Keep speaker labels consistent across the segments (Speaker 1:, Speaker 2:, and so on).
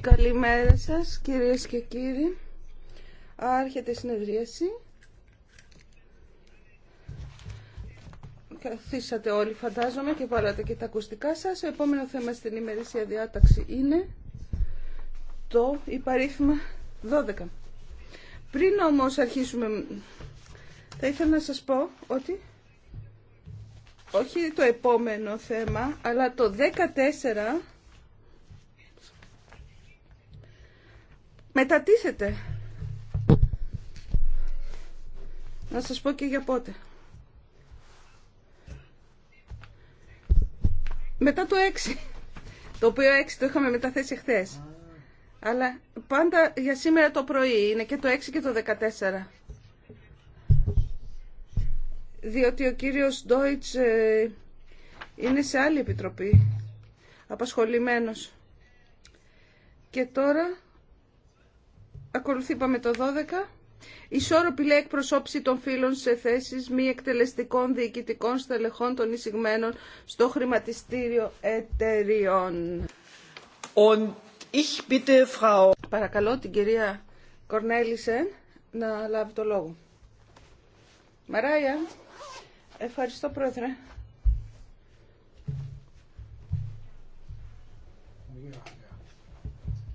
Speaker 1: Καλημέρα σας, κυρίες και κύριοι. Άρχεται η συνεδρίαση. Καθίσατε όλοι φαντάζομαι και βάλατε και τα ακουστικά σας. Το επόμενο θέμα στην ημερήσια διάταξη είναι το υπαρίθμημα 12. Πριν όμως αρχίσουμε, θα ήθελα να σας πω ότι όχι το επόμενο θέμα, αλλά το 14 μετατίθεται. Να σας πω και για πότε. Μετά το 6, το οποίο 6 το είχαμε μεταθέσει χθες. Αλλά πάντα για σήμερα το πρωί είναι και το 6 και το 14 διότι ο κύριος Ντόιτς ε, είναι σε άλλη επιτροπή, απασχολημένος. Και τώρα ακολουθεί πάμε το 12. Ισόρροπη λέει εκπροσώψη των φίλων σε θέσεις μη εκτελεστικών διοικητικών στελεχών των εισηγμένων στο χρηματιστήριο εταιριών. bitte, Frau... Παρακαλώ την κυρία Κορνέλισεν να λάβει το λόγο. Μαράια. Ευχαριστώ, Πρόεδρε.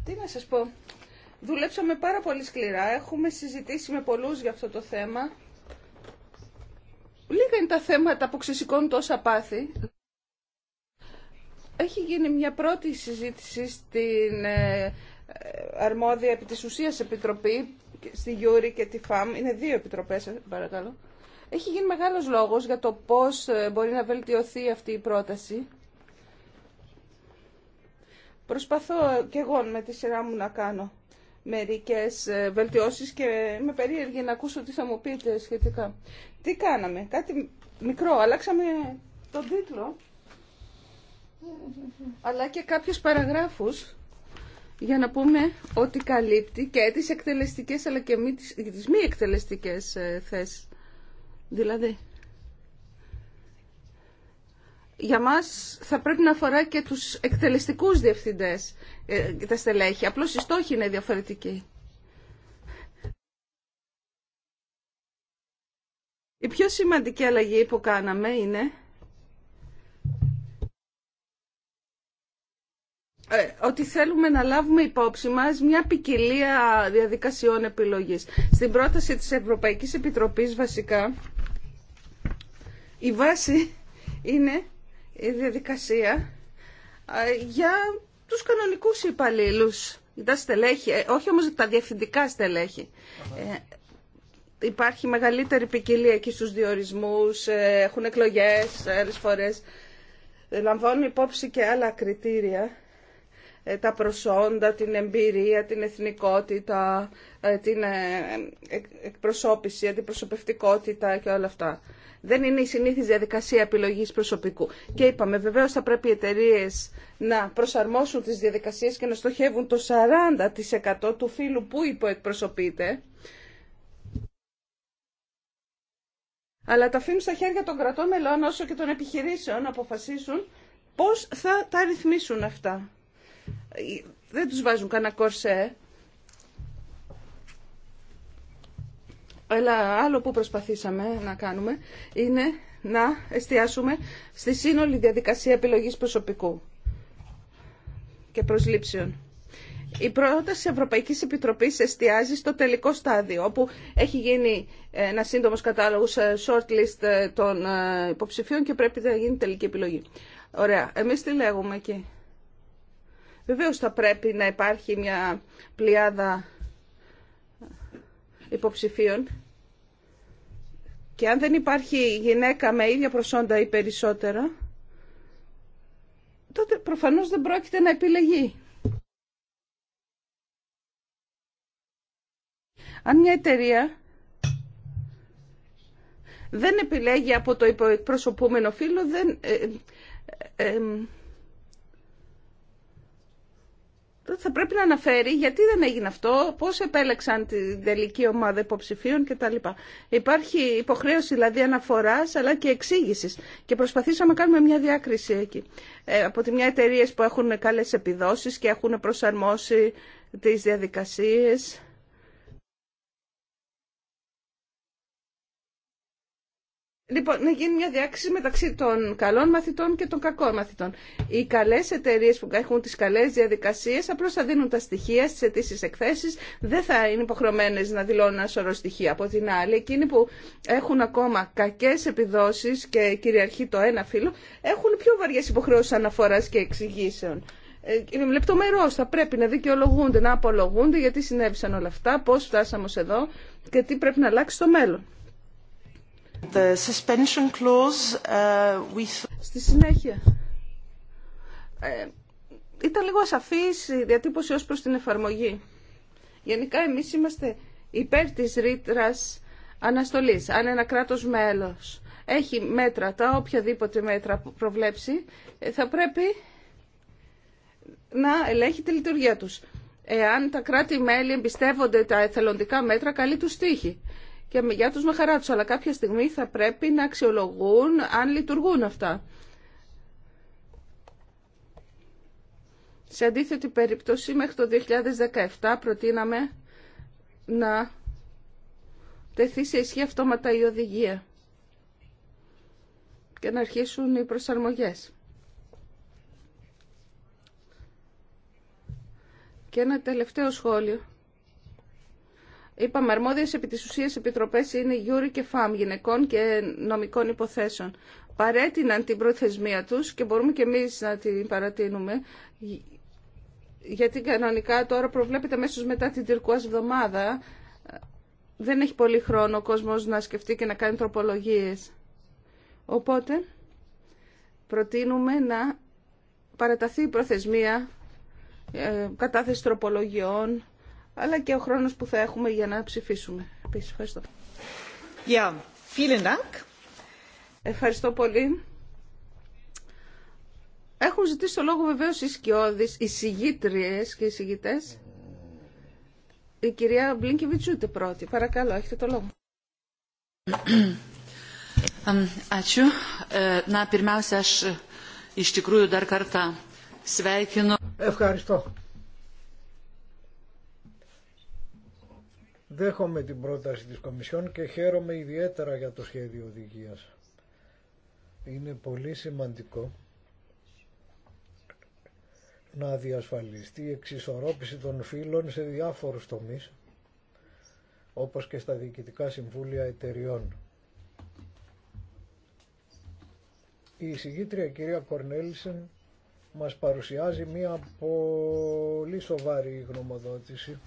Speaker 1: Τι να σας πω. Δουλέψαμε πάρα πολύ σκληρά. Έχουμε συζητήσει με πολλούς για αυτό το θέμα. Λίγα είναι τα θέματα που ξεσηκώνουν τόσα πάθη. Έχει γίνει μια πρώτη συζήτηση στην ε, ε, αρμόδια επί της ουσίας επιτροπή, στη Γιούρη και τη ΦΑΜ. Είναι δύο επιτροπές, ε, παρακαλώ. Έχει γίνει μεγάλος λόγος για το πώς ε, μπορεί να βελτιωθεί αυτή η πρόταση. Προσπαθώ και εγώ με τη σειρά μου να κάνω μερικές ε, βελτιώσεις και με περίεργη να ακούσω τι θα μου πείτε σχετικά. Τι κάναμε, κάτι μικρό, αλλάξαμε τον τίτλο, αλλά και κάποιους παραγράφους για να πούμε ότι καλύπτει και τις εκτελεστικές αλλά και τις μη εκτελεστικές ε, θέσεις. Δηλαδή, για μας θα πρέπει να αφορά και τους εκτελεστικούς διευθυντές και ε, τα στελέχη. Απλώς οι στόχοι είναι διαφορετικοί. Η πιο σημαντική αλλαγή που κάναμε είναι ε, ότι θέλουμε να λάβουμε υπόψη μας μια ποικιλία διαδικασιών επιλογής. Στην πρόταση της Ευρωπαϊκής Επιτροπής βασικά η βάση είναι η διαδικασία για τους κανονικούς υπαλλήλους, τα στελέχη, ε, όχι όμως τα διευθυντικά στελέχη. Ε, υπάρχει μεγαλύτερη ποικιλία εκεί στους διορισμούς, ε, έχουν εκλογές άλλες φορές, ε, λαμβάνουν υπόψη και άλλα κριτήρια ε, τα προσόντα, την εμπειρία, την εθνικότητα, ε, την ε, εκπροσώπηση, αντιπροσωπευτικότητα και όλα αυτά. Δεν είναι η συνήθις διαδικασία επιλογής προσωπικού. Και είπαμε, βεβαίως θα πρέπει οι εταιρείε να προσαρμόσουν τις διαδικασίες και να στοχεύουν το 40% του φύλου που υποεκπροσωπείται. Αλλά τα αφήνουν στα χέρια των κρατών μελών όσο και των επιχειρήσεων να αποφασίσουν πώς θα τα ρυθμίσουν αυτά δεν τους βάζουν κανένα κορσέ. Αλλά άλλο που προσπαθήσαμε να κάνουμε είναι να εστιάσουμε στη σύνολη διαδικασία επιλογής προσωπικού και προσλήψεων. Η πρόταση Ευρωπαϊκής Επιτροπής εστιάζει στο τελικό στάδιο, όπου έχει γίνει ένα σύντομος κατάλογος ε, shortlist ε, των ε, υποψηφίων και πρέπει να γίνει τελική επιλογή. Ωραία. Εμείς τι λέγουμε εκεί. Βεβαίως θα πρέπει να υπάρχει μια πλειάδα υποψηφίων και αν δεν υπάρχει γυναίκα με ίδια προσόντα ή περισσότερα, τότε προφανώς δεν πρόκειται να επιλεγεί. Αν μια εταιρεία δεν επιλέγει από το υποεκπροσωπούμενο φύλλο, δεν, ε, ε, ε, θα πρέπει να αναφέρει γιατί δεν έγινε αυτό, πώς επέλεξαν την τελική ομάδα υποψηφίων κτλ. Υπάρχει υποχρέωση δηλαδή αναφοράς αλλά και εξήγηση. και προσπαθήσαμε να κάνουμε μια διάκριση εκεί. Ε, από τη μια εταιρείε που έχουν καλές επιδόσεις και έχουν προσαρμόσει τις διαδικασίες Λοιπόν, να γίνει μια διάκριση μεταξύ των καλών μαθητών και των κακών μαθητών. Οι καλέ εταιρείε που έχουν τι καλέ διαδικασίε απλώ θα δίνουν τα στοιχεία στι αιτήσει εκθέσει, δεν θα είναι υποχρεωμένε να δηλώνουν ένα σωρό στοιχεία. Από την άλλη, εκείνοι που έχουν ακόμα κακέ επιδόσει και κυριαρχεί το ένα φύλλο, έχουν πιο βαριέ υποχρεώσει αναφορά και εξηγήσεων. Ε, Λεπτομερώ θα πρέπει να δικαιολογούνται, να απολογούνται γιατί συνέβησαν όλα αυτά, πώ φτάσαμε εδώ και τι πρέπει να αλλάξει στο μέλλον. Uh, Στη συνέχεια. Ε, ήταν λίγο ασαφής η διατύπωση ως προς την εφαρμογή. Γενικά εμείς είμαστε υπέρ της ρήτρα αναστολής. Αν ένα κράτος μέλος έχει μέτρα, τα οποιαδήποτε μέτρα που προβλέψει, ε, θα πρέπει να ελέγχει τη λειτουργία τους. Εάν τα κράτη-μέλη εμπιστεύονται τα εθελοντικά μέτρα, καλή τους τύχη και για τους με χαρά τους, αλλά κάποια στιγμή θα πρέπει να αξιολογούν αν λειτουργούν αυτά. Σε αντίθετη περίπτωση, μέχρι το 2017 προτείναμε να τεθεί σε ισχύ αυτόματα η οδηγία και να αρχίσουν οι προσαρμογές. Και ένα τελευταίο σχόλιο Είπαμε, αρμόδιε επί τη ουσία επιτροπές είναι Γιούρι και ΦΑΜ, γυναικών και νομικών υποθέσεων. Παρέτειναν την προθεσμία του και μπορούμε και εμεί να την παρατείνουμε, γιατί κανονικά τώρα προβλέπεται μέσω μετά την τυρκουά εβδομάδα. Δεν έχει πολύ χρόνο ο κόσμο να σκεφτεί και να κάνει τροπολογίε. Οπότε, προτείνουμε να παραταθεί η προθεσμία ε, κατάθεση τροπολογιών αλλά και ο χρόνος που θα έχουμε για να ψηφίσουμε. Επίσης, ευχαριστώ. Vielen Dank. Ευχαριστώ πολύ. Έχουν ζητήσει το λόγο βεβαίως οι σκιώδεις, οι συγγήτριες και οι συγγητές. Η κυρία ούτε πρώτη. Παρακαλώ, έχετε το λόγο. Ευχαριστώ.
Speaker 2: Δέχομαι την πρόταση της Κομισιόν και χαίρομαι ιδιαίτερα για το σχέδιο οδηγίας. Είναι πολύ σημαντικό να διασφαλιστεί η εξισορρόπηση των φύλων σε διάφορους τομείς, όπως και στα διοικητικά συμβούλια εταιριών. Η εισηγήτρια κυρία Κορνέλισεν μας παρουσιάζει μία πολύ σοβαρή γνωμοδότηση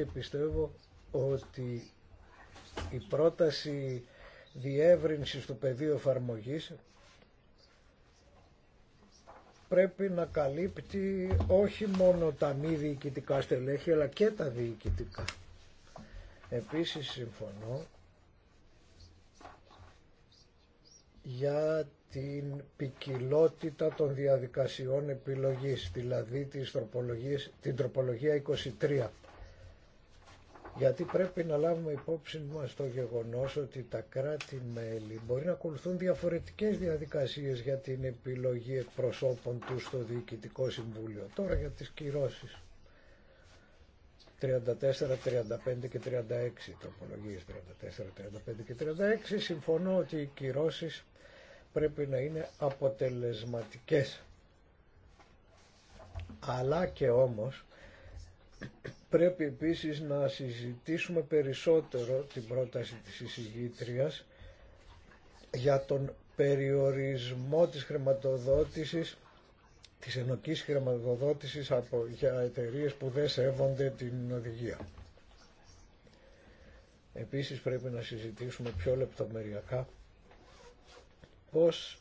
Speaker 2: και πιστεύω ότι η πρόταση διεύρυνσης του πεδίου εφαρμογή πρέπει να καλύπτει όχι μόνο τα μη διοικητικά στελέχη αλλά και τα διοικητικά. Επίσης συμφωνώ για την ποικιλότητα των διαδικασιών επιλογής, δηλαδή την τροπολογία 23 γιατί πρέπει να λάβουμε υπόψη μας το γεγονός ότι τα κράτη-μέλη μπορεί να ακολουθούν διαφορετικές διαδικασίες για την επιλογή εκπροσώπων του στο Διοικητικό Συμβούλιο. Τώρα για τις κυρώσεις. 34, 35 και 36, τροπολογίες 34, 35 και 36, συμφωνώ ότι οι κυρώσεις πρέπει να είναι αποτελεσματικές. Αλλά και όμως Πρέπει επίσης να συζητήσουμε περισσότερο την πρόταση της εισηγήτριας για τον περιορισμό της χρηματοδότησης της ενοκής χρηματοδότησης από, για εταιρείε που δεν σέβονται την οδηγία. Επίσης πρέπει να συζητήσουμε πιο λεπτομεριακά πώς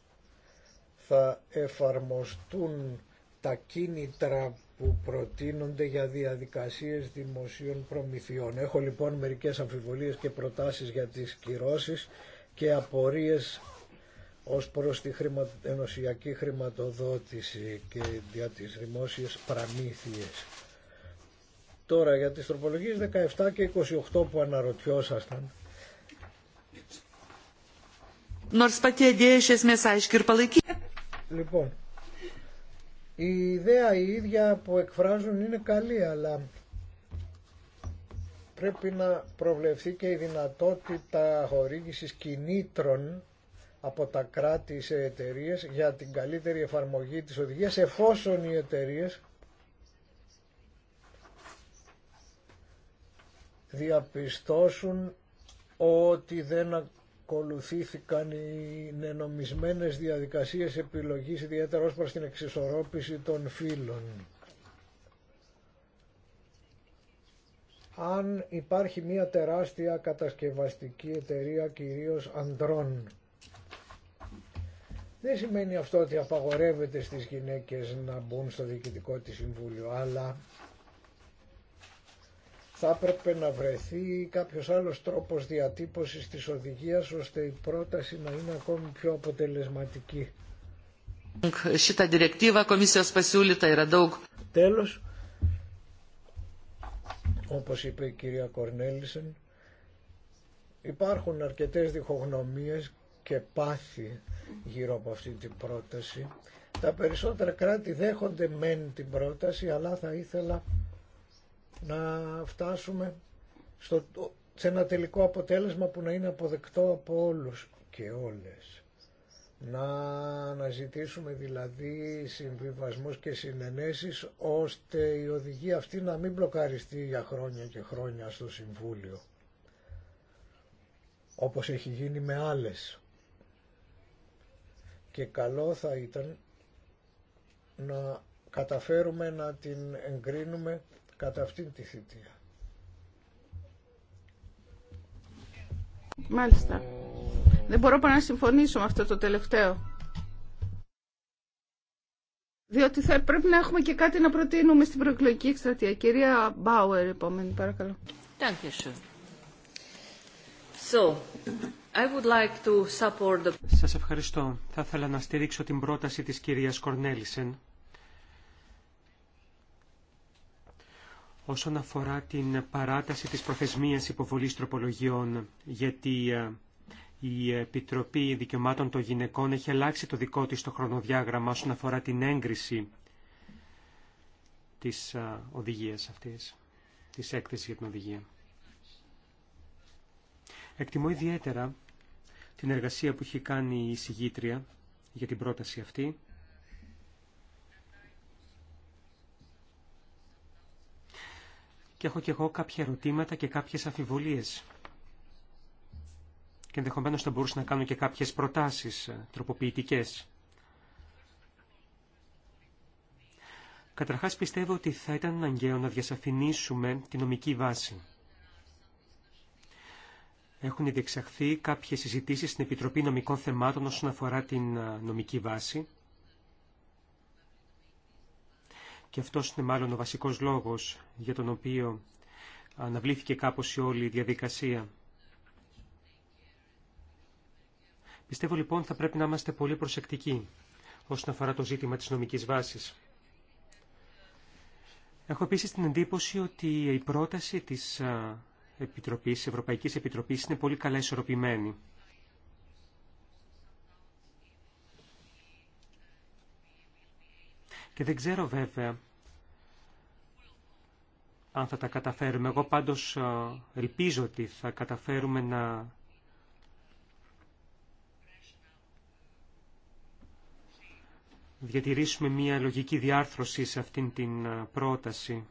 Speaker 2: θα εφαρμοστούν τα κίνητρα που προτείνονται για διαδικασίες δημοσίων προμηθειών. Έχω λοιπόν μερικές αμφιβολίες και προτάσεις για τις κυρώσεις και απορίες ως προς τη χρημα... ενωσιακή χρηματοδότηση και για τις δημόσιες πραμήθειες. Τώρα για τις τροπολογίες 17 και 28 που αναρωτιόσασταν. Λοιπόν, η ιδέα η ίδια που εκφράζουν είναι καλή, αλλά πρέπει να προβλεφθεί και η δυνατότητα χορήγησης κινήτρων από τα κράτη σε εταιρείε για την καλύτερη εφαρμογή της οδηγίας εφόσον οι εταιρείε διαπιστώσουν ότι δεν ακολουθήθηκαν οι νενομισμένες διαδικασίες επιλογής ιδιαίτερα ως προς την εξισορρόπηση των φύλων. Αν υπάρχει μια τεράστια κατασκευαστική εταιρεία κυρίως ανδρών δεν σημαίνει αυτό ότι απαγορεύεται στις γυναίκες να μπουν στο διοικητικό της συμβούλιο, αλλά θα έπρεπε να βρεθεί κάποιος άλλος τρόπος διατύπωσης της οδηγίας ώστε η πρόταση να είναι ακόμη πιο αποτελεσματική. Τέλος, όπως είπε η κυρία Κορνέλισεν, υπάρχουν αρκετές διχογνωμίες και πάθη γύρω από αυτή την πρόταση. Τα περισσότερα κράτη δέχονται μεν την πρόταση, αλλά θα ήθελα να φτάσουμε στο, σε ένα τελικό αποτέλεσμα που να είναι αποδεκτό από όλους και όλες. Να αναζητήσουμε δηλαδή συμβιβασμούς και συνενέσεις ώστε η οδηγία αυτή να μην μπλοκαριστεί για χρόνια και χρόνια στο Συμβούλιο όπως έχει γίνει με άλλες. Και καλό θα ήταν να καταφέρουμε να την εγκρίνουμε κατά αυτήν τη θητεία.
Speaker 1: Μάλιστα. Δεν μπορώ παρά να συμφωνήσω με αυτό το τελευταίο. Διότι θα πρέπει να έχουμε και κάτι να προτείνουμε στην προεκλογική εκστρατεία. Κυρία Μπάουερ, επόμενη, παρακαλώ.
Speaker 3: So, I would like to support the... Σας ευχαριστώ. Θα ήθελα να στήριξω την πρόταση της κυρίας Κορνέλισεν όσον αφορά την παράταση της προθεσμίας υποβολής τροπολογιών, γιατί ε, η Επιτροπή Δικαιωμάτων των Γυναικών έχει αλλάξει το δικό της το χρονοδιάγραμμα όσον αφορά την έγκριση της ε, οδηγίας αυτής, της έκθεσης για την οδηγία. Εκτιμώ ιδιαίτερα την εργασία που έχει κάνει η συγγήτρια για την πρόταση αυτή. και έχω και εγώ κάποια ερωτήματα και κάποιες αφιβολίες. Και ενδεχομένω θα μπορούσα να κάνω και κάποιες προτάσεις ε, τροποποιητικές. Καταρχάς πιστεύω ότι θα ήταν αναγκαίο να διασαφηνίσουμε τη νομική βάση. Έχουν διεξαχθεί κάποιες συζητήσεις στην Επιτροπή Νομικών Θεμάτων όσον αφορά την ε, νομική βάση. Και αυτός είναι μάλλον ο βασικός λόγος για τον οποίο αναβλήθηκε κάπως η όλη διαδικασία. Πιστεύω λοιπόν θα πρέπει να είμαστε πολύ προσεκτικοί όσον αφορά το ζήτημα της νομικής βάσης. Έχω επίσης την εντύπωση ότι η πρόταση της Επιτροπής, Ευρωπαϊκής Επιτροπής είναι πολύ καλά ισορροπημένη. Και δεν ξέρω βέβαια αν θα τα καταφέρουμε. Εγώ πάντως ε, ελπίζω ότι θα καταφέρουμε να διατηρήσουμε μία λογική διάρθρωση σε αυτήν την ε, πρόταση.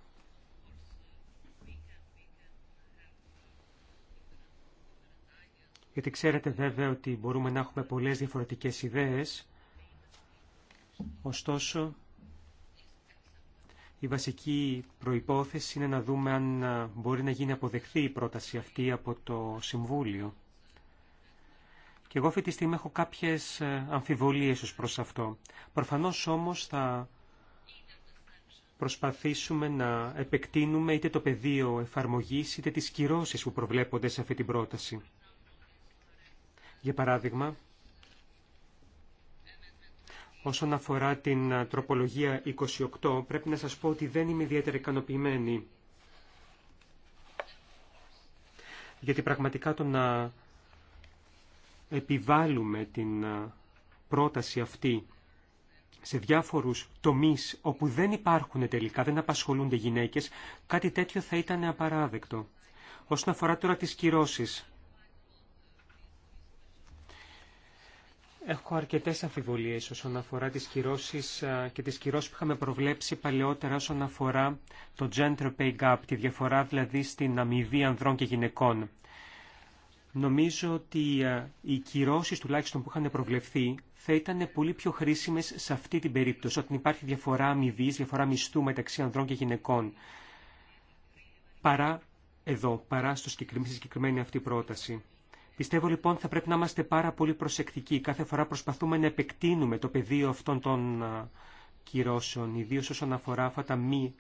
Speaker 3: Γιατί ξέρετε βέβαια ότι μπορούμε να έχουμε πολλές διαφορετικές ιδέες, ωστόσο η βασική προϋπόθεση είναι να δούμε αν ε, μπορεί να γίνει αποδεχθή η πρόταση αυτή από το Συμβούλιο. Και εγώ αυτή τη στιγμή έχω κάποιες ε, αμφιβολίες ως προς αυτό. Προφανώς όμως θα προσπαθήσουμε να επεκτείνουμε είτε το πεδίο εφαρμογής είτε τις κυρώσεις που προβλέπονται σε αυτή την πρόταση. Για παράδειγμα, Όσον αφορά την τροπολογία 28, πρέπει να σας πω ότι δεν είμαι ιδιαίτερα ικανοποιημένη. Γιατί πραγματικά το να επιβάλλουμε την πρόταση αυτή σε διάφορους τομείς όπου δεν υπάρχουν τελικά, δεν απασχολούνται γυναίκες, κάτι τέτοιο θα ήταν απαράδεκτο. Όσον αφορά τώρα τις κυρώσεις, Έχω αρκετέ αμφιβολίε όσον αφορά τι κυρώσει και τι κυρώσει που είχαμε προβλέψει παλαιότερα όσον αφορά το gender pay gap, τη διαφορά δηλαδή στην αμοιβή ανδρών και γυναικών. Νομίζω ότι οι κυρώσει τουλάχιστον που είχαν προβλεφθεί θα ήταν πολύ πιο χρήσιμε σε αυτή την περίπτωση, όταν υπάρχει διαφορά αμοιβή, διαφορά μισθού μεταξύ ανδρών και γυναικών, παρά εδώ, παρά στο συγκεκριμένη αυτή πρόταση. Πιστεύω λοιπόν θα πρέπει να είμαστε πάρα πολύ προσεκτικοί. Κάθε φορά προσπαθούμε να επεκτείνουμε το πεδίο αυτών των κυρώσεων, ιδίω όσον αφορά αυτά τα μη.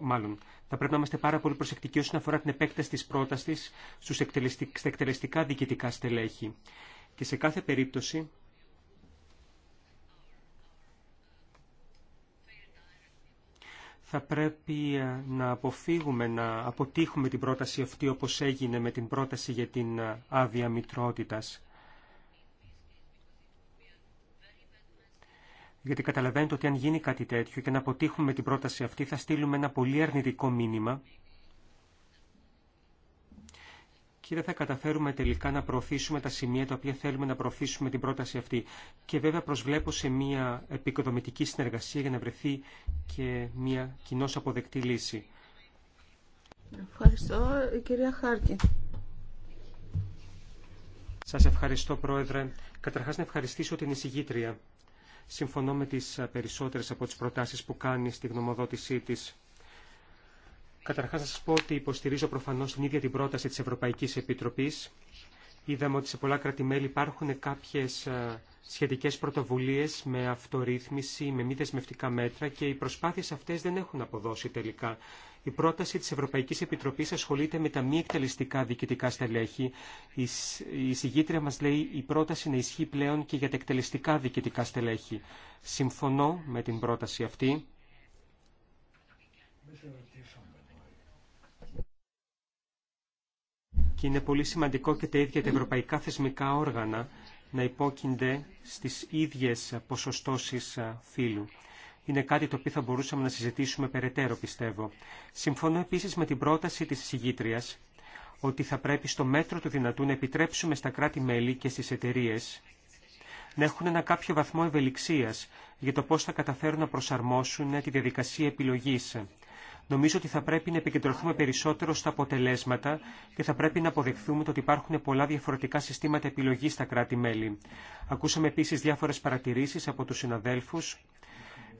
Speaker 3: Μάλλον, θα πρέπει να είμαστε πάρα πολύ προσεκτικοί όσον αφορά την επέκταση τη πρόταση στα εκτελεστικά διοικητικά στελέχη. Και σε κάθε περίπτωση θα πρέπει ε, να αποφύγουμε να αποτύχουμε την πρόταση αυτή όπως έγινε με την πρόταση για την ε, άδεια μητρότητας. Γιατί καταλαβαίνετε ότι αν γίνει κάτι τέτοιο και να αποτύχουμε την πρόταση αυτή θα στείλουμε ένα πολύ αρνητικό μήνυμα Ή δεν θα καταφέρουμε τελικά να προωθήσουμε τα σημεία τα οποία θέλουμε να προωθήσουμε την πρόταση αυτή. Και βέβαια προσβλέπω σε μια επικοδομητική συνεργασία για να βρεθεί και μια κοινώ αποδεκτή λύση.
Speaker 1: Ευχαριστώ, κυρία Χάρτη.
Speaker 3: Σας ευχαριστώ, Πρόεδρε. Καταρχάς να ευχαριστήσω την εισηγήτρια. Συμφωνώ με τις περισσότερε από τι προτάσει που κάνει στη γνωμοδότησή τη. Καταρχάς να σας πω ότι υποστηρίζω προφανώς την ίδια την πρόταση της Ευρωπαϊκής Επιτροπής. Είδαμε ότι σε πολλά κράτη-μέλη υπάρχουν κάποιες ε, σχετικές πρωτοβουλίες με αυτορύθμιση, με μη δεσμευτικά μέτρα και οι προσπάθειες αυτές δεν έχουν αποδώσει τελικά. Η πρόταση της Ευρωπαϊκής Επιτροπής ασχολείται με τα μη εκτελεστικά διοικητικά στελέχη. Η συγγήτρια μας λέει η πρόταση να ισχύει πλέον και για τα εκτελεστικά διοικητικά στελέχη. Συμφωνώ με την πρόταση αυτή. και είναι πολύ σημαντικό και τα ίδια τα ευρωπαϊκά θεσμικά όργανα να υπόκεινται στις ίδιες ποσοστώσεις φύλου. Είναι κάτι το οποίο θα μπορούσαμε να συζητήσουμε περαιτέρω, πιστεύω. Συμφωνώ επίσης με την πρόταση της συγγήτριας ότι θα πρέπει στο μέτρο του δυνατού να επιτρέψουμε στα κράτη-μέλη και στις εταιρείε να έχουν ένα κάποιο βαθμό ευελιξίας για το πώς θα καταφέρουν να προσαρμόσουν τη διαδικασία επιλογής νομίζω ότι θα πρέπει να επικεντρωθούμε περισσότερο στα αποτελέσματα και θα πρέπει να αποδεχθούμε το ότι υπάρχουν πολλά διαφορετικά συστήματα επιλογή στα κράτη-μέλη. Ακούσαμε επίση διάφορε παρατηρήσει από του συναδέλφου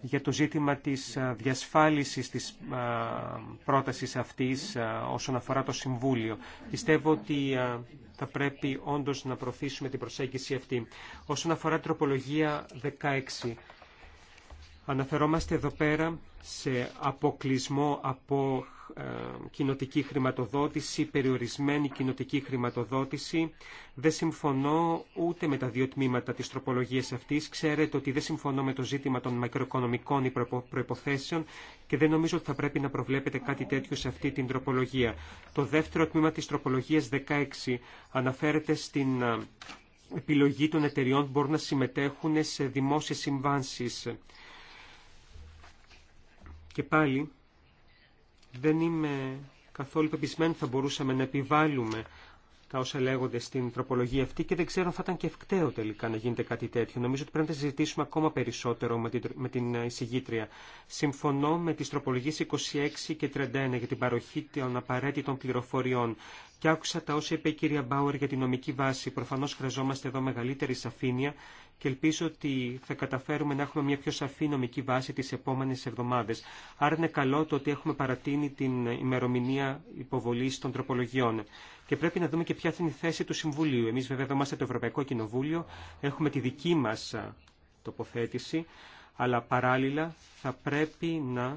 Speaker 3: για το ζήτημα της διασφάλισης της πρότασης αυτής όσον αφορά το Συμβούλιο. Πιστεύω ότι θα πρέπει όντως να προωθήσουμε την προσέγγιση αυτή. Όσον αφορά τροπολογία 16, Αναφερόμαστε εδώ πέρα σε αποκλεισμό από ε, κοινοτική χρηματοδότηση, περιορισμένη κοινοτική χρηματοδότηση. Δεν συμφωνώ ούτε με τα δύο τμήματα της τροπολογίας αυτής. Ξέρετε ότι δεν συμφωνώ με το ζήτημα των μακροοικονομικών προϋποθέσεων και δεν νομίζω ότι θα πρέπει να προβλέπετε κάτι τέτοιο σε αυτή την τροπολογία. Το δεύτερο τμήμα της τροπολογίας 16 αναφέρεται στην ε, επιλογή των εταιριών που μπορούν να συμμετέχουν σε δημόσιες συμβάνσεις. Και πάλι δεν είμαι καθόλου πεπισμένη θα μπορούσαμε να επιβάλλουμε τα όσα λέγονται στην τροπολογία αυτή και δεν ξέρω αν θα ήταν και ευκταίο τελικά να γίνεται κάτι τέτοιο. Νομίζω ότι πρέπει να συζητήσουμε ακόμα περισσότερο με την, με την εισηγήτρια. Συμφωνώ με τις τροπολογίες 26 και 31 για την παροχή των απαραίτητων πληροφοριών και άκουσα τα όσα είπε η κυρία Μπάουερ για τη νομική βάση. Προφανώ χρειαζόμαστε εδώ μεγαλύτερη σαφήνεια και ελπίζω ότι θα καταφέρουμε να έχουμε μια πιο σαφή νομική βάση τι επόμενε εβδομάδε. Άρα είναι καλό το ότι έχουμε παρατείνει την ημερομηνία υποβολή των τροπολογιών. Και πρέπει να δούμε και ποια θα είναι η θέση του Συμβουλίου. Εμεί βέβαια εδώ είμαστε το Ευρωπαϊκό Κοινοβούλιο, έχουμε τη δική μα τοποθέτηση, αλλά παράλληλα θα πρέπει να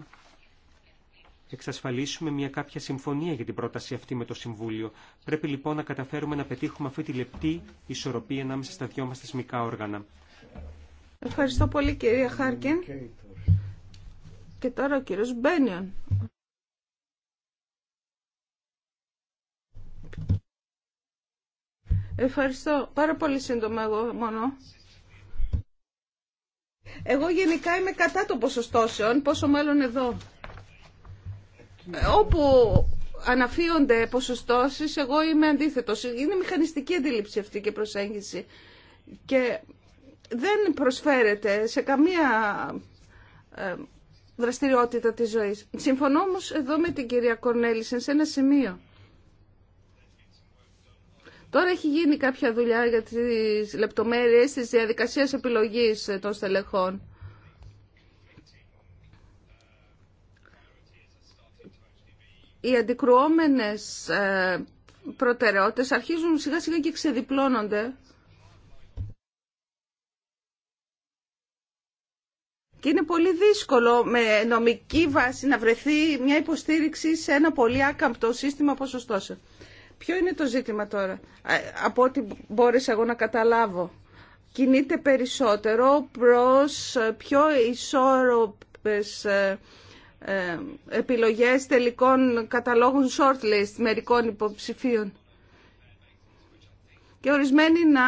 Speaker 3: εξασφαλίσουμε μια κάποια συμφωνία για την πρόταση αυτή με το Συμβούλιο. Πρέπει λοιπόν να καταφέρουμε να πετύχουμε αυτή τη λεπτή ισορροπία ανάμεσα στα δυο μας θεσμικά όργανα.
Speaker 1: Ευχαριστώ πολύ κυρία Χάρκιν. Και τώρα ο κύριος Μπένιον. Ευχαριστώ. Πάρα πολύ σύντομα εγώ μόνο. Εγώ γενικά είμαι κατά των ποσοστώσεων, πόσο μάλλον εδώ όπου αναφύονται ποσοστώσεις, εγώ είμαι αντίθετος. Είναι μηχανιστική αντίληψη αυτή και προσέγγιση. Και δεν προσφέρεται σε καμία ε, δραστηριότητα της ζωής. Συμφωνώ όμω εδώ με την κυρία Κορνέλησεν σε ένα σημείο. Τώρα έχει γίνει κάποια δουλειά για τις λεπτομέρειες της διαδικασίας επιλογής των στελεχών. οι αντικρουόμενες ε, προτεραιότητες αρχίζουν σιγά σιγά και ξεδιπλώνονται. Και είναι πολύ δύσκολο με νομική βάση να βρεθεί μια υποστήριξη σε ένα πολύ άκαμπτο σύστημα ποσοστώσεων. Ποιο είναι το ζήτημα τώρα, από ό,τι μπόρεσα εγώ να καταλάβω. Κινείται περισσότερο προς πιο ισόρροπες ε, ε, επιλογές τελικών καταλόγων shortlist μερικών υποψηφίων και ορισμένοι να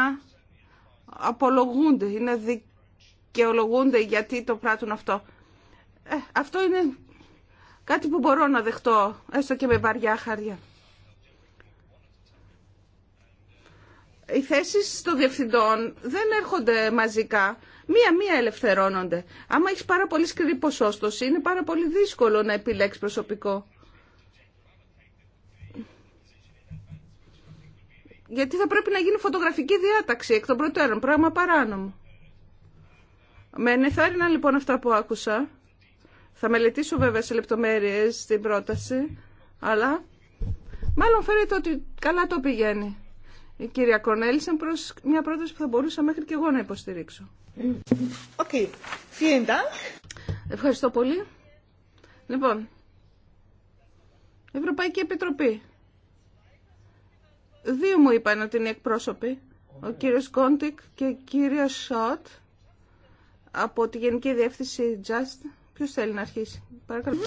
Speaker 1: απολογούνται ή να δικαιολογούνται γιατί το πράττουν αυτό. Ε, αυτό είναι κάτι που μπορώ να δεχτώ, έστω και με βαριά χάρια. Οι θέσεις των διευθυντών δεν έρχονται μαζικά μία-μία ελευθερώνονται. Άμα έχει πάρα πολύ σκληρή ποσόστοση, είναι πάρα πολύ δύσκολο να επιλέξει προσωπικό. Γιατί θα πρέπει να γίνει φωτογραφική διάταξη εκ των προτέρων, πράγμα παράνομο. Με ενθάρρυνα λοιπόν αυτά που άκουσα. Θα μελετήσω βέβαια σε λεπτομέρειες την πρόταση, αλλά μάλλον φαίνεται ότι καλά το πηγαίνει. Η κυρία Κορνέλησεν προς μια πρόταση που θα μπορούσα μέχρι και εγώ να υποστηρίξω. Ευχαριστώ πολύ. Λοιπόν, Ευρωπαϊκή Επιτροπή. Δύο μου είπαν ότι είναι εκπρόσωποι. Ο κύριος Κόντικ και ο κυρία Σότ από τη Γενική Διεύθυνση Just. Ποιος θέλει να αρχίσει. Παρακαλώ.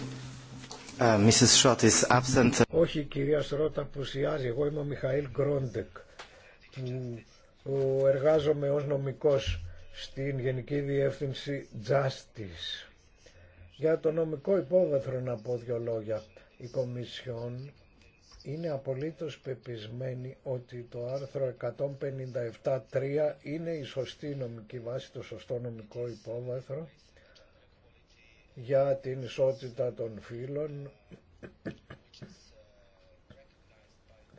Speaker 3: Ε, Όχι, η
Speaker 2: κυρία Σρότ απουσιάζει. Εγώ είμαι ο Μιχαήλ Γκρόντεκ. που εργάζομαι ως νομικός στην Γενική Διεύθυνση Justice. Για το νομικό υπόβαθρο να πω δύο λόγια. Η Κομισιόν είναι απολύτως πεπισμένη ότι το άρθρο 157.3 είναι η σωστή νομική βάση, το σωστό νομικό υπόβαθρο για την ισότητα των φύλων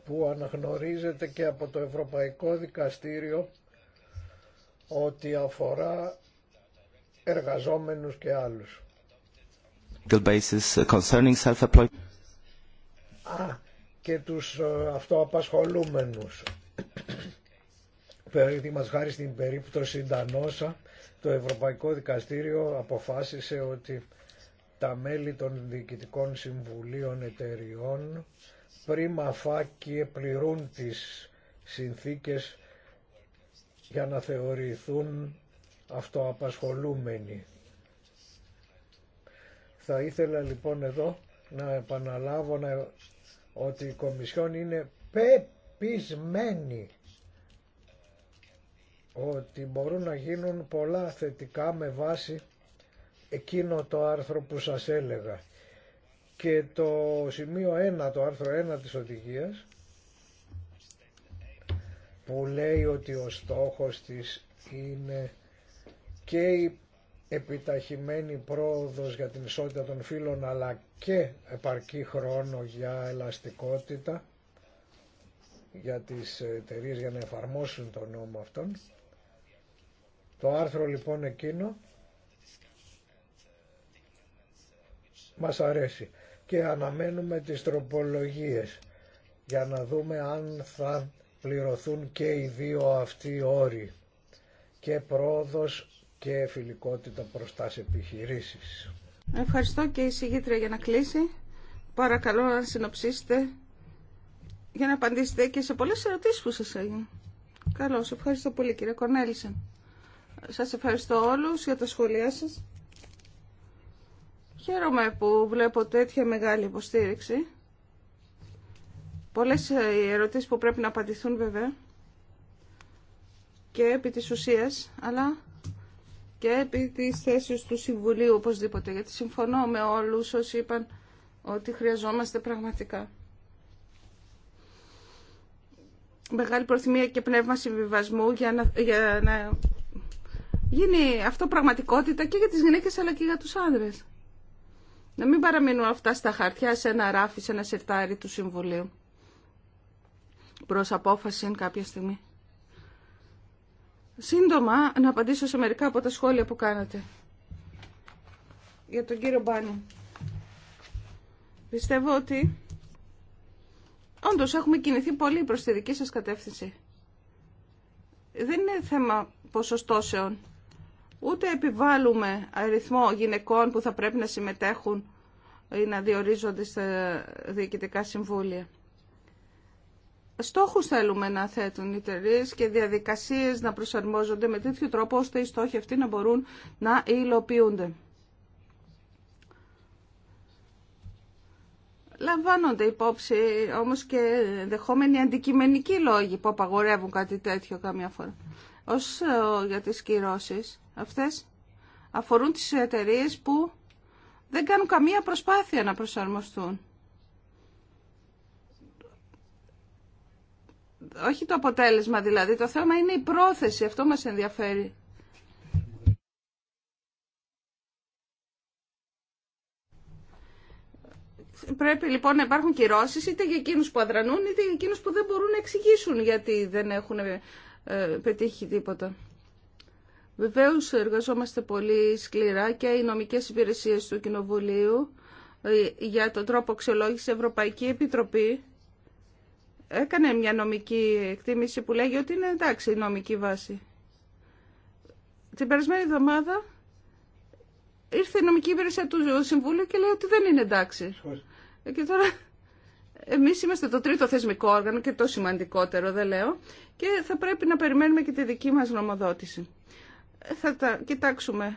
Speaker 2: που αναγνωρίζεται και από το Ευρωπαϊκό Δικαστήριο ότι αφορά εργαζόμενους και άλλους. Α, και τους ε, αυτοαπασχολούμενους. Παραδείγματος χάρη στην περίπτωση Ντανόσα, το Ευρωπαϊκό Δικαστήριο αποφάσισε ότι τα μέλη των διοικητικών συμβουλίων εταιριών πρίμα φάκη πληρούν τις συνθήκες για να θεωρηθούν αυτοαπασχολούμενοι. Θα ήθελα λοιπόν εδώ να επαναλάβω να... ότι η Κομισιόν είναι πεπισμένη ότι μπορούν να γίνουν πολλά θετικά με βάση εκείνο το άρθρο που σας έλεγα. Και το σημείο 1, το άρθρο 1 της οδηγίας που λέει ότι ο στόχος της είναι και η επιταχυμένη πρόοδος για την ισότητα των φύλων αλλά και επαρκή χρόνο για ελαστικότητα για τις εταιρείε για να εφαρμόσουν τον νόμο αυτόν. Το άρθρο λοιπόν εκείνο μας αρέσει και αναμένουμε τις τροπολογίες για να δούμε αν θα πληρωθούν και οι δύο αυτοί όροι και πρόοδος και φιλικότητα προς τα επιχειρήσεις.
Speaker 1: Ευχαριστώ και η συγγήτρια για να κλείσει. Παρακαλώ να συνοψίσετε για να απαντήσετε και σε πολλές ερωτήσεις που σας έγιναν. Καλώς, ευχαριστώ πολύ κύριε Κορνέλισεν. Σας ευχαριστώ όλους για τα σχόλιά σας. Χαίρομαι που βλέπω τέτοια μεγάλη υποστήριξη Πολλές ε, ερωτήσεις που πρέπει να απαντηθούν βέβαια και επί της ουσίας, αλλά και επί της θέσης του Συμβουλίου οπωσδήποτε, γιατί συμφωνώ με όλους όσοι είπαν ότι χρειαζόμαστε πραγματικά. Μεγάλη προθυμία και πνεύμα συμβιβασμού για να, γίνει αυτό πραγματικότητα και για τις γυναίκες αλλά και για τους άνδρες. Να μην παραμείνουν αυτά στα χαρτιά σε ένα ράφι, σε ένα σερτάρι του Συμβουλίου προς απόφαση κάποια στιγμή. Σύντομα να απαντήσω σε μερικά από τα σχόλια που κάνατε για τον κύριο Μπάνι. Πιστεύω ότι όντως έχουμε κινηθεί πολύ προς τη δική σας κατεύθυνση. Δεν είναι θέμα ποσοστώσεων. Ούτε επιβάλλουμε αριθμό γυναικών που θα πρέπει να συμμετέχουν ή να διορίζονται στα διοικητικά συμβούλια στόχους θέλουμε να θέτουν οι εταιρείε και διαδικασίες να προσαρμόζονται με τέτοιο τρόπο ώστε οι στόχοι αυτοί να μπορούν να υλοποιούνται. Λαμβάνονται υπόψη όμως και δεχόμενοι αντικειμενικοί λόγοι που απαγορεύουν κάτι τέτοιο καμιά φορά. Ως ε, για τις κυρώσεις αυτές αφορούν τις εταιρείε που δεν κάνουν καμία προσπάθεια να προσαρμοστούν. όχι το αποτέλεσμα δηλαδή, το θέμα είναι η πρόθεση, αυτό μας ενδιαφέρει. Πρέπει λοιπόν να υπάρχουν κυρώσεις είτε για εκείνους που αδρανούν είτε για εκείνους που δεν μπορούν να εξηγήσουν γιατί δεν έχουν ε, πετύχει τίποτα. Βεβαίως εργαζόμαστε πολύ σκληρά και οι νομικές υπηρεσίες του Κοινοβουλίου ε, για τον τρόπο αξιολόγηση Ευρωπαϊκή Επιτροπή έκανε μια νομική εκτίμηση που λέγει ότι είναι εντάξει η νομική βάση. Την περασμένη εβδομάδα ήρθε η νομική υπηρεσία του Συμβούλου και λέει ότι δεν είναι εντάξει. Και τώρα εμείς είμαστε το τρίτο θεσμικό όργανο και το σημαντικότερο δεν λέω και θα πρέπει να περιμένουμε και τη δική μας νομοδότηση. Θα τα κοιτάξουμε.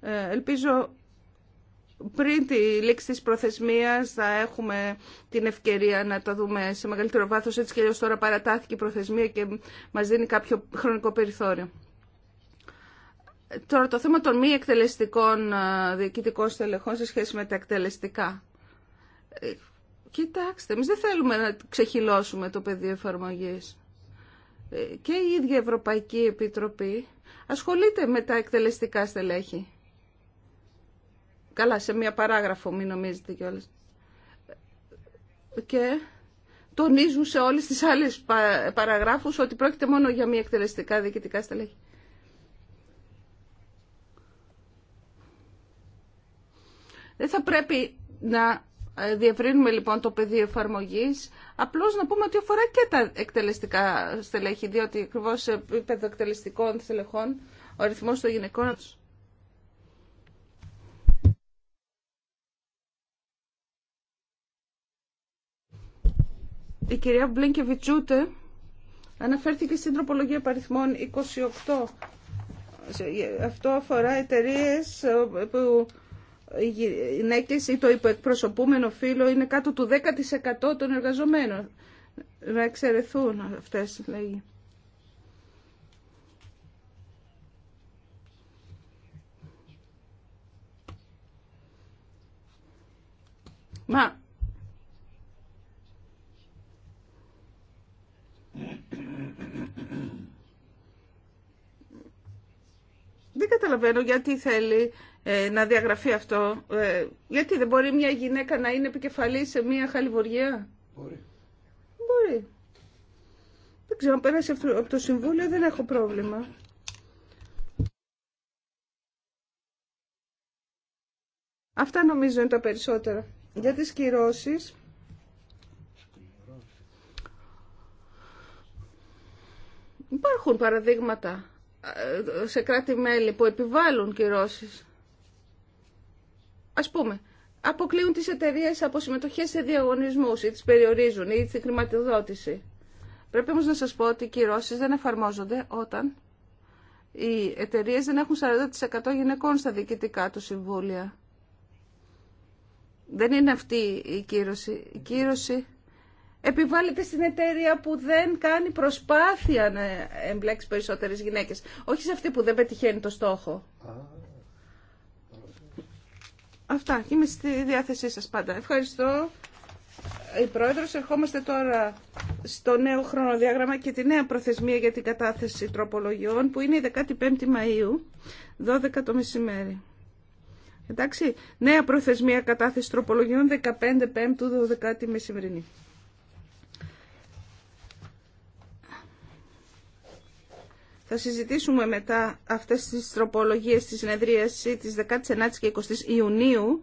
Speaker 1: Ε, ελπίζω πριν τη λήξη της προθεσμίας θα έχουμε την ευκαιρία να τα δούμε σε μεγαλύτερο βάθος. Έτσι και τώρα παρατάθηκε η προθεσμία και μας δίνει κάποιο χρονικό περιθώριο. Τώρα το θέμα των μη εκτελεστικών διοικητικών στελεχών σε σχέση με τα εκτελεστικά. Ε, κοιτάξτε, εμεί δεν θέλουμε να ξεχυλώσουμε το πεδίο εφαρμογής. Ε, και η ίδια Ευρωπαϊκή Επιτροπή ασχολείται με τα εκτελεστικά στελέχη. Καλά, σε μία παράγραφο, μην νομίζετε κιόλα. Και τονίζουν σε όλες τις άλλες παραγράφους ότι πρόκειται μόνο για μία εκτελεστικά διοικητικά στελέχη. Δεν θα πρέπει να ε, διευρύνουμε λοιπόν το πεδίο εφαρμογής, απλώς να πούμε ότι αφορά και τα εκτελεστικά στελέχη, διότι ακριβώ σε επίπεδο εκτελεστικών στελεχών ο αριθμός των γυναικών η κυρία Μπλίνκεβιτσούτε αναφέρθηκε στην τροπολογία παριθμών 28. Ε, αυτό αφορά εταιρείε ε, που οι γυναίκε ή το υποεκπροσωπούμενο φύλλο είναι κάτω του 10% των εργαζομένων. Να εξαιρεθούν αυτές, λέγει. Μα Δεν καταλαβαίνω γιατί θέλει ε, να διαγραφεί αυτό. Ε, γιατί δεν μπορεί μια γυναίκα να είναι επικεφαλή σε μια χαλιβουργία. Μπορεί. Μπορεί. Δεν ξέρω, πέρασε από το Συμβούλιο, δεν έχω πρόβλημα. Αυτά νομίζω είναι τα περισσότερα. Για τις κυρώσεις Υπάρχουν παραδείγματα ε, σε κράτη-μέλη που επιβάλλουν κυρώσεις. Ας πούμε, αποκλείουν τις εταιρείε από συμμετοχές σε διαγωνισμούς ή τις περιορίζουν ή τη χρηματοδότηση. Πρέπει όμως να σας πω ότι οι κυρώσεις δεν εφαρμόζονται όταν οι εταιρείε δεν έχουν 40% γυναικών στα διοικητικά του συμβούλια. Δεν είναι αυτή η κύρωση. Η κύρωση επιβάλλεται στην εταιρεία που δεν κάνει προσπάθεια να εμπλέξει περισσότερες γυναίκες. Όχι σε αυτή που δεν πετυχαίνει το στόχο. Αυτά. Είμαι στη διάθεσή σας πάντα. Ευχαριστώ. Η Πρόεδρος, ερχόμαστε τώρα στο νέο χρονοδιάγραμμα και τη νέα προθεσμία για την κατάθεση τροπολογιών που είναι η 15η Μαΐου, 12 το μεσημέρι. Εντάξει, νέα προθεσμία κατάθεση τροπολογιών 15 Πέμπτου 12 η μεσημερινή. Θα συζητήσουμε μετά αυτές τις τροπολογίες της συνεδρίαση της 19ης και 20ης Ιουνίου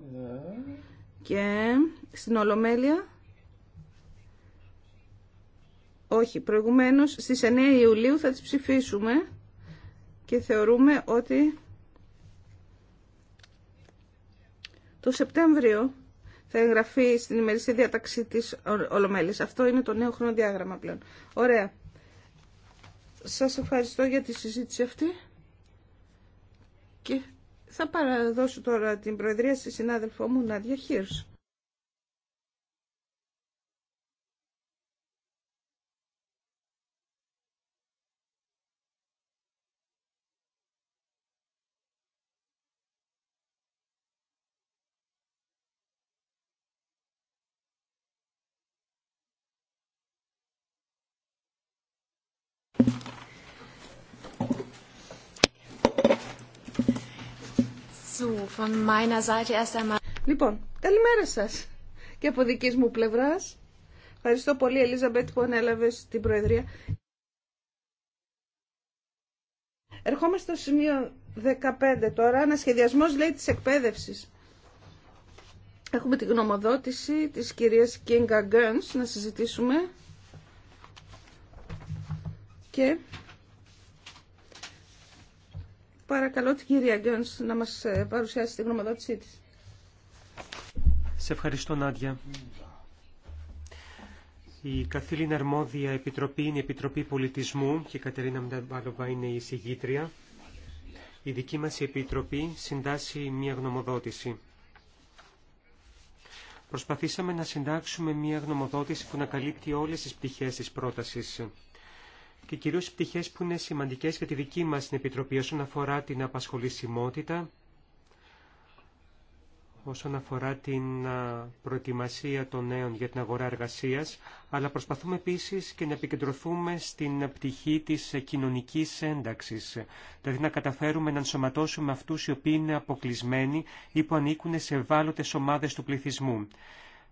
Speaker 1: και στην Ολομέλεια. Όχι, προηγουμένως στις 9 Ιουλίου θα τις ψηφίσουμε και θεωρούμε ότι το Σεπτέμβριο θα εγγραφεί στην ημερήσια διάταξη της Ολομέλης. Αυτό είναι το νέο χρονοδιάγραμμα πλέον. Ωραία. Σας ευχαριστώ για τη συζήτηση αυτή και θα παραδώσω τώρα την Προεδρία στη συνάδελφό μου Νάντια Χίρσου. Λοιπόν, καλημέρα σας και από δική μου πλευράς. Ευχαριστώ πολύ Ελίζα Μπέτ που ανέλαβε την Προεδρία. Ερχόμαστε στο σημείο 15 τώρα, σχεδιασμό λέει τη εκπαίδευση. Έχουμε την γνωμοδότηση της κυρίας Κίνγκα Γκέρνς να συζητήσουμε και Παρακαλώ την κυρία Γκιόνς να μας ε, παρουσιάσει τη γνωμοδότησή της.
Speaker 3: Σε ευχαριστώ Νάντια. Η καθήλυνα αρμόδια επιτροπή είναι η Επιτροπή Πολιτισμού και η Κατερίνα Μνταμπάλοβα είναι η εισηγήτρια. Η δική μας επιτροπή συντάσσει μια γνωμοδότηση. Προσπαθήσαμε να συντάξουμε μια γνωμοδότηση που να καλύπτει όλες τις πτυχές της πρότασης και κυρίως πτυχές που είναι σημαντικές για τη δική μας την Επιτροπή όσον αφορά την απασχολησιμότητα, όσον αφορά την προετοιμασία των νέων για την αγορά εργασίας, αλλά προσπαθούμε επίσης και να επικεντρωθούμε στην πτυχή της κοινωνικής ένταξης, δηλαδή να καταφέρουμε να ενσωματώσουμε αυτούς οι οποίοι είναι αποκλεισμένοι ή που ανήκουν σε ευάλωτες ομάδες του πληθυσμού.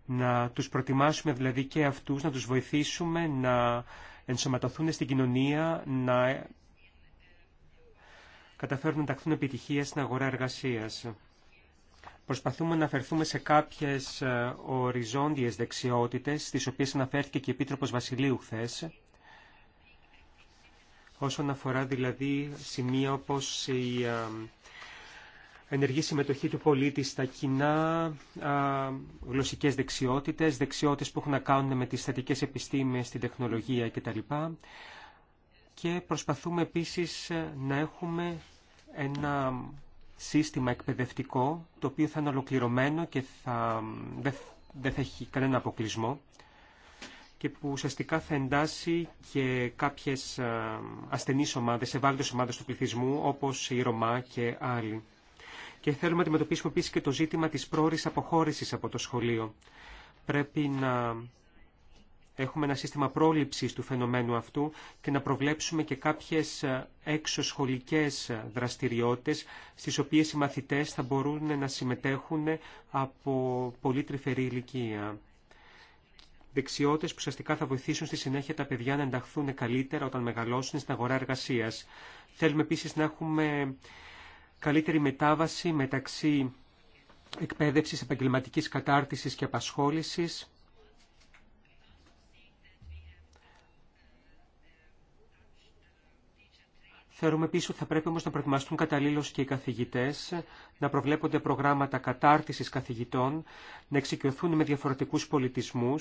Speaker 3: Να τους προτιμάσουμε δηλαδή και αυτούς, να τους βοηθήσουμε να ενσωματωθούν στην κοινωνία, να καταφέρουν να ταχθούν επιτυχία στην αγορά εργασίας. Προσπαθούμε να αφαιρθούμε σε κάποιες ε, οριζόντιες δεξιότητες, στις οποίες αναφέρθηκε και η Επίτροπος Βασιλείου χθε. όσον αφορά δηλαδή σημεία όπως η ε, ενεργή συμμετοχή του πολίτη στα κοινά α, γλωσσικές δεξιότητες, δεξιότητες που έχουν να κάνουν με τις θετικές επιστήμες, την τεχνολογία κτλ. Και προσπαθούμε επίσης να έχουμε ένα σύστημα εκπαιδευτικό, το οποίο θα είναι ολοκληρωμένο και θα, δεν, δεν θα έχει κανένα αποκλεισμό και που ουσιαστικά θα εντάσει και κάποιες ασθενείς ομάδες, ευάλωτες ομάδες του πληθυσμού, όπως η Ρωμά και άλλοι και θέλουμε να αντιμετωπίσουμε επίση και το ζήτημα της πρόορης αποχώρησης από το σχολείο. Πρέπει να έχουμε ένα σύστημα πρόληψης του φαινομένου αυτού και να προβλέψουμε και κάποιες εξωσχολικές δραστηριότητες στις οποίες οι μαθητές θα μπορούν να συμμετέχουν από πολύ τρυφερή ηλικία. Δεξιότητε που ουσιαστικά θα βοηθήσουν στη συνέχεια τα παιδιά να ενταχθούν καλύτερα όταν μεγαλώσουν στην αγορά εργασία. Θέλουμε επίση να έχουμε καλύτερη μετάβαση μεταξύ εκπαίδευσης, επαγγελματικής κατάρτισης και απασχόλησης, Θεωρούμε επίση ότι θα πρέπει όμως να προετοιμαστούν καταλήλω και οι καθηγητέ, να προβλέπονται προγράμματα κατάρτιση καθηγητών, να εξοικειωθούν με διαφορετικού πολιτισμού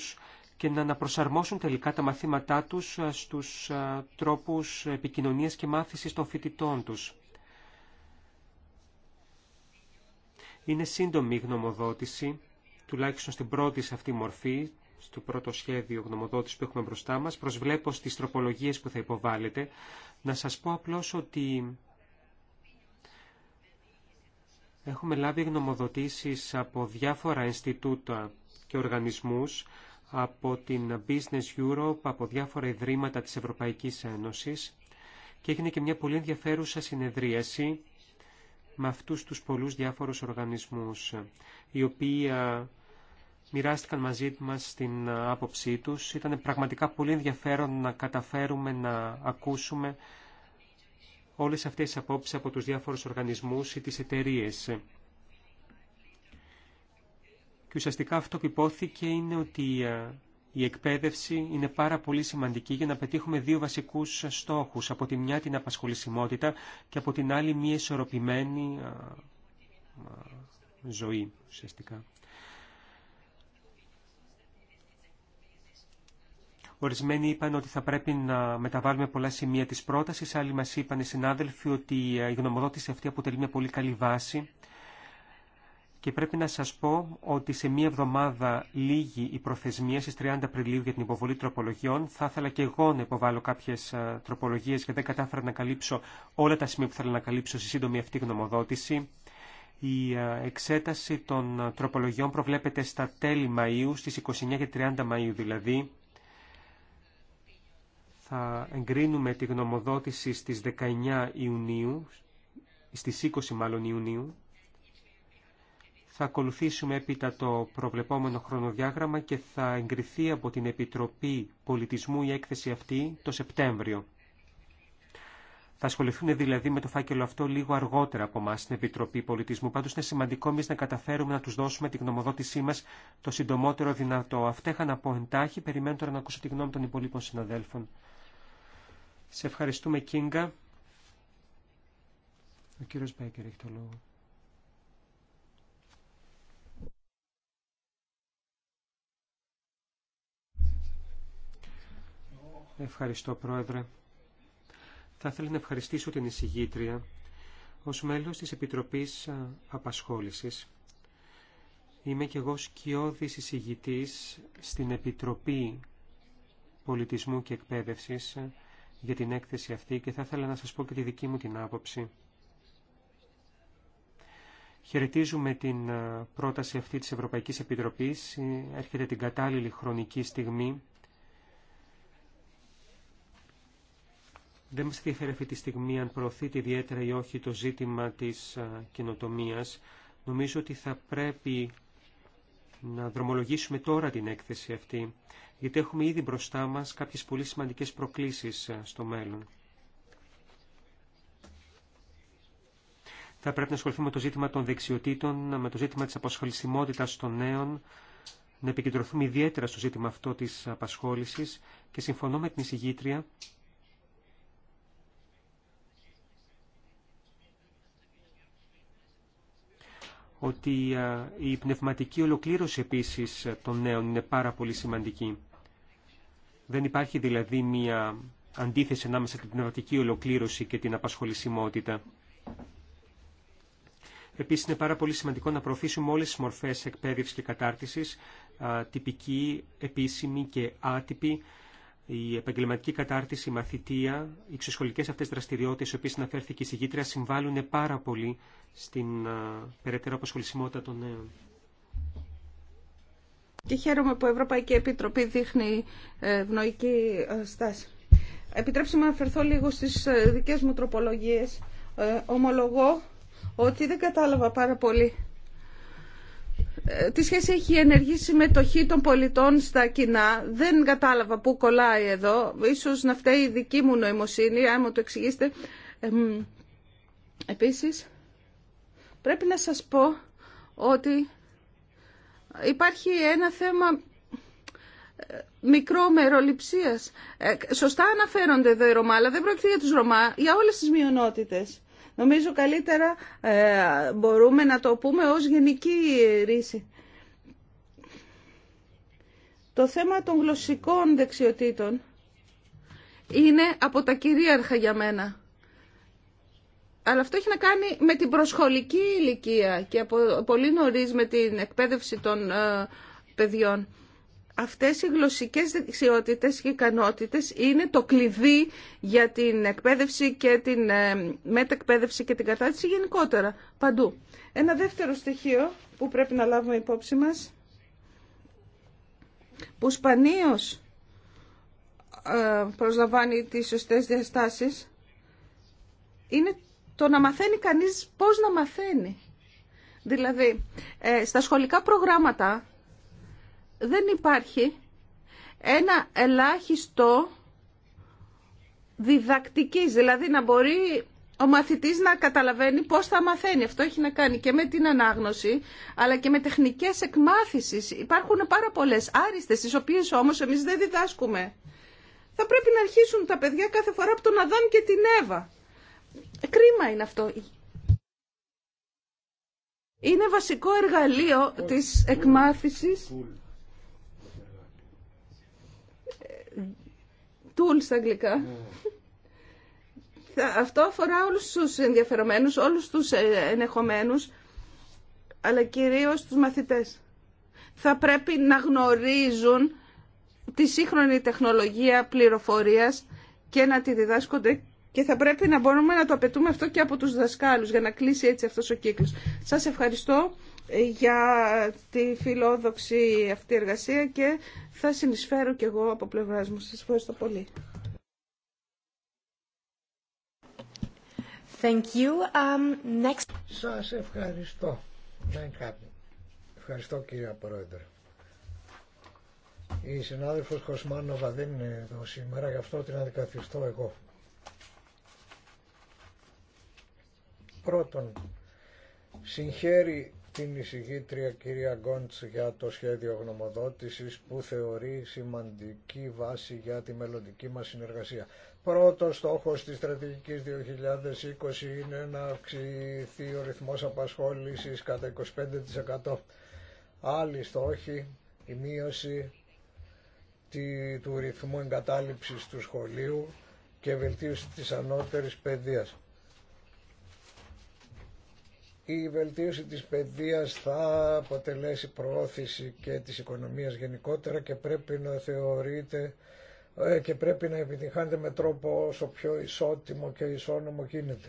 Speaker 3: και να αναπροσαρμόσουν τελικά τα μαθήματά του ε, στου ε, τρόπου επικοινωνία και μάθηση των φοιτητών του. Είναι σύντομη η γνωμοδότηση, τουλάχιστον στην πρώτη σε αυτή μορφή, στο πρώτο σχέδιο γνωμοδότηση που έχουμε μπροστά μας. Προσβλέπω στις τροπολογίες που θα υποβάλλετε. Να σας πω απλώς ότι έχουμε λάβει γνωμοδοτήσεις από διάφορα Ινστιτούτα και οργανισμούς, από την Business Europe, από διάφορα ιδρύματα της Ευρωπαϊκής Ένωσης και έγινε και μια πολύ ενδιαφέρουσα συνεδρίαση με αυτούς τους πολλούς διάφορους οργανισμούς, οι οποίοι ε, μοιράστηκαν μαζί μας την ε, άποψή τους. Ήταν πραγματικά πολύ ενδιαφέρον να καταφέρουμε να ακούσουμε όλες αυτές τις απόψεις από τους διάφορους οργανισμούς ή τις εταιρείε. Και ουσιαστικά αυτό που υπόθηκε είναι ότι ε, η εκπαίδευση είναι πάρα πολύ σημαντική για να πετύχουμε δύο βασικούς στόχους. Από τη μια την απασχολησιμότητα και από την άλλη μια ισορροπημένη ζωή ουσιαστικά. Ορισμένοι είπαν ότι θα πρέπει να μεταβάλουμε πολλά σημεία της πρότασης, άλλοι μας είπαν οι συνάδελφοι ότι η γνωμοδότηση αυτή αποτελεί μια πολύ καλή βάση και πρέπει να σας πω ότι σε μία εβδομάδα λίγη η προθεσμία στις 30 Απριλίου για την υποβολή τροπολογιών. Θα ήθελα και εγώ να υποβάλω κάποιες ε, τροπολογίες και δεν κατάφερα να καλύψω όλα τα σημεία που θέλω να καλύψω στη σύντομη αυτή γνωμοδότηση. Η ε, εξέταση των τροπολογιών προβλέπεται στα τέλη Μαΐου, στις 29 και 30 Μαΐου δηλαδή. Θα εγκρίνουμε τη γνωμοδότηση στις 19 Ιουνίου, στις 20 μάλλον Ιουνίου, θα ακολουθήσουμε έπειτα το προβλεπόμενο χρονοδιάγραμμα και θα εγκριθεί από την Επιτροπή Πολιτισμού η έκθεση αυτή το Σεπτέμβριο. Θα ασχοληθούν δηλαδή με το φάκελο αυτό λίγο αργότερα από εμά στην Επιτροπή Πολιτισμού. Πάντω είναι σημαντικό εμεί να καταφέρουμε να του δώσουμε την γνωμοδότησή μα το συντομότερο δυνατό. Αυτά είχα να πω εντάχει. Περιμένω τώρα να ακούσω τη γνώμη των υπολείπων συναδέλφων. Σε ευχαριστούμε, Κίνγκα. Ο Μπέκερ έχει λόγο. Ευχαριστώ, Πρόεδρε. Θα ήθελα να ευχαριστήσω την εισηγήτρια ως μέλος της Επιτροπής Απασχόλησης. Είμαι και εγώ σκιώδης εισηγητής στην Επιτροπή Πολιτισμού και Εκπαίδευσης για την έκθεση αυτή και θα ήθελα να σας πω και τη δική μου την άποψη. Χαιρετίζουμε την πρόταση αυτή της Ευρωπαϊκής Επιτροπής. Ε, έρχεται την κατάλληλη χρονική στιγμή Δεν μας ενδιαφέρει αυτή τη στιγμή αν προωθείται ιδιαίτερα ή όχι το ζήτημα της καινοτομία. Νομίζω ότι θα πρέπει να δρομολογήσουμε τώρα την έκθεση αυτή, γιατί έχουμε ήδη μπροστά μας κάποιες πολύ σημαντικές προκλήσεις στο μέλλον. Θα πρέπει να ασχοληθούμε με το ζήτημα των δεξιοτήτων, με το ζήτημα της απασχολησιμότητας των νέων, να επικεντρωθούμε ιδιαίτερα στο ζήτημα αυτό της απασχόλησης και συμφωνώ με την εισηγήτρια ότι η πνευματική ολοκλήρωση επίσης των νέων είναι πάρα πολύ σημαντική. Δεν υπάρχει δηλαδή μια αντίθεση ανάμεσα στην πνευματική ολοκλήρωση και την απασχολησιμότητα. Επίσης είναι πάρα πολύ σημαντικό να προωθήσουμε όλες τις μορφές εκπαίδευσης και κατάρτισης, τυπική, επίσημη και άτυπη, η επαγγελματική κατάρτιση, η μαθητεία, οι ξεσχολικές αυτές δραστηριότητες, οι οποίες αναφέρθηκε η συγκήτρια, συμβάλλουν πάρα πολύ στην ε, περαιτέρω απασχολησιμότητα των νέων.
Speaker 1: Και χαίρομαι που η Ευρωπαϊκή Επιτροπή δείχνει ε, ευνοϊκή ε, στάση. Επιτρέψτε μου να αφαιρθώ λίγο στις δικές μου τροπολογίες. Ομολογώ ότι δεν κατάλαβα πάρα πολύ τι σχέση έχει η ενεργή συμμετοχή των πολιτών στα κοινά. Δεν κατάλαβα πού κολλάει εδώ. Ίσως να φταίει η δική μου νοημοσύνη, αν το εξηγήσετε. επίσης, Πρέπει να σας πω ότι υπάρχει ένα θέμα ε, μικρό μεροληψίας. Ε, σωστά αναφέρονται εδώ οι Ρωμά, αλλά δεν πρόκειται για τους Ρωμά, για όλες τις μειονότητες. Νομίζω καλύτερα ε, μπορούμε να το πούμε ως γενική ρίση. Το θέμα των γλωσσικών δεξιοτήτων είναι από τα κυρίαρχα για μένα. Αλλά αυτό έχει να κάνει με την προσχολική ηλικία και από πολύ νωρί με την εκπαίδευση των ε, παιδιών. Αυτές οι γλωσσικές δεξιότητες και ικανότητες είναι το κλειδί για την εκπαίδευση και την ε, μετεκπαίδευση και την κατάρτιση γενικότερα, παντού. Ένα δεύτερο στοιχείο που πρέπει να λάβουμε υπόψη μας, που σπανίως ε, προσλαμβάνει τις σωστές διαστάσεις, είναι το να μαθαίνει κανείς πώς να μαθαίνει. Δηλαδή, ε, στα σχολικά προγράμματα δεν υπάρχει ένα ελάχιστο διδακτικής, δηλαδή να μπορεί ο μαθητής να καταλαβαίνει πώς θα μαθαίνει. Αυτό έχει να κάνει και με την ανάγνωση, αλλά και με τεχνικές εκμάθησης. Υπάρχουν πάρα πολλές άριστες, τις οποίες όμως εμείς δεν διδάσκουμε. Θα πρέπει να αρχίσουν τα παιδιά κάθε φορά από τον Αδάμ και την Εύα. Κρίμα είναι αυτό. Είναι βασικό εργαλείο της εκμάθησης tool στα αγγλικά. Αυτό αφορά όλους τους ενδιαφερομένους, όλους τους ενεχομένους, αλλά κυρίως τους μαθητές. Θα πρέπει να γνωρίζουν τη σύγχρονη τεχνολογία πληροφορίας και να τη διδάσκονται και θα πρέπει να μπορούμε να το απαιτούμε αυτό και από τους δασκάλους για να κλείσει έτσι αυτός ο κύκλος. Σας ευχαριστώ ε, για τη φιλόδοξη αυτή εργασία και θα συνεισφέρω και εγώ από πλευρά μου. Σας ευχαριστώ πολύ. Thank you. Um, next. Σας ευχαριστώ.
Speaker 2: Ευχαριστώ κύριε Πρόεδρε. Η συνάδελφος Κοσμάνοβα δεν είναι εδώ σήμερα, γι' αυτό την αντικαθιστώ εγώ. Πρώτον, συγχαίρει την εισηγήτρια κυρία Γκόντς για το σχέδιο γνωμοδότησης που θεωρεί σημαντική βάση για τη μελλοντική μας συνεργασία. Πρώτος στόχος της στρατηγικής 2020 είναι να αυξηθεί ο ρυθμός απασχόλησης κατά 25%. στο στόχη, η μείωση του ρυθμού εγκατάλειψης του σχολείου και βελτίωση της ανώτερης παιδείας. Η βελτίωση της παιδείας θα αποτελέσει προώθηση και της οικονομίας γενικότερα και πρέπει να θεωρείται ε, και πρέπει να επιτυχάνεται με τρόπο όσο πιο ισότιμο και ισόνομο γίνεται.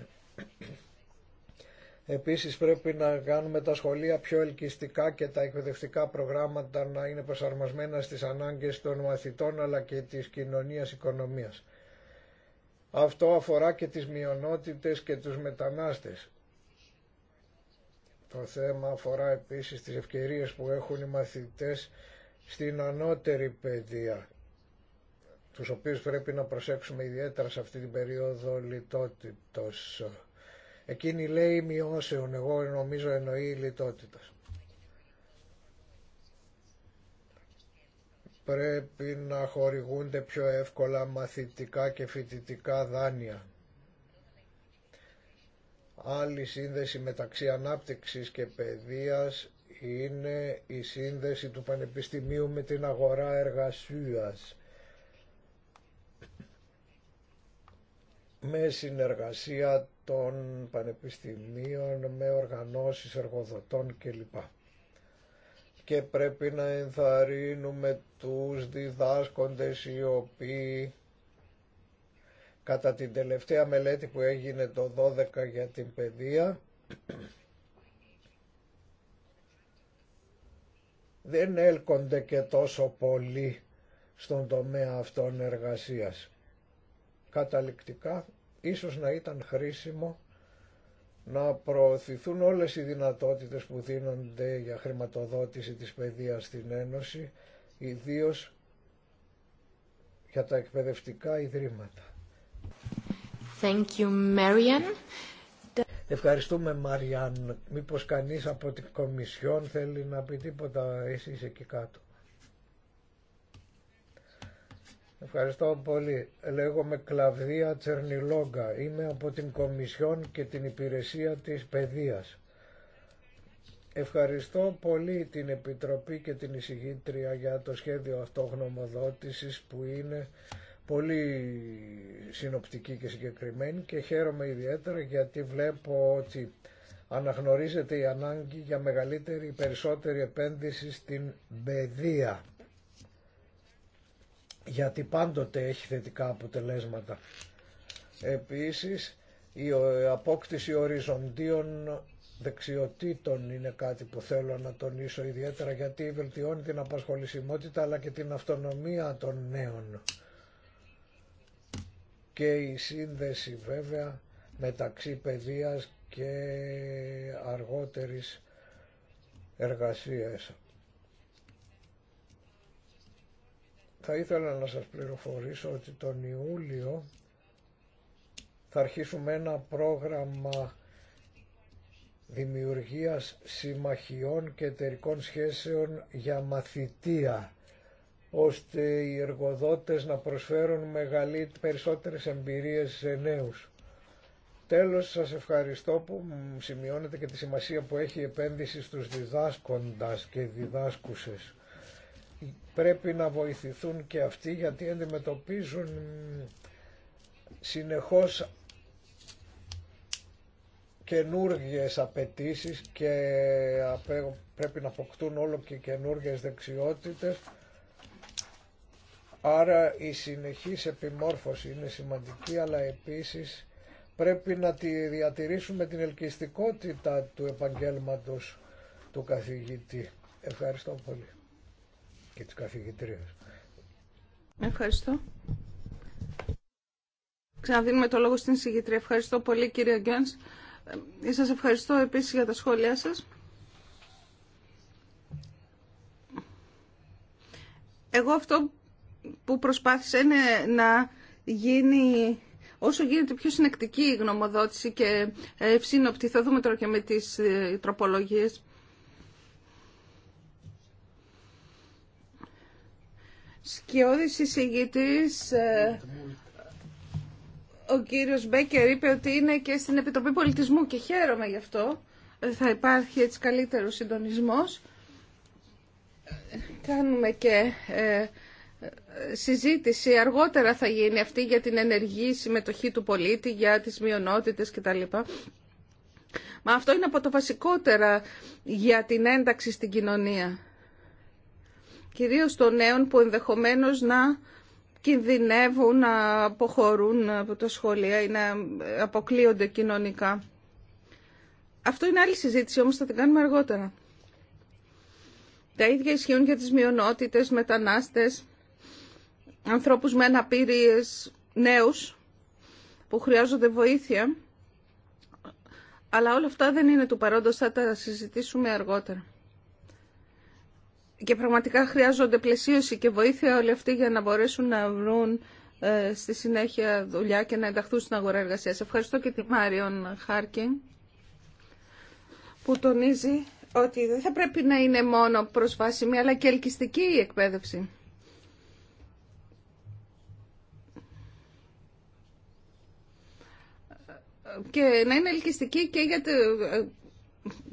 Speaker 2: Επίσης πρέπει να κάνουμε τα σχολεία πιο ελκυστικά και τα εκπαιδευτικά προγράμματα να είναι προσαρμοσμένα στις ανάγκες των μαθητών αλλά και της κοινωνίας οικονομίας. Αυτό αφορά και τις μειονότητες και τους μετανάστες. Το θέμα αφορά επίσης τις ευκαιρίες που έχουν οι μαθητές στην ανώτερη παιδεία, τους οποίους πρέπει να προσέξουμε ιδιαίτερα σε αυτή την περίοδο λιτότητος. Εκείνη λέει μειώσεων, εγώ νομίζω εννοεί λιτότητας. Πρέπει να χορηγούνται πιο εύκολα μαθητικά και φοιτητικά δάνεια. Άλλη σύνδεση μεταξύ ανάπτυξης και παιδείας είναι η σύνδεση του Πανεπιστημίου με την αγορά εργασίας. με συνεργασία των πανεπιστημίων, με οργανώσεις εργοδοτών κλπ. Και πρέπει να ενθαρρύνουμε τους διδάσκοντες οι οποίοι Κατά την τελευταία μελέτη που έγινε το 12 για την παιδεία, δεν έλκονται και τόσο πολύ στον τομέα αυτών εργασίας. Καταληκτικά, ίσως να ήταν χρήσιμο να προωθηθούν όλες οι δυνατότητες που δίνονται για χρηματοδότηση της παιδείας στην Ένωση, ιδίως για τα εκπαιδευτικά ιδρύματα.
Speaker 3: Thank you, Marian.
Speaker 2: Ευχαριστούμε Μαριάν. Μήπως κανείς από την Κομισιόν θέλει να πει τίποτα εσείς εκεί κάτω. Ευχαριστώ πολύ. Λέγομαι Κλαβδία Τσερνιλόγκα. Είμαι από την Κομισιόν και την Υπηρεσία της Παιδείας. Ευχαριστώ πολύ την Επιτροπή και την εισηγήτρια για το σχέδιο αυτογνωμοδότησης που είναι πολύ συνοπτική και συγκεκριμένη και χαίρομαι ιδιαίτερα γιατί βλέπω ότι αναγνωρίζεται η ανάγκη για μεγαλύτερη περισσότερη επένδυση στην παιδεία γιατί πάντοτε έχει θετικά αποτελέσματα. Επίσης η ε, απόκτηση οριζοντίων δεξιοτήτων είναι κάτι που θέλω να τονίσω ιδιαίτερα γιατί βελτιώνει την απασχολησιμότητα αλλά και την αυτονομία των νέων και η σύνδεση βέβαια μεταξύ παιδείας και αργότερης εργασίας. Θα ήθελα να σας πληροφορήσω ότι τον Ιούλιο θα αρχίσουμε ένα πρόγραμμα δημιουργίας συμμαχιών και εταιρικών σχέσεων για μαθητεία ώστε οι εργοδότες να προσφέρουν μεγαλύτερες, περισσότερες εμπειρίες σε νέους. Τέλος, σας ευχαριστώ που σημειώνετε και τη σημασία που έχει η επένδυση στους διδάσκοντας και διδάσκουσες. Πρέπει να βοηθηθούν και αυτοί γιατί αντιμετωπίζουν συνεχώς καινούργιες απαιτήσει και πρέπει να αποκτούν όλο και καινούργιες δεξιότητες Άρα η συνεχής επιμόρφωση είναι σημαντική, αλλά επίσης πρέπει να τη διατηρήσουμε την ελκυστικότητα του επαγγέλματος του καθηγητή. Ευχαριστώ πολύ και της καθηγητρίας.
Speaker 1: Ευχαριστώ. Ξαναδίνουμε το λόγο στην συγγήτρια. Ευχαριστώ πολύ κύριε Γκένς. Ε, σας ευχαριστώ επίσης για τα σχόλιά σας. Εγώ αυτό που προσπάθησε ναι, να γίνει όσο γίνεται πιο συνεκτική η γνωμοδότηση και ευσύνοπτη. Θα δούμε τώρα και με τις ε, τροπολογίες. Σκιώδης εισηγητής, ε, ο κύριος Μπέκερ είπε ότι είναι και στην Επιτροπή Πολιτισμού και χαίρομαι γι' αυτό. Θα υπάρχει έτσι καλύτερος συντονισμός. Κάνουμε και ε, συζήτηση αργότερα θα γίνει αυτή για την ενεργή συμμετοχή του πολίτη, για τις μειονότητες κτλ. Μα αυτό είναι από το βασικότερα για την ένταξη στην κοινωνία. Κυρίως των νέων που ενδεχομένως να κινδυνεύουν να αποχωρούν από τα σχολεία ή να αποκλείονται κοινωνικά. Αυτό είναι άλλη συζήτηση, όμως θα την κάνουμε αργότερα. Τα ίδια ισχύουν για τις μειονότητες, μετανάστες ανθρώπους με αναπηρίες νέους που χρειάζονται βοήθεια. Αλλά όλα αυτά δεν είναι του παρόντος, θα τα συζητήσουμε αργότερα. Και πραγματικά χρειάζονται πλαισίωση και βοήθεια όλοι αυτοί για να μπορέσουν να βρουν ε, στη συνέχεια δουλειά και να ενταχθούν στην αγορά εργασίας. Ευχαριστώ και τη Μάριον Χάρκιν που τονίζει ότι δεν θα πρέπει να είναι μόνο προσβάσιμη αλλά και ελκυστική η εκπαίδευση. και να είναι ελκυστική και για ε,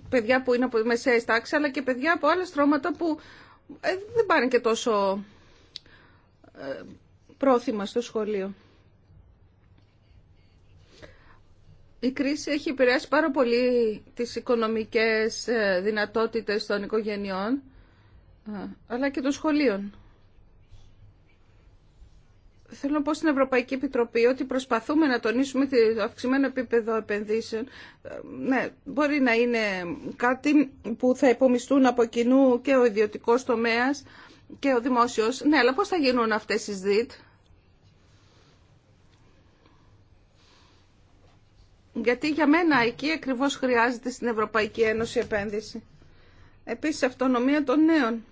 Speaker 1: παιδιά που είναι από μεσαίες τάξεις, αλλά και παιδιά από άλλα στρώματα που ε, δεν πάνε και τόσο ε, πρόθυμα στο σχολείο. Η κρίση έχει επηρεάσει πάρα πολύ τις οικονομικές δυνατότητες των οικογενειών, αλλά και των σχολείων. Θέλω να πω στην Ευρωπαϊκή Επιτροπή ότι προσπαθούμε να τονίσουμε το αυξημένο επίπεδο επενδύσεων. Ε, ναι, μπορεί να είναι κάτι που θα υπομιστούν από κοινού και ο ιδιωτικός τομέας και ο δημόσιος. Ναι, αλλά πώς θα γίνουν αυτές οι ΔΙΤ. Γιατί για μένα εκεί ακριβώς χρειάζεται στην Ευρωπαϊκή Ένωση επένδυση. Επίσης, αυτονομία των νέων.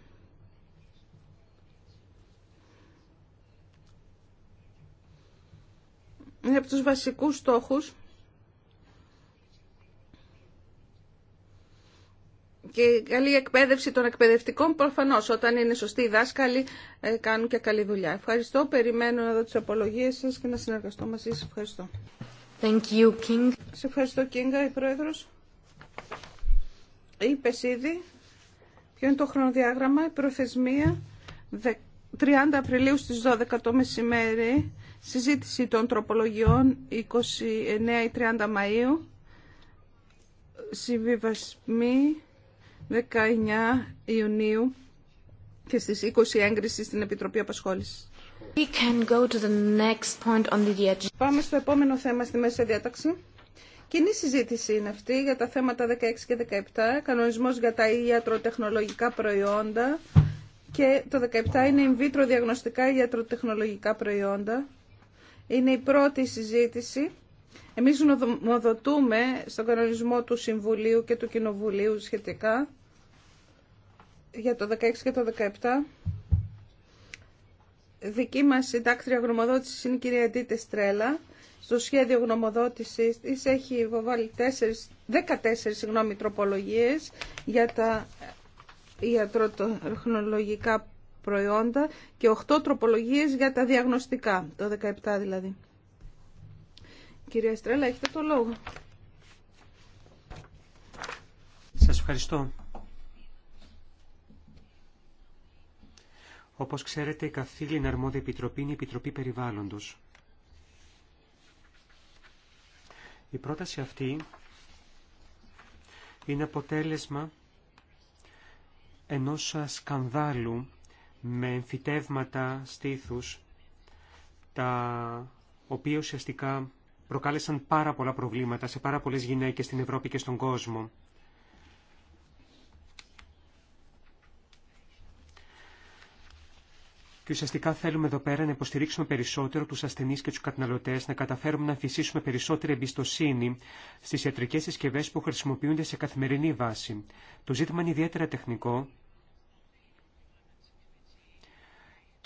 Speaker 1: είναι από τους βασικούς στόχους και καλή εκπαίδευση των εκπαιδευτικών προφανώς όταν είναι σωστοί οι δάσκαλοι ε, κάνουν και καλή δουλειά. Ευχαριστώ, περιμένω να δω τις απολογίες σας και να συνεργαστώ μαζί σας. Ευχαριστώ. Thank you, King. Σε ευχαριστώ, Κίνγκα, η Πρόεδρος. Είπε ήδη ποιο είναι το χρονοδιάγραμμα, η προθεσμία 30 Απριλίου στις 12 το μεσημέρι Συζήτηση των τροπολογιών 29 ή 30 Μαΐου. Συμβιβασμοί 19 Ιουνίου και στις 20 έγκριση στην Επιτροπή Απασχόλησης. We can go to the next point on the... Πάμε στο επόμενο θέμα στη μέση διάταξη. Κοινή συζήτηση είναι αυτή για τα θέματα 16 και 17, κανονισμός για τα ιατροτεχνολογικά προϊόντα και το 17 είναι in vitro διαγνωστικά ιατροτεχνολογικά προϊόντα. Είναι η πρώτη συζήτηση. Εμείς γνωμοδοτούμε στον κανονισμό του Συμβουλίου και του Κοινοβουλίου σχετικά για το 16 και το 17. Δική μας συντάκτρια γνωμοδότηση είναι η κυρία Ντίτε Στρέλα. Στο σχέδιο γνωμοδότησης της έχει υποβάλει 14, 14 συγγνώμη, τροπολογίες για τα ιατροτεχνολογικά προϊόντα και 8 τροπολογίες για τα διαγνωστικά, το 17 δηλαδή. Κυρία Στρέλα, έχετε το λόγο.
Speaker 3: Σας ευχαριστώ. Όπως ξέρετε, η καθήλυνα αρμόδια επιτροπή είναι η Επιτροπή Περιβάλλοντος. Η πρόταση αυτή είναι αποτέλεσμα ενός σκανδάλου με εμφυτεύματα στήθους, τα οποία ουσιαστικά προκάλεσαν πάρα πολλά προβλήματα σε πάρα πολλές γυναίκες στην Ευρώπη και στον κόσμο. Και ουσιαστικά θέλουμε εδώ πέρα να υποστηρίξουμε περισσότερο τους ασθενείς και τους καταναλωτές, να καταφέρουμε να αφησίσουμε περισσότερη εμπιστοσύνη στις ιατρικές συσκευές που χρησιμοποιούνται σε καθημερινή βάση. Το ζήτημα είναι ιδιαίτερα τεχνικό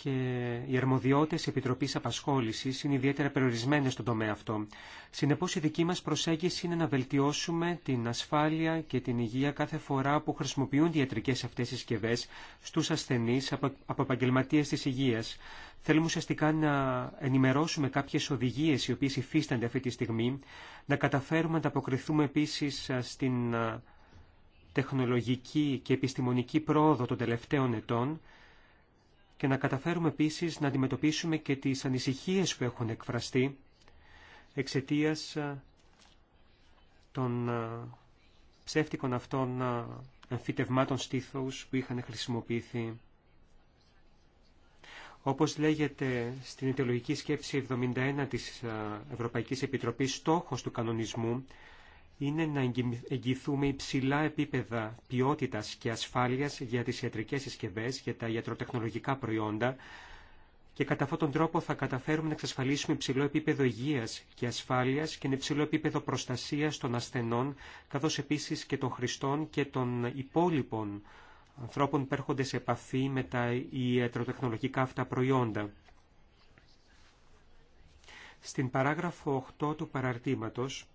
Speaker 3: και οι αρμοδιότητες Επιτροπής Απασχόλησης είναι ιδιαίτερα περιορισμένες στον τομέα αυτό. Συνεπώς η δική μας προσέγγιση είναι να βελτιώσουμε την ασφάλεια και την υγεία κάθε φορά που χρησιμοποιούν οι ιατρικές αυτές συσκευέ στους ασθενείς από, επαγγελματίε της υγείας. Θέλουμε ουσιαστικά να ενημερώσουμε κάποιες οδηγίες οι οποίες υφίστανται αυτή τη στιγμή, να καταφέρουμε να ανταποκριθούμε επίσης στην τεχνολογική και επιστημονική πρόοδο των τελευταίων ετών και να καταφέρουμε επίσης να αντιμετωπίσουμε και τις ανησυχίες που έχουν εκφραστεί εξαιτίας ε, των ε, ψεύτικων αυτών ε, εμφυτευμάτων στήθους που είχαν χρησιμοποιηθεί. Όπως λέγεται στην ιδεολογική σκέψη 71 της Ευρωπαϊκής Επιτροπής, στόχος του κανονισμού είναι να εγγυηθούμε υψηλά επίπεδα ποιότητας και ασφάλειας για τις ιατρικές συσκευές, για τα ιατροτεχνολογικά προϊόντα και κατά αυτόν τον τρόπο θα καταφέρουμε να εξασφαλίσουμε υψηλό επίπεδο υγείας και ασφάλειας και ένα υψηλό επίπεδο προστασίας των ασθενών, καθώς επίσης και των χρηστών και των υπόλοιπων ανθρώπων που έρχονται σε επαφή με τα ιατροτεχνολογικά αυτά προϊόντα. Στην παράγραφο 8 του παραρτήματος,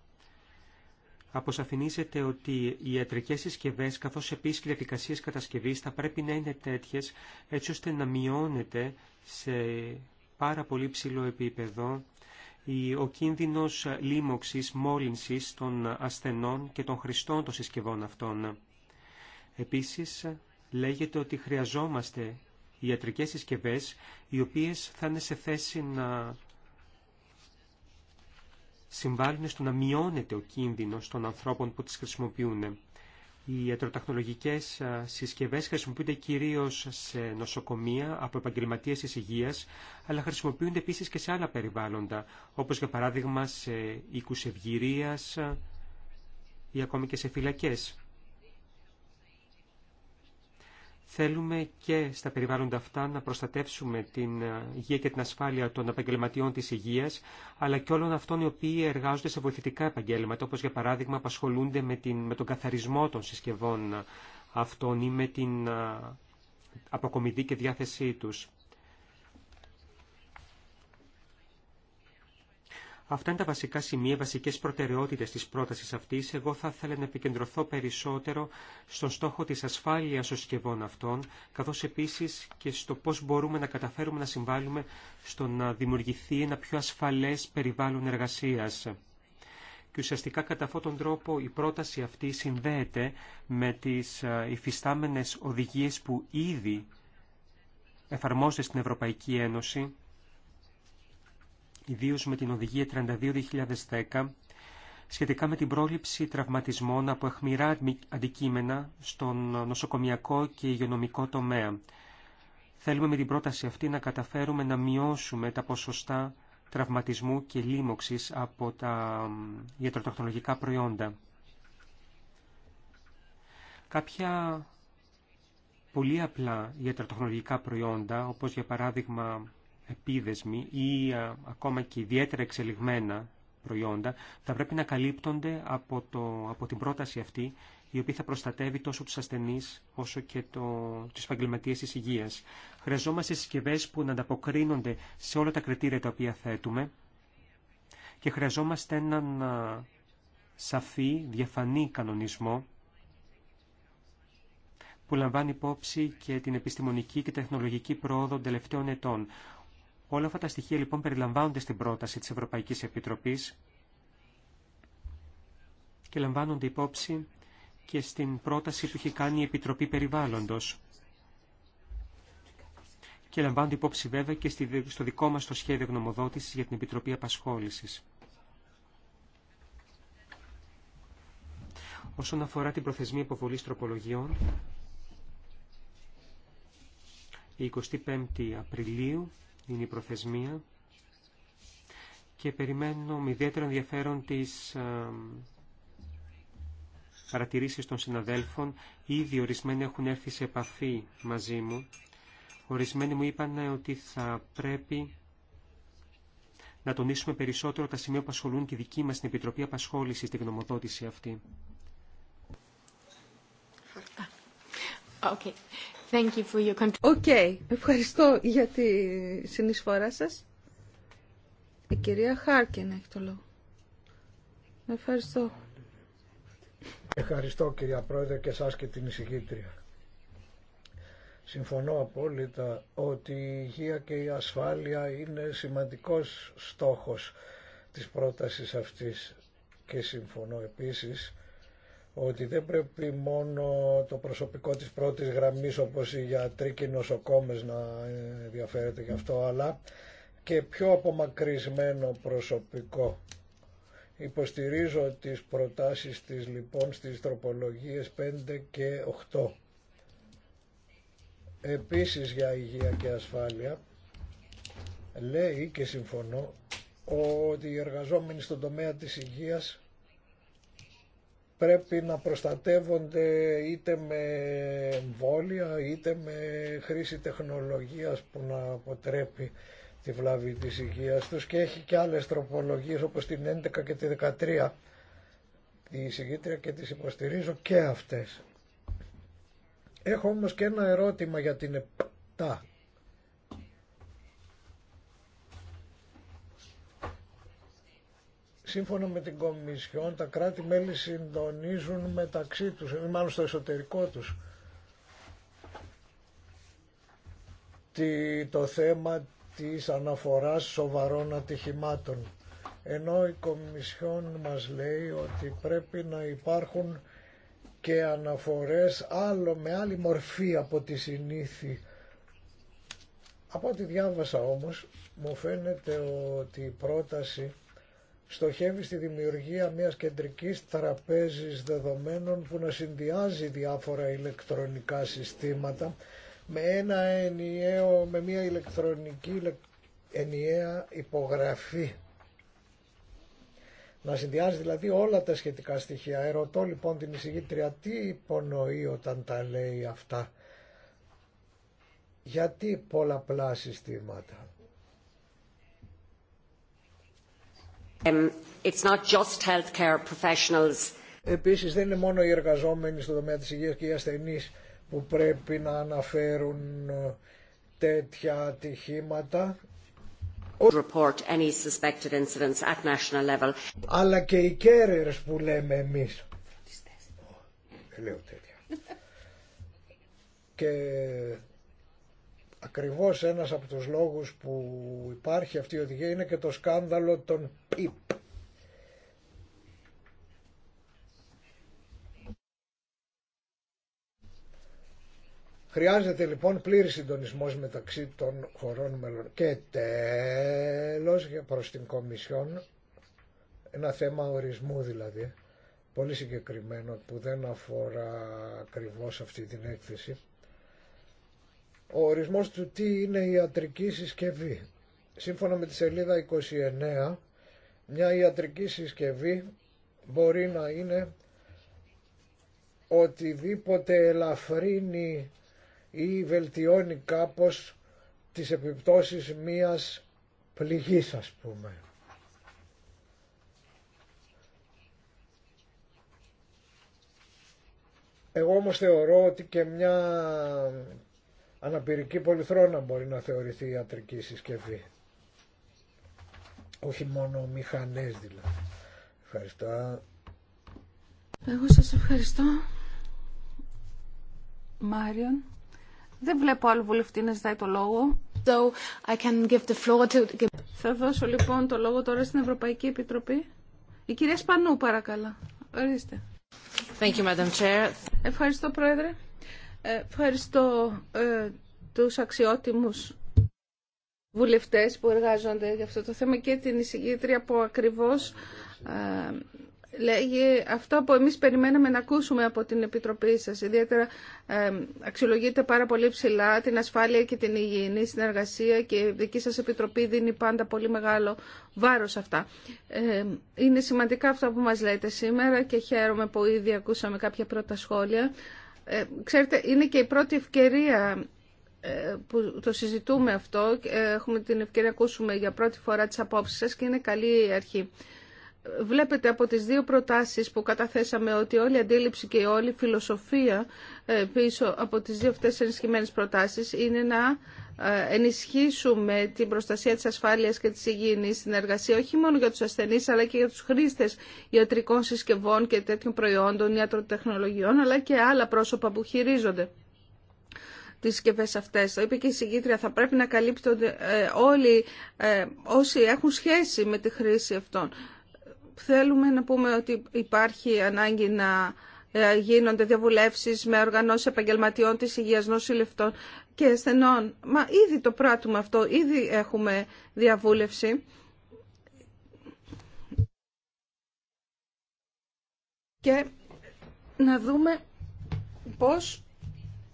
Speaker 3: αποσαφηνίζεται ότι οι ιατρικές συσκευές καθώς επίσης και οι διαδικασίες κατασκευής θα πρέπει να είναι τέτοιες έτσι ώστε να μειώνεται σε πάρα πολύ ψηλό επίπεδο ο κίνδυνος λίμωξης, μόλυνσης των ασθενών και των χρηστών των συσκευών αυτών. Επίσης, λέγεται ότι χρειαζόμαστε ιατρικές συσκευές οι οποίες θα είναι σε θέση να συμβάλλουν στο να μειώνεται ο κίνδυνος των ανθρώπων που τις χρησιμοποιούν. Οι ιατροτεχνολογικές συσκευές χρησιμοποιούνται κυρίως σε νοσοκομεία από επαγγελματίες της υγείας, αλλά χρησιμοποιούνται επίσης και σε άλλα περιβάλλοντα, όπως για παράδειγμα σε οίκους ευγυρίας ή ακόμη και σε φυλακές. Θέλουμε και στα περιβάλλοντα αυτά να προστατεύσουμε την ε, υγεία και την ασφάλεια των επαγγελματιών της υγείας, αλλά και όλων αυτών οι οποίοι εργάζονται σε βοηθητικά επαγγέλματα, όπως για παράδειγμα απασχολούνται με, την, με τον καθαρισμό των συσκευών αυτών ή με την ε, αποκομιδή και διάθεσή τους. Αυτά είναι τα βασικά σημεία, βασικές προτεραιότητες της πρότασης αυτής. Εγώ θα ήθελα να επικεντρωθώ περισσότερο στον στόχο της ασφάλειας των συσκευών αυτών, καθώς επίσης και στο πώς μπορούμε να καταφέρουμε να συμβάλλουμε στο να δημιουργηθεί ένα πιο ασφαλές περιβάλλον εργασίας. Και ουσιαστικά κατά αυτόν τον τρόπο η πρόταση αυτή συνδέεται με τις ε, υφιστάμενες οδηγίες που ήδη εφαρμόζονται στην Ευρωπαϊκή Ένωση ιδίως με την Οδηγία 32-2010, σχετικά με την πρόληψη τραυματισμών από αιχμηρά αντικείμενα στον νοσοκομιακό και υγειονομικό τομέα. Θέλουμε με την πρόταση αυτή να καταφέρουμε να μειώσουμε τα ποσοστά τραυματισμού και λίμωξης από τα ιατροτεχνολογικά προϊόντα. Κάποια πολύ απλά ιατροτεχνολογικά προϊόντα, όπως για παράδειγμα επίδεσμοι ή ακόμα και ιδιαίτερα εξελιγμένα προϊόντα θα πρέπει να καλύπτονται από, το, από την πρόταση αυτή η οποία θα προστατεύει τόσο τους ασθενείς όσο και το, τους επαγγελματίε της υγείας. Χρειαζόμαστε συσκευέ που να ανταποκρίνονται σε όλα τα κριτήρια τα οποία θέτουμε και χρειαζόμαστε έναν σαφή, διαφανή κανονισμό που λαμβάνει υπόψη και την επιστημονική και τεχνολογική πρόοδο των τελευταίων ετών. Όλα αυτά τα στοιχεία λοιπόν περιλαμβάνονται στην πρόταση της Ευρωπαϊκής Επιτροπής και λαμβάνονται υπόψη και στην πρόταση που έχει κάνει η Επιτροπή Περιβάλλοντος. Και λαμβάνονται υπόψη βέβαια και στο δικό μας το σχέδιο γνωμοδότησης για την Επιτροπή Απασχόλησης. Όσον αφορά την προθεσμία υποβολής τροπολογιών, η 25η Απριλίου είναι η προθεσμία και περιμένω με ιδιαίτερο ενδιαφέρον τις παρατηρήσεις των συναδέλφων. Ήδη ορισμένοι έχουν έρθει σε επαφή μαζί μου. Ορισμένοι μου είπαν ότι θα πρέπει να τονίσουμε περισσότερο τα σημεία που ασχολούν και δική μας την Επιτροπή Απασχόλησης στην γνωμοδότηση αυτή. Okay
Speaker 1: okay. Ευχαριστώ για τη συνεισφορά σας. Η κυρία Χάρκιν έχει το λόγο. Ευχαριστώ.
Speaker 2: Ευχαριστώ κυρία Πρόεδρε και σας και την εισηγήτρια. Συμφωνώ απόλυτα ότι η υγεία και η ασφάλεια είναι σημαντικός στόχος της πρότασης αυτής και συμφωνώ επίσης ότι δεν πρέπει μόνο το προσωπικό της πρώτης γραμμής όπως οι γιατροί και οι νοσοκόμες να ενδιαφέρεται γι' αυτό αλλά και πιο απομακρυσμένο προσωπικό. Υποστηρίζω τις προτάσεις της λοιπόν στις τροπολογίες 5 και 8. Επίσης για υγεία και ασφάλεια λέει και συμφωνώ ότι οι εργαζόμενοι στον τομέα της υγείας πρέπει να προστατεύονται είτε με εμβόλια είτε με χρήση τεχνολογίας που να αποτρέπει τη βλάβη της υγείας τους και έχει και άλλες τροπολογίες όπως την 11 και τη 13 η εισηγήτρια και τις υποστηρίζω και αυτές. Έχω όμως και ένα ερώτημα για την ΕΠΤΑ. σύμφωνα με την Κομισιόν τα κράτη-μέλη συντονίζουν μεταξύ τους, ή μάλλον στο εσωτερικό τους, το θέμα της αναφοράς σοβαρών ατυχημάτων. Ενώ η Κομισιόν μας λέει ότι πρέπει να υπάρχουν και αναφορές άλλο, με άλλη μορφή από τη συνήθη. Από ό,τι διάβασα όμως, μου φαίνεται ότι η πρόταση στοχεύει στη δημιουργία μιας κεντρικής τραπέζης δεδομένων που να συνδυάζει διάφορα ηλεκτρονικά συστήματα με, ένα ενιαίο, με μια ηλεκτρονική ενιαία υπογραφή. Να συνδυάζει δηλαδή όλα τα σχετικά στοιχεία. Ερωτώ λοιπόν την εισηγήτρια τι υπονοεί όταν τα λέει αυτά. Γιατί πολλαπλά συστήματα.
Speaker 3: Um, it's not just healthcare professionals.
Speaker 2: Επίσης δεν είναι μόνο οι εργαζόμενοι στο τομέα της υγείας και οι ασθενείς που πρέπει να αναφέρουν ε, τέτοια ατυχήματα.
Speaker 3: Report any suspected incidents at national level.
Speaker 2: Αλλά και οι carers που λέμε εμείς.
Speaker 3: Δεν ε, λέω τέτοια.
Speaker 2: και Ακριβώς ένας από τους λόγους που υπάρχει αυτή η οδηγία είναι και το σκάνδαλο των ΠΙΠ. Χρειάζεται λοιπόν πλήρη συντονισμό μεταξύ των χωρών μελών. Και τέλο προ προς την Κομισιόν, ένα θέμα ορισμού δηλαδή, πολύ συγκεκριμένο που δεν αφορά ακριβώς αυτή την έκθεση, ο ορισμός του τι είναι η ιατρική συσκευή. Σύμφωνα με τη σελίδα 29, μια ιατρική συσκευή μπορεί να είναι οτιδήποτε ελαφρύνει ή βελτιώνει κάπως τις επιπτώσεις μίας πληγής ας πούμε. Εγώ όμως θεωρώ ότι και μια Αναπηρική πολυθρόνα μπορεί να θεωρηθεί η ιατρική συσκευή. Όχι μόνο μηχανές δηλαδή. Ευχαριστώ.
Speaker 1: Εγώ σας ευχαριστώ. Μάριον. Δεν βλέπω άλλο βουλευτή να ζητάει το λόγο. So I can give the floor to... Θα δώσω λοιπόν το λόγο τώρα στην Ευρωπαϊκή Επιτροπή. Η κυρία Σπανού παρακαλώ. Ευχαριστώ. Thank you, Madam Chair. Ευχαριστώ Πρόεδρε. Ευχαριστώ ε, τους αξιότιμους βουλευτές που εργάζονται για αυτό το θέμα και την εισηγήτρια που ακριβώς ε, λέγει αυτό που εμείς περιμέναμε να ακούσουμε από την Επιτροπή σας. Ιδιαίτερα ε, αξιολογείται πάρα πολύ ψηλά την ασφάλεια και την υγιεινή συνεργασία και η δική σας Επιτροπή δίνει πάντα πολύ μεγάλο βάρος αυτά. είναι σημαντικά αυτά που μας λέτε σήμερα και χαίρομαι που ήδη ακούσαμε κάποια πρώτα σχόλια. Ε, ξέρετε, είναι και η πρώτη ευκαιρία ε, που το συζητούμε αυτό. Ε, έχουμε την ευκαιρία να ακούσουμε για πρώτη φορά τις απόψεις σας και είναι καλή η αρχή. Βλέπετε από τις δύο προτάσεις που καταθέσαμε ότι όλη η αντίληψη και όλη η φιλοσοφία πίσω από τις δύο αυτές ενισχυμένες προτάσεις είναι να ε, ενισχύσουμε την προστασία της ασφάλειας και της υγιεινής στην εργασία, όχι μόνο για τους ασθενείς, αλλά και για τους χρήστες ιατρικών συσκευών και τέτοιων προϊόντων, ιατροτεχνολογιών, αλλά και άλλα πρόσωπα που χειρίζονται τι συσκευέ αυτέ. Το είπε και η συγκήτρια, θα πρέπει να καλύπτονται ε, όλοι ε, όσοι έχουν σχέση με τη χρήση αυτών. Θέλουμε να πούμε ότι υπάρχει ανάγκη να γίνονται διαβουλεύσεις με οργανώσεις επαγγελματιών της υγείας νοσηλευτών και ασθενών. Μα ήδη το πράττουμε αυτό, ήδη έχουμε διαβούλευση. Και να δούμε πώς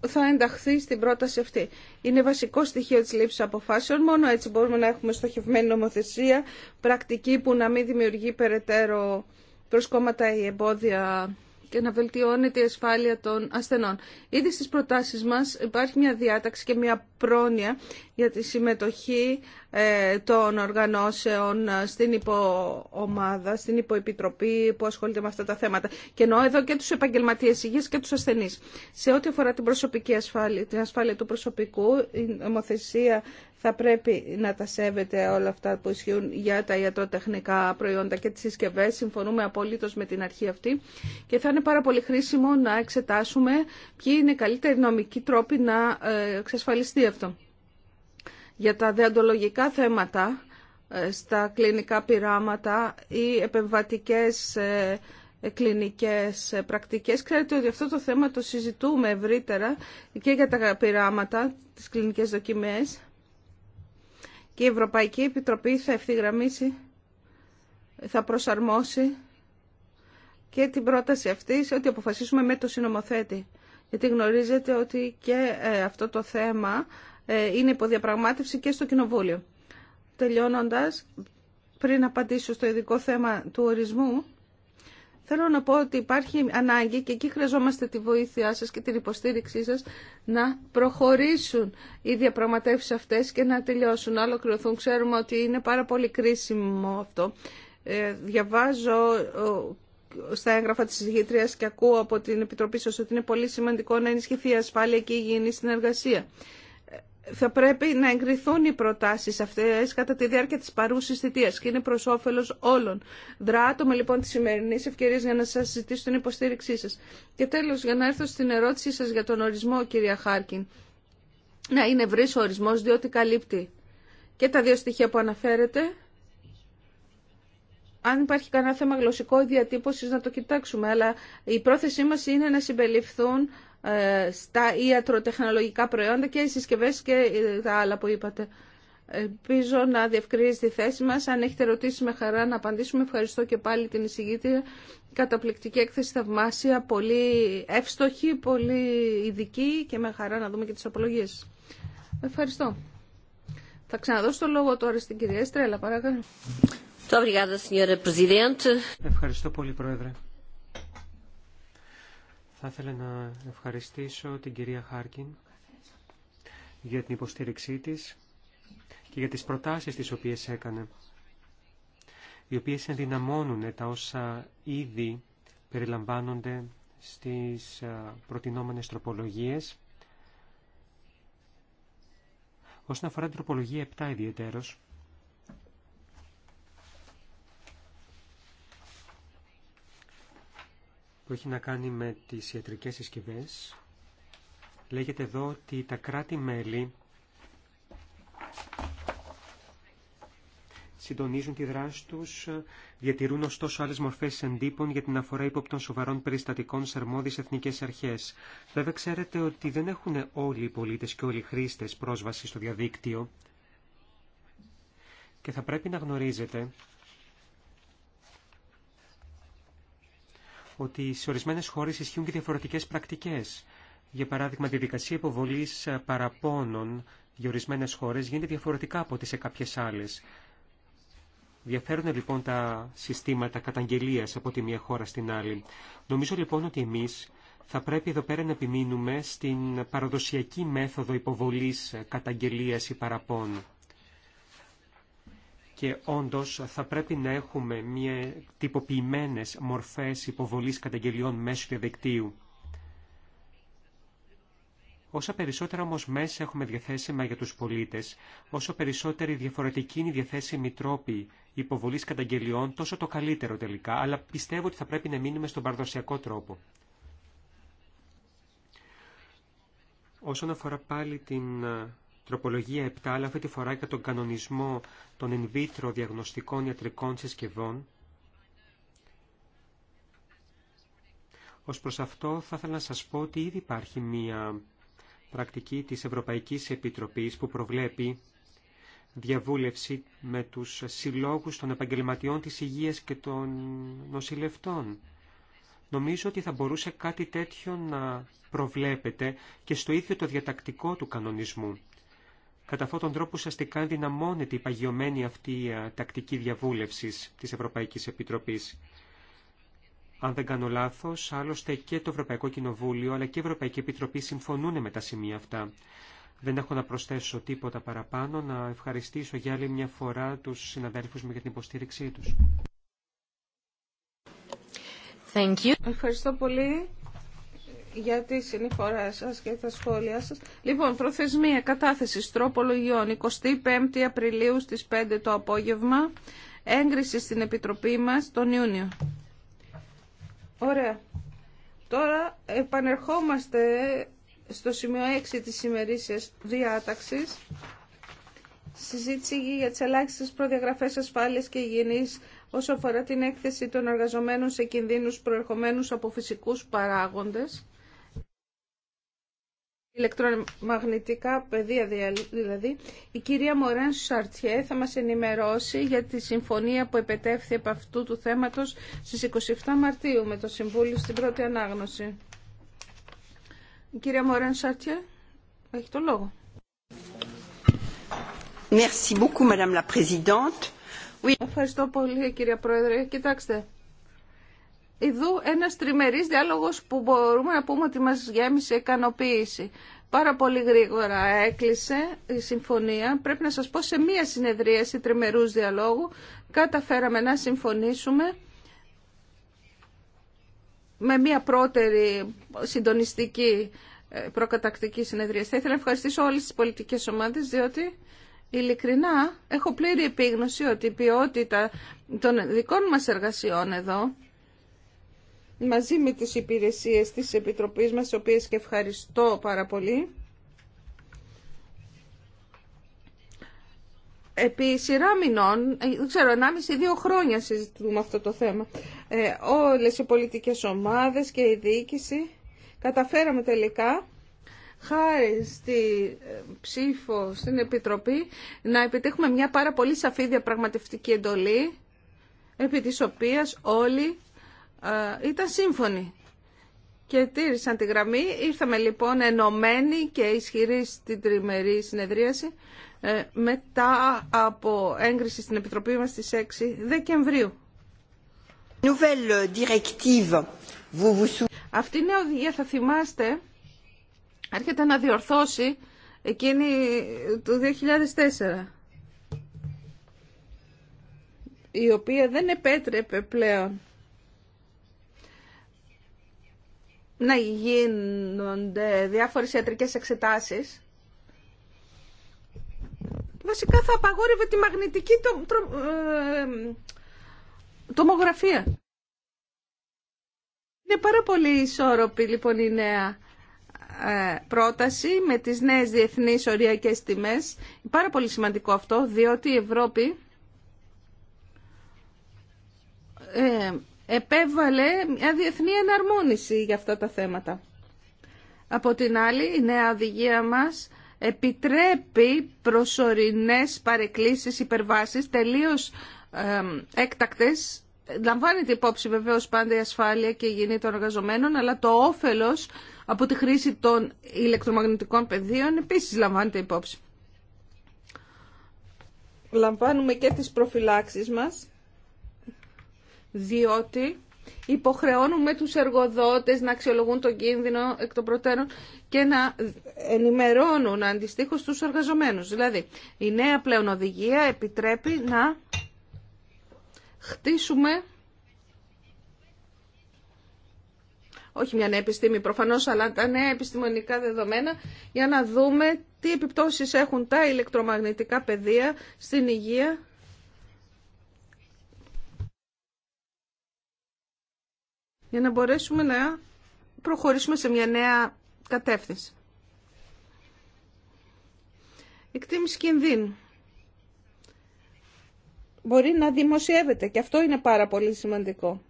Speaker 1: θα ενταχθεί στην πρόταση αυτή. Είναι βασικό στοιχείο της λήψης αποφάσεων. Μόνο έτσι μπορούμε να έχουμε στοχευμένη νομοθεσία, πρακτική που να μην δημιουργεί περαιτέρω προσκόμματα ή εμπόδια και να βελτιώνεται η ασφάλεια των ασθενών. Ήδη στις προτάσεις μας υπάρχει μια διάταξη και μια πρόνοια για τη συμμετοχή ε, των οργανώσεων στην υποομάδα, στην υποεπιτροπή που ασχολείται με αυτά τα θέματα. Και εννοώ εδώ και τους επαγγελματίες υγείας και τους ασθενείς. Σε ό,τι αφορά την προσωπική ασφάλεια, την ασφάλεια του προσωπικού, η νομοθεσία θα πρέπει να τα σέβεται όλα αυτά που ισχύουν για τα ιατροτεχνικά προϊόντα και τις συσκευέ. Συμφωνούμε απολύτως με την αρχή αυτή και θα είναι πάρα πολύ χρήσιμο να εξετάσουμε ποιοι είναι οι καλύτεροι νομικοί τρόποι να ε, εξασφαλιστεί αυτό. Για τα δεοντολογικά θέματα, ε, στα κλινικά πειράματα ή επεμβατικές ε, κλινικές πρακτικές. Ξέρετε ότι αυτό το θέμα το συζητούμε ευρύτερα και για τα πειράματα, τις κλινικές δοκιμές και η Ευρωπαϊκή Επιτροπή θα ευθυγραμμίσει, θα προσαρμόσει και την πρόταση αυτή σε ό,τι αποφασίσουμε με το συνομοθέτη. Γιατί γνωρίζετε ότι και ε, αυτό το θέμα ε, είναι υποδιαπραγμάτευση και στο Κοινοβούλιο. Τελειώνοντας, πριν απαντήσω στο ειδικό θέμα του ορισμού, Θέλω να πω ότι υπάρχει ανάγκη και εκεί χρειαζόμαστε τη βοήθειά σας και την υποστήριξή σας να προχωρήσουν οι διαπραγματεύσεις αυτές και να τελειώσουν, να ολοκληρωθούν. Ξέρουμε ότι είναι πάρα πολύ κρίσιμο αυτό. Ε, διαβάζω στα έγγραφα της συζητήτριας και ακούω από την Επιτροπή σας ότι είναι πολύ σημαντικό να ενισχυθεί η ασφάλεια και η υγιεινή συνεργασία θα πρέπει να εγκριθούν οι προτάσεις αυτές κατά τη διάρκεια της παρούσης θητείας και είναι προς όφελος όλων. Δράτω με λοιπόν τη σημερινή ευκαιρία για να σας ζητήσω την υποστήριξή σας. Και τέλος, για να έρθω στην ερώτησή σας για τον ορισμό, κυρία Χάρκιν. Να είναι ευρύς ο ορισμός, διότι καλύπτει και τα δύο στοιχεία που αναφέρετε. Αν υπάρχει κανένα θέμα γλωσσικό διατύπωσης, να το κοιτάξουμε. Αλλά η πρόθεσή μας είναι να συμπεριληφθούν ε, στα ιατροτεχνολογικά προϊόντα και οι συσκευές και ε, τα άλλα που είπατε. Ελπίζω να διευκρινίζει τη θέση μας. Αν έχετε ρωτήσει με χαρά να απαντήσουμε. Ευχαριστώ και πάλι την εισηγήτρια. Καταπληκτική έκθεση, θαυμάσια, πολύ εύστοχη, πολύ ειδική και με χαρά να δούμε και τις απολογίες. Ευχαριστώ. Θα ξαναδώσω το λόγο τώρα στην κυρία Στρέλα, παρακαλώ.
Speaker 3: Ευχαριστώ πολύ, Πρόεδρε. Θα ήθελα να ευχαριστήσω την κυρία Χάρκιν για την υποστήριξή της και για τις προτάσεις τις οποίες έκανε, οι οποίες ενδυναμώνουν τα όσα ήδη περιλαμβάνονται στις ε, προτινόμενες τροπολογίες. Όσον αφορά την τροπολογία 7 ιδιαιτέρως, που έχει να κάνει με τις ιατρικές συσκευέ. Λέγεται εδώ ότι τα κράτη-μέλη συντονίζουν τη δράση τους, διατηρούν ωστόσο άλλες μορφές εντύπων για την αφορά ύποπτων σοβαρών περιστατικών σε αρμόδιες εθνικές αρχές. Βέβαια ξέρετε ότι δεν έχουν όλοι οι πολίτες και όλοι οι χρήστες πρόσβαση στο διαδίκτυο και θα πρέπει να γνωρίζετε ότι σε ορισμένες χώρες ισχύουν και διαφορετικές πρακτικές. Για παράδειγμα, τη διαδικασία υποβολής ε, παραπώνων για ορισμένες χώρες γίνεται διαφορετικά από ό,τι σε κάποιες άλλες. Διαφέρουν λοιπόν τα συστήματα καταγγελίας από τη μία χώρα στην άλλη. Νομίζω λοιπόν ότι εμείς θα πρέπει εδώ πέρα να επιμείνουμε στην παραδοσιακή μέθοδο υποβολής ε, καταγγελίας ή παραπώνων και όντως θα πρέπει να έχουμε μια τυποποιημένες μορφές υποβολής καταγγελιών μέσω διαδικτύου. Όσα περισσότερα όμω μέσα έχουμε διαθέσιμα για τους πολίτες, όσο περισσότερη διαφορετική είναι οι διαθέσιμοι τρόποι υποβολή καταγγελιών, τόσο το καλύτερο τελικά, αλλά πιστεύω ότι θα πρέπει να μείνουμε στον παραδοσιακό τρόπο. Όσον αφορά πάλι την τροπολογία 7, αλλά αυτή τη φορά για τον κανονισμό των in vitro διαγνωστικών ιατρικών συσκευών. Ως προς αυτό θα ήθελα να σας πω ότι ήδη υπάρχει μία πρακτική της Ευρωπαϊκής Επιτροπής που προβλέπει διαβούλευση με τους συλλόγους των επαγγελματιών της υγείας και των νοσηλευτών. Νομίζω ότι θα μπορούσε κάτι τέτοιο να προβλέπεται και στο ίδιο το διατακτικό του κανονισμού. Κατά αυτόν τον τρόπο ουσιαστικά ενδυναμώνεται η παγιωμένη αυτή ε, τακτική διαβούλευσης της Ευρωπαϊκής Επιτροπής. Αν δεν κάνω λάθος, άλλωστε και το Ευρωπαϊκό Κοινοβούλιο αλλά και η Ευρωπαϊκή Επιτροπή συμφωνούν με τα σημεία αυτά. Δεν έχω να προσθέσω τίποτα παραπάνω, να ευχαριστήσω για άλλη μια φορά τους συναδέλφους μου για την υποστήριξή τους.
Speaker 1: Ευχαριστώ πολύ για τη συνηφορά σα και τα σχόλιά σας. Λοιπόν, προθεσμία κατάθεσης τροπολογιών 25 Απριλίου στις 5 το απόγευμα, έγκριση στην Επιτροπή μας τον Ιούνιο. Ωραία. Τώρα επανερχόμαστε στο σημείο 6 της ημερήσιας διάταξης. Συζήτηση για τις ελάχιστες προδιαγραφές ασφάλειας και υγιεινής όσο αφορά την έκθεση των εργαζομένων σε κινδύνους προερχομένους από φυσικούς παράγοντες ηλεκτρομαγνητικά πεδία δηλαδή, η κυρία Μωρέν Σαρτιέ θα μας ενημερώσει για τη συμφωνία που επετεύθη από αυτού του θέματος στις 27 Μαρτίου με το Συμβούλιο στην πρώτη ανάγνωση. Η κυρία Μωρέν Σαρτιέ, έχει το λόγο. Ευχαριστώ πολύ, κυρία Πρόεδρε. Κοιτάξτε, είδου ένα τριμερής διάλογος που μπορούμε να πούμε ότι μας γέμισε ικανοποίηση. Πάρα πολύ γρήγορα έκλεισε η συμφωνία. Πρέπει να σας πω σε μία συνεδρίαση τριμερούς διαλόγου καταφέραμε να συμφωνήσουμε με μία πρώτερη συντονιστική ε, προκατακτική συνεδρία. Θα ήθελα να ευχαριστήσω όλες τις πολιτικές ομάδες διότι ειλικρινά έχω πλήρη επίγνωση ότι η ποιότητα των δικών μας εργασιών εδώ μαζί με τις υπηρεσίες της Επιτροπής μας, τις οποίες και ευχαριστώ πάρα πολύ. Επί σειρά μηνών, ε, δεν ξέρω, 1,5-2 χρόνια συζητούμε αυτό το θέμα. Ε, όλες οι πολιτικές ομάδες και η διοίκηση καταφέραμε τελικά χάρη στη ε, ψήφο στην Επιτροπή να επιτύχουμε μια πάρα πολύ σαφή διαπραγματευτική εντολή επί της οποίας όλοι ήταν σύμφωνοι και τήρησαν τη γραμμή. Ήρθαμε λοιπόν ενωμένοι και ισχυροί στην τριμερή συνεδρίαση ε, μετά από έγκριση στην Επιτροπή μας στις 6 Δεκεμβρίου. Αυτή η νέα οδηγία θα θυμάστε έρχεται να διορθώσει εκείνη του 2004 η οποία δεν επέτρεπε πλέον να γίνονται διάφορες ιατρικές εξετάσεις βασικά θα απαγόρευε τη μαγνητική ε, τομογραφία. Είναι πάρα πολύ ισόρροπη λοιπόν η νέα ε, πρόταση με τις νέες διεθνείς οριακές τιμές. Πάρα πολύ σημαντικό αυτό διότι η Ευρώπη ε, επέβαλε μια διεθνή εναρμόνιση για αυτά τα θέματα. Από την άλλη, η νέα οδηγία μας επιτρέπει προσωρινές παρεκκλήσεις, υπερβάσεις, τελείως ε, έκτακτες. Λαμβάνεται υπόψη βεβαίως πάντα η ασφάλεια και η υγιεινή των εργαζομένων, αλλά το όφελος από τη χρήση των ηλεκτρομαγνητικών πεδίων επίσης λαμβάνεται υπόψη. Λαμβάνουμε και τις προφυλάξεις μας διότι υποχρεώνουμε τους εργοδότες να αξιολογούν τον κίνδυνο εκ των προτέρων και να ενημερώνουν αντιστοίχως τους εργαζομένους. Δηλαδή, η νέα πλέον οδηγία επιτρέπει να χτίσουμε όχι μια νέα επιστήμη προφανώς, αλλά τα νέα επιστημονικά δεδομένα για να δούμε τι επιπτώσεις έχουν τα ηλεκτρομαγνητικά πεδία στην υγεία για να μπορέσουμε να προχωρήσουμε σε μια νέα κατεύθυνση. Εκτίμηση κινδύνου. Μπορεί να δημοσιεύεται και αυτό είναι πάρα πολύ σημαντικό.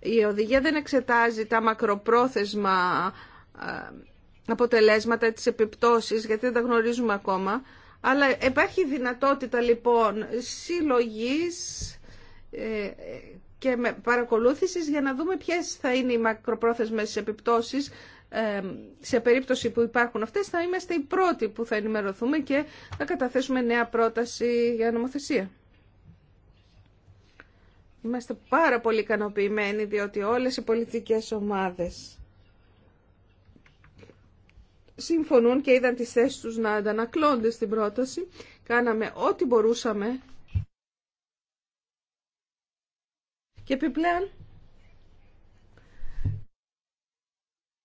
Speaker 1: Η οδηγία δεν εξετάζει τα μακροπρόθεσμα ε, αποτελέσματα, της επιπτώσεις, γιατί δεν τα γνωρίζουμε ακόμα. Αλλά υπάρχει δυνατότητα λοιπόν συλλογής ε, και με παρακολούθησης για να δούμε ποιες θα είναι οι μακροπρόθεσμες επιπτώσεις σε περίπτωση που υπάρχουν αυτές θα είμαστε οι πρώτοι που θα ενημερωθούμε και θα καταθέσουμε νέα πρόταση για νομοθεσία. Είμαστε πάρα πολύ ικανοποιημένοι διότι όλες οι πολιτικές ομάδες συμφωνούν και είδαν τις θέσεις τους να αντανακλώνται στην πρόταση. Κάναμε ό,τι μπορούσαμε Και επιπλέον,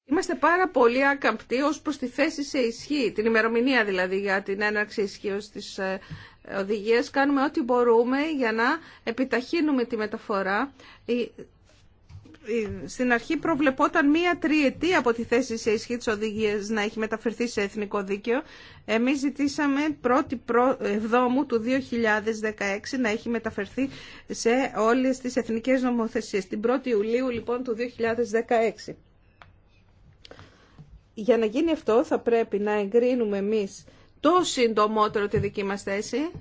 Speaker 1: Είμαστε πάρα πολύ ακαμπτοί ως προς τη θέση σε ισχύ, την ημερομηνία δηλαδή για την έναρξη ισχύω της ε, οδηγίας. Κάνουμε ό,τι μπορούμε για να επιταχύνουμε τη μεταφορά στην αρχή προβλεπόταν μία τριετία από τη θέση σε ισχύ της οδηγίας να έχει μεταφερθεί σε εθνικό δίκαιο. Εμείς ζητήσαμε πρώτη προ... εβδόμου του 2016 να έχει μεταφερθεί σε όλες τις εθνικές νομοθεσίες. Την 1η Ιουλίου λοιπόν του 2016. Για να γίνει αυτό θα πρέπει να εγκρίνουμε εμείς το συντομότερο τη δική μας θέση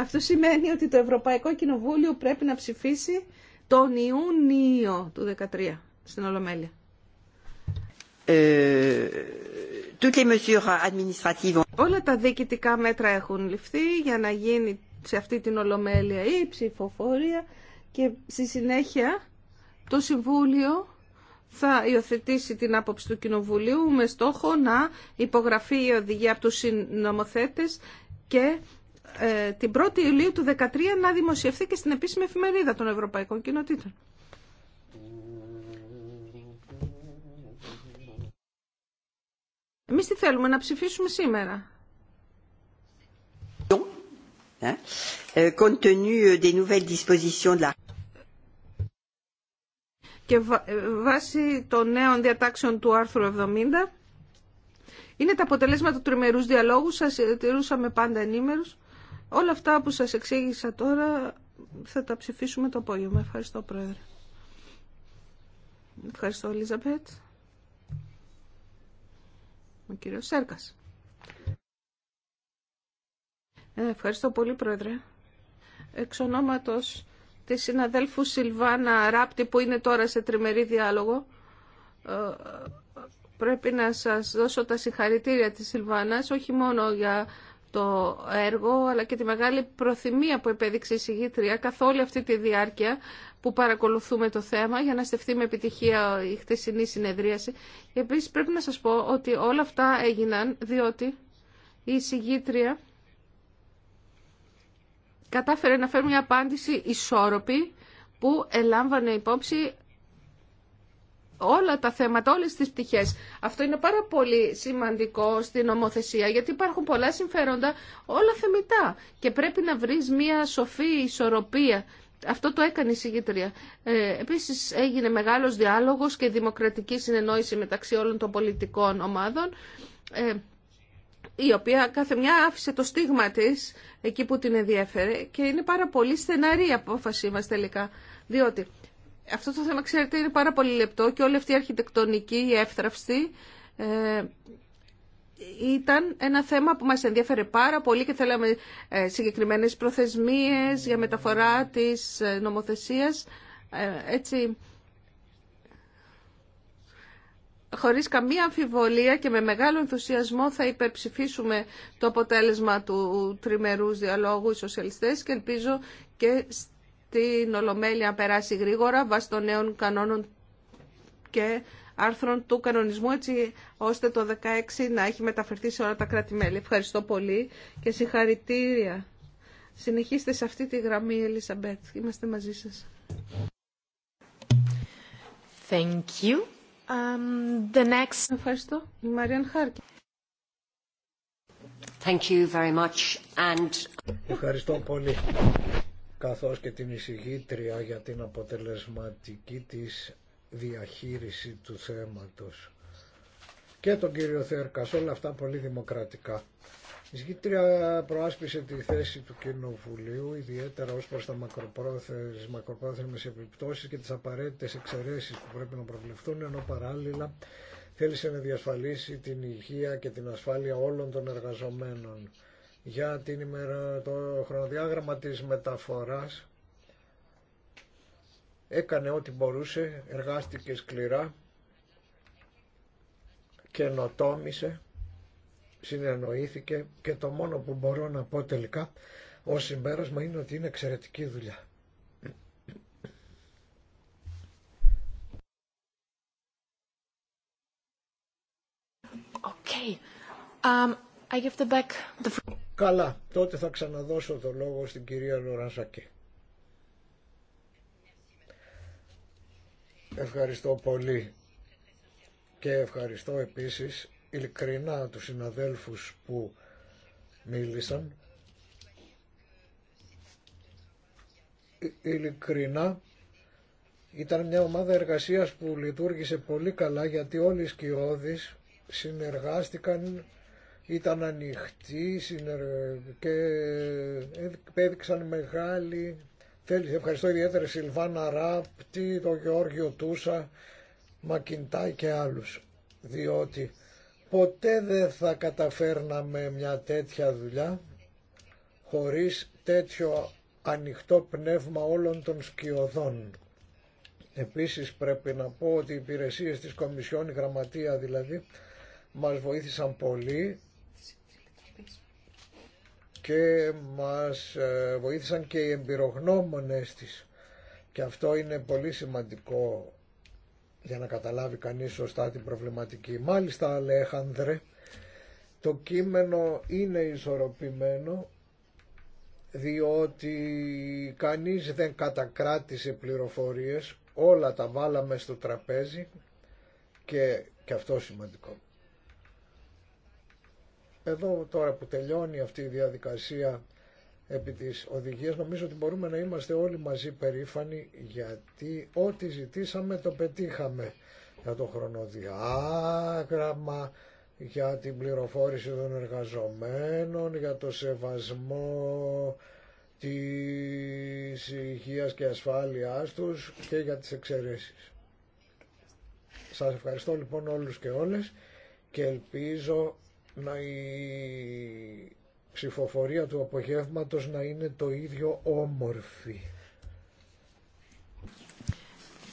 Speaker 1: Αυτό σημαίνει ότι το Ευρωπαϊκό Κοινοβούλιο πρέπει να ψηφίσει τον Ιούνιο του 2013 στην Ολομέλεια.
Speaker 3: Ε,
Speaker 1: Όλα τα διοικητικά μέτρα έχουν ληφθεί για να γίνει σε αυτή την Ολομέλεια η ψηφοφορία και στη συνέχεια το Συμβούλιο θα υιοθετήσει την άποψη του Κοινοβουλίου με στόχο να υπογραφεί η οδηγία από τους και ε, την 1η Ιουλίου του 2013 να δημοσιευθεί και στην επίσημη εφημερίδα των Ευρωπαϊκών Κοινοτήτων. Εμείς τι θέλουμε να ψηφίσουμε σήμερα. Ε, euh, και ε, βάσει των νέων διατάξεων του άρθρου 70, είναι τα αποτελέσματα του τριμερούς διαλόγου, σας τηρούσαμε πάντα ενήμερους. Όλα αυτά που σας εξήγησα τώρα θα τα ψηφίσουμε το απόγευμα. Ευχαριστώ, Πρόεδρε. Ευχαριστώ, Ελίζαμπετ. Ο κύριος Σέρκας. Ε, ευχαριστώ πολύ, Πρόεδρε. Εξ ονόματος της συναδέλφου Σιλβάνα Ράπτη, που είναι τώρα σε τριμερή διάλογο, ε, πρέπει να σας δώσω τα συγχαρητήρια της Σιλβάνας, όχι μόνο για το έργο αλλά και τη μεγάλη προθυμία που επέδειξε η συγγήτρια καθ' όλη αυτή τη διάρκεια που παρακολουθούμε το θέμα για να στεφθεί με επιτυχία η χτεσινή συνεδρίαση. Επίσης πρέπει να σας πω ότι όλα αυτά έγιναν διότι η συγγήτρια κατάφερε να φέρει μια απάντηση ισόρροπη που ελάμβανε υπόψη όλα τα θέματα, όλες τις πτυχές. Αυτό είναι πάρα πολύ σημαντικό στην νομοθεσία γιατί υπάρχουν πολλά συμφέροντα όλα θεμητά και πρέπει να βρεις μια σοφή ισορροπία. Αυτό το έκανε η συγκεκριά. Ε, επίσης έγινε μεγάλος διάλογος και δημοκρατική συνεννόηση μεταξύ όλων των πολιτικών ομάδων ε, η οποία κάθε μια άφησε το στίγμα της εκεί που την ενδιέφερε και είναι πάρα πολύ στεναρή η απόφασή μας τελικά διότι αυτό το θέμα, ξέρετε, είναι πάρα πολύ λεπτό και όλη αυτή η αρχιτεκτονική, η εύθραυστη, ε, ήταν ένα θέμα που μας ενδιαφέρε πάρα πολύ και θέλαμε ε, συγκεκριμένες προθεσμίες για μεταφορά της ε, νομοθεσίας. Ε, έτσι, χωρίς καμία αμφιβολία και με μεγάλο ενθουσιασμό θα υπερψηφίσουμε το αποτέλεσμα του τριμερούς διαλόγου οι σοσιαλιστές και ελπίζω και την Ολομέλεια περάσει γρήγορα βάσει των νέων κανόνων και άρθρων του κανονισμού έτσι ώστε το 16 να έχει μεταφερθεί σε όλα τα κράτη-μέλη. Ευχαριστώ πολύ και συγχαρητήρια. Συνεχίστε σε αυτή τη γραμμή, Ελισαμπέτ. Είμαστε μαζί σας. Thank you. Um, the next... Ευχαριστώ. Η Μαριάν Χάρκη. Thank you
Speaker 3: very much
Speaker 2: and... Ευχαριστώ πολύ καθώς και την εισηγήτρια για την αποτελεσματική της διαχείριση του θέματος και τον κύριο Θέρκας, όλα αυτά πολύ δημοκρατικά. Η εισηγήτρια προάσπισε τη θέση του Κοινοβουλίου, ιδιαίτερα ως προς τα μακροπρόθεσμες, μακροπρόθεσμες επιπτώσεις και τις απαραίτητες εξαιρέσεις που πρέπει να προβλεφθούν, ενώ παράλληλα θέλησε να διασφαλίσει την υγεία και την ασφάλεια όλων των εργαζομένων για την το χρονοδιάγραμμα της μεταφοράς έκανε ό,τι μπορούσε, εργάστηκε σκληρά, καινοτόμησε, συνεννοήθηκε και το μόνο που μπορώ να πω τελικά ως συμπέρασμα είναι ότι είναι εξαιρετική δουλειά.
Speaker 3: Okay. Um, I give the back the...
Speaker 2: Καλά, τότε θα ξαναδώσω το λόγο στην κυρία Λοράνσακη. Ευχαριστώ πολύ και ευχαριστώ επίσης ειλικρινά τους συναδέλφους που μίλησαν. Ε, ειλικρινά ήταν μια ομάδα εργασίας που λειτουργήσε πολύ καλά γιατί όλοι οι σκιώδεις συνεργάστηκαν ήταν ανοιχτή και έδειξαν μεγάλη θέληση. Ευχαριστώ ιδιαίτερα Σιλβάνα Ράπτη, τον Γεώργιο Τούσα, Μακιντάι και άλλους. Διότι ποτέ δεν θα καταφέρναμε μια τέτοια δουλειά χωρίς τέτοιο ανοιχτό πνεύμα όλων των σκιωδών. Επίσης πρέπει να πω ότι οι υπηρεσίες της Κομισιόν, η Γραμματεία δηλαδή, μας βοήθησαν πολύ και μας ε, βοήθησαν και οι εμπειρογνώμονες της και αυτό είναι πολύ σημαντικό για να καταλάβει κανείς σωστά την προβληματική. Μάλιστα Αλέχανδρε, το κείμενο είναι ισορροπημένο διότι κανείς δεν κατακράτησε πληροφορίες, όλα τα βάλαμε στο τραπέζι και, και αυτό σημαντικό. Εδώ τώρα που τελειώνει αυτή η διαδικασία επί της οδηγίας νομίζω ότι μπορούμε να είμαστε όλοι μαζί περήφανοι γιατί ό,τι ζητήσαμε το πετύχαμε για το χρονοδιάγραμμα, για την πληροφόρηση των εργαζομένων, για το σεβασμό της υγείας και ασφάλειάς τους και για τις εξαιρέσεις. Σας ευχαριστώ λοιπόν όλους και όλες και ελπίζω να η ψηφοφορία του απογεύματος να είναι το ίδιο όμορφη.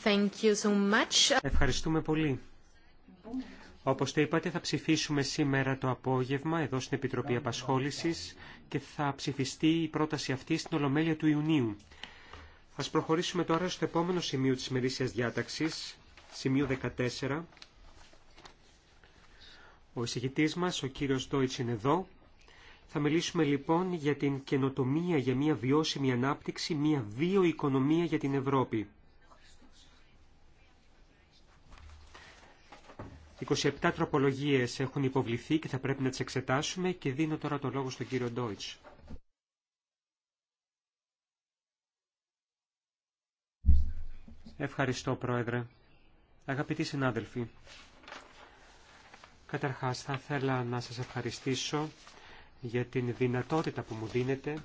Speaker 3: Thank you so much. Ευχαριστούμε πολύ. Όπως το είπατε θα ψηφίσουμε σήμερα το απόγευμα εδώ στην Επιτροπή Απασχόλησης και θα ψηφιστεί η πρόταση αυτή στην Ολομέλεια του Ιουνίου. Ας προχωρήσουμε τώρα στο επόμενο σημείο της μερίσιας διάταξης, σημείο 14. Ο εισηγητής μας, ο κύριος Ντόιτς, είναι εδώ. Θα μιλήσουμε λοιπόν για την καινοτομία για μια βιώσιμη ανάπτυξη, μια βιοοικονομία για την Ευρώπη. 27 τροπολογίες έχουν υποβληθεί και θα πρέπει να τις εξετάσουμε και δίνω τώρα το λόγο στον κύριο Ντόιτς. Ευχαριστώ, Πρόεδρε. Αγαπητοί συνάδελφοι, Καταρχάς θα ήθελα να σας ευχαριστήσω για την δυνατότητα που μου δίνετε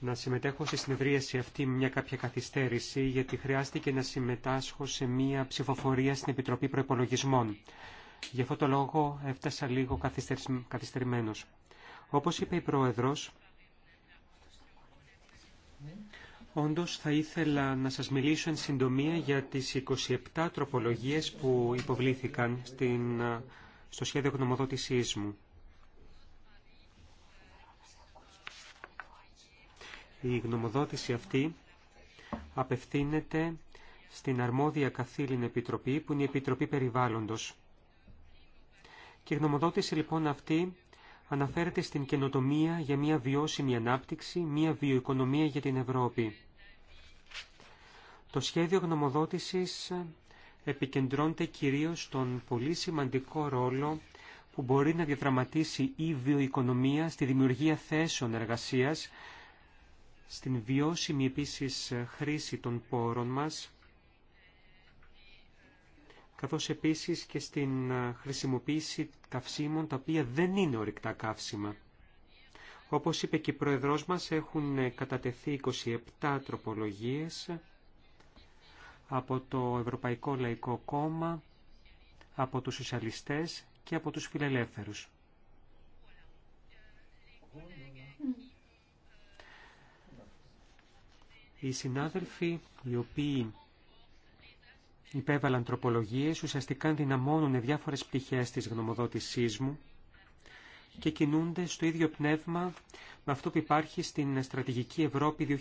Speaker 3: να συμμετέχω στη συνεδρίαση αυτή με μια κάποια καθυστέρηση, γιατί χρειάστηκε να συμμετάσχω σε μια ψηφοφορία στην Επιτροπή Προπολογισμών. Γι' αυτό το λόγο έφτασα λίγο καθυστερημένος. Όπως είπε η Πρόεδρος, Όντως θα ήθελα να σας μιλήσω εν συντομία για τις 27 τροπολογίες που υποβλήθηκαν στην, στο σχέδιο γνωμοδότησής μου. Η γνωμοδότηση αυτή απευθύνεται στην αρμόδια καθήλυν επιτροπή που είναι η Επιτροπή Περιβάλλοντος. Και η γνωμοδότηση λοιπόν αυτή αναφέρεται στην καινοτομία για μια βιώσιμη ανάπτυξη, μια βιοοικονομία για την Ευρώπη. Το σχέδιο γνωμοδότησης επικεντρώνεται κυρίως στον πολύ σημαντικό ρόλο που μπορεί να διαδραματίσει η βιοοικονομία στη δημιουργία θέσεων εργασίας, στην βιώσιμη επίσης χρήση των πόρων μας, καθώς επίσης και στην χρησιμοποίηση καυσίμων τα οποία δεν είναι ορυκτά καύσιμα. Όπως είπε και η Πρόεδρός μας, έχουν κατατεθεί 27 τροπολογίες από το Ευρωπαϊκό Λαϊκό Κόμμα, από τους Σοσιαλιστές και από τους Φιλελεύθερους. Οι συνάδελφοι οι οποίοι υπέβαλαν τροπολογίες ουσιαστικά δυναμώνουν διάφορες πτυχές της γνωμοδότησής μου και κινούνται στο ίδιο πνεύμα με αυτό που υπάρχει στην Στρατηγική Ευρώπη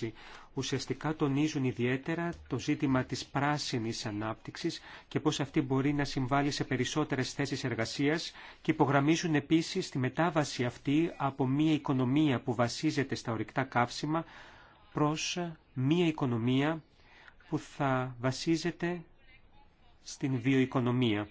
Speaker 3: 2020. Ουσιαστικά τονίζουν ιδιαίτερα το ζήτημα της πράσινης ανάπτυξης και πώς αυτή μπορεί να συμβάλλει σε περισσότερες θέσεις εργασίας και υπογραμμίζουν επίσης τη μετάβαση αυτή από μια οικονομία που βασίζεται στα ορυκτά καύσιμα προς μια οικονομία που θα βασίζεται στην βιοοικονομία.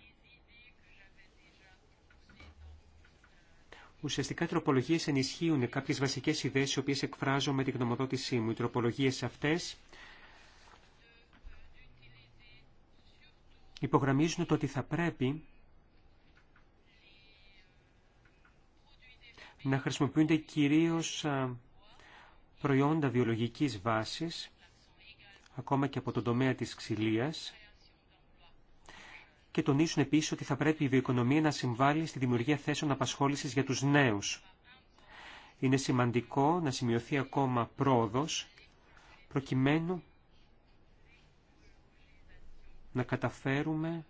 Speaker 3: Ουσιαστικά οι τροπολογίε ενισχύουν κάποιε βασικέ ιδέε οι οποίε εκφράζω με την γνωμοδότησή μου. Οι τροπολογίε αυτέ υπογραμμίζουν το ότι θα πρέπει να χρησιμοποιούνται κυρίως προϊόντα βιολογικής βάσης, ακόμα και από τον τομέα της ξυλίας, και τονίζουν επίσης ότι θα πρέπει η βιοοικονομία να συμβάλλει στη δημιουργία θέσεων απασχόλησης για τους νέους. Είναι σημαντικό να σημειωθεί ακόμα πρόοδο προκειμένου να καταφέρουμε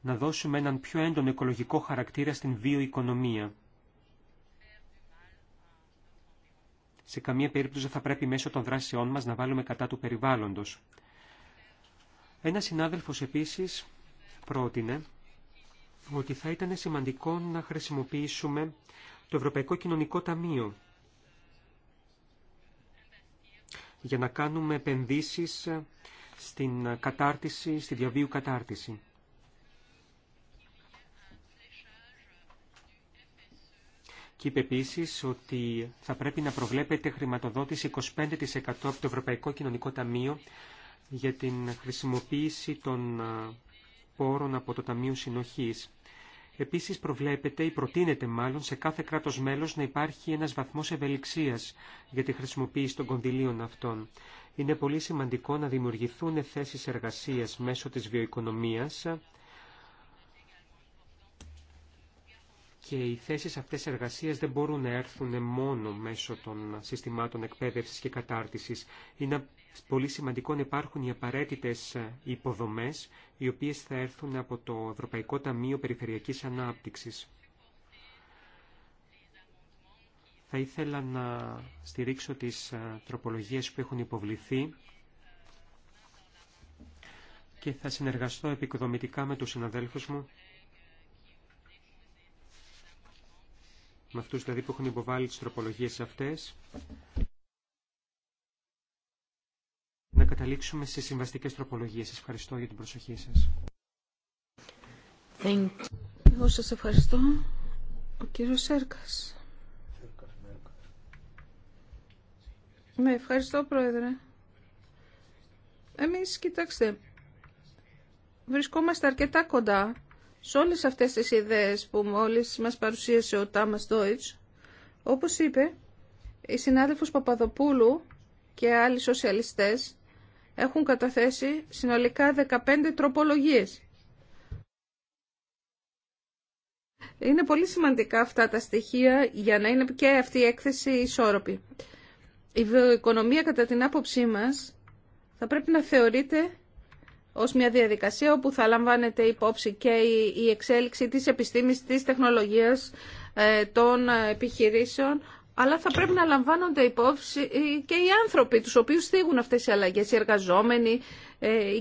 Speaker 3: να δώσουμε έναν πιο έντονο οικολογικό χαρακτήρα στην βιοοικονομία. Σε καμία περίπτωση θα πρέπει μέσω των δράσεών μας να βάλουμε κατά του περιβάλλοντος. Ένα συνάδελφος επίσης πρότεινε ότι θα ήταν σημαντικό να χρησιμοποιήσουμε το Ευρωπαϊκό Κοινωνικό Ταμείο για να κάνουμε επενδύσεις στην κατάρτιση, στη διαβίου κατάρτιση. Και είπε επίση ότι θα πρέπει να προβλέπεται χρηματοδότηση 25% από το Ευρωπαϊκό Κοινωνικό Ταμείο για την χρησιμοποίηση των ε, πόρων από το Ταμείο Συνοχής. Επίσης προβλέπεται ή προτείνεται μάλλον σε κάθε κράτος μέλος να υπάρχει ένας βαθμός ευελιξίας για τη χρησιμοποίηση των κονδυλίων αυτών. Είναι πολύ σημαντικό να δημιουργηθούν θέσεις εργασίας μέσω της βιοοικονομίας και οι θέσεις αυτές εργασίας δεν μπορούν να έρθουν μόνο μέσω των συστημάτων εκπαίδευσης και κατάρτισης. Είναι Πολύ σημαντικό να υπάρχουν οι απαραίτητες υποδομές, οι οποίες θα έρθουν από το Ευρωπαϊκό Ταμείο Περιφερειακής Ανάπτυξης. Θα ήθελα να στηρίξω τις ε, τροπολογίες που έχουν υποβληθεί και θα συνεργαστώ επικοδομητικά με τους συναδέλφους μου, με αυτούς δηλαδή που έχουν υποβάλει τις τροπολογίες αυτές να καταλήξουμε στις συμβαστικές τροπολογίες. Σας ευχαριστώ για την προσοχή σας.
Speaker 1: Εγώ σας ευχαριστώ. Ο κύριος Σέρκας. Με ναι, ευχαριστώ, Πρόεδρε. Εμείς, κοιτάξτε, βρισκόμαστε αρκετά κοντά σε όλες αυτές τις ιδέες που μόλις μας παρουσίασε ο Τάμας Ντόιτς. Όπως είπε, οι συνάδελφος Παπαδοπούλου και άλλοι σοσιαλιστές έχουν καταθέσει συνολικά 15 τροπολογίες. Είναι πολύ σημαντικά αυτά τα στοιχεία για να είναι και αυτή η έκθεση ισόρροπη. Η βιοοικονομία κατά την άποψή μας θα πρέπει να θεωρείται ως μια διαδικασία όπου θα λαμβάνεται υπόψη και η εξέλιξη της επιστήμης, της τεχνολογίας, ε, των επιχειρήσεων, αλλά θα πρέπει να λαμβάνονται υπόψη και οι άνθρωποι τους οποίους θίγουν αυτές οι αλλαγές, οι εργαζόμενοι, ε,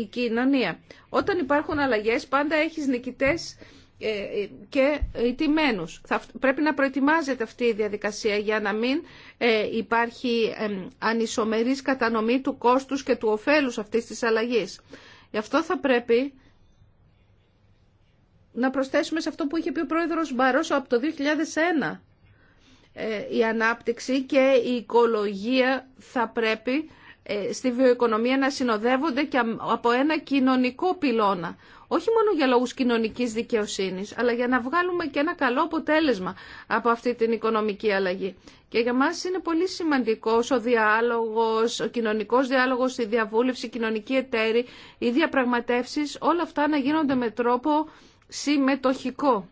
Speaker 1: η κοινωνία. Όταν υπάρχουν αλλαγές πάντα έχεις νικητές ε, και ιτημένους. Θα, πρέπει να προετοιμάζεται αυτή η διαδικασία για να μην ε, υπάρχει ανισομερής κατανομή του κόστους και του ωφέλους αυτής της αλλαγή Γι' αυτό θα πρέπει να προσθέσουμε σε αυτό που είχε πει ο πρόεδρος Μπαρόσο από το 2001 ε, η ανάπτυξη και η οικολογία θα πρέπει ε, στη βιοοικονομία να συνοδεύονται και από ένα κοινωνικό πυλώνα. Όχι μόνο για λόγους κοινωνικής δικαιοσύνης, αλλά για να βγάλουμε και ένα καλό αποτέλεσμα από αυτή την οικονομική αλλαγή. Και για μας είναι πολύ σημαντικός ο διάλογος, ο κοινωνικός διάλογος, η διαβούλευση, η κοινωνική εταίρη, οι διαπραγματεύσεις, όλα αυτά να γίνονται με τρόπο συμμετοχικό.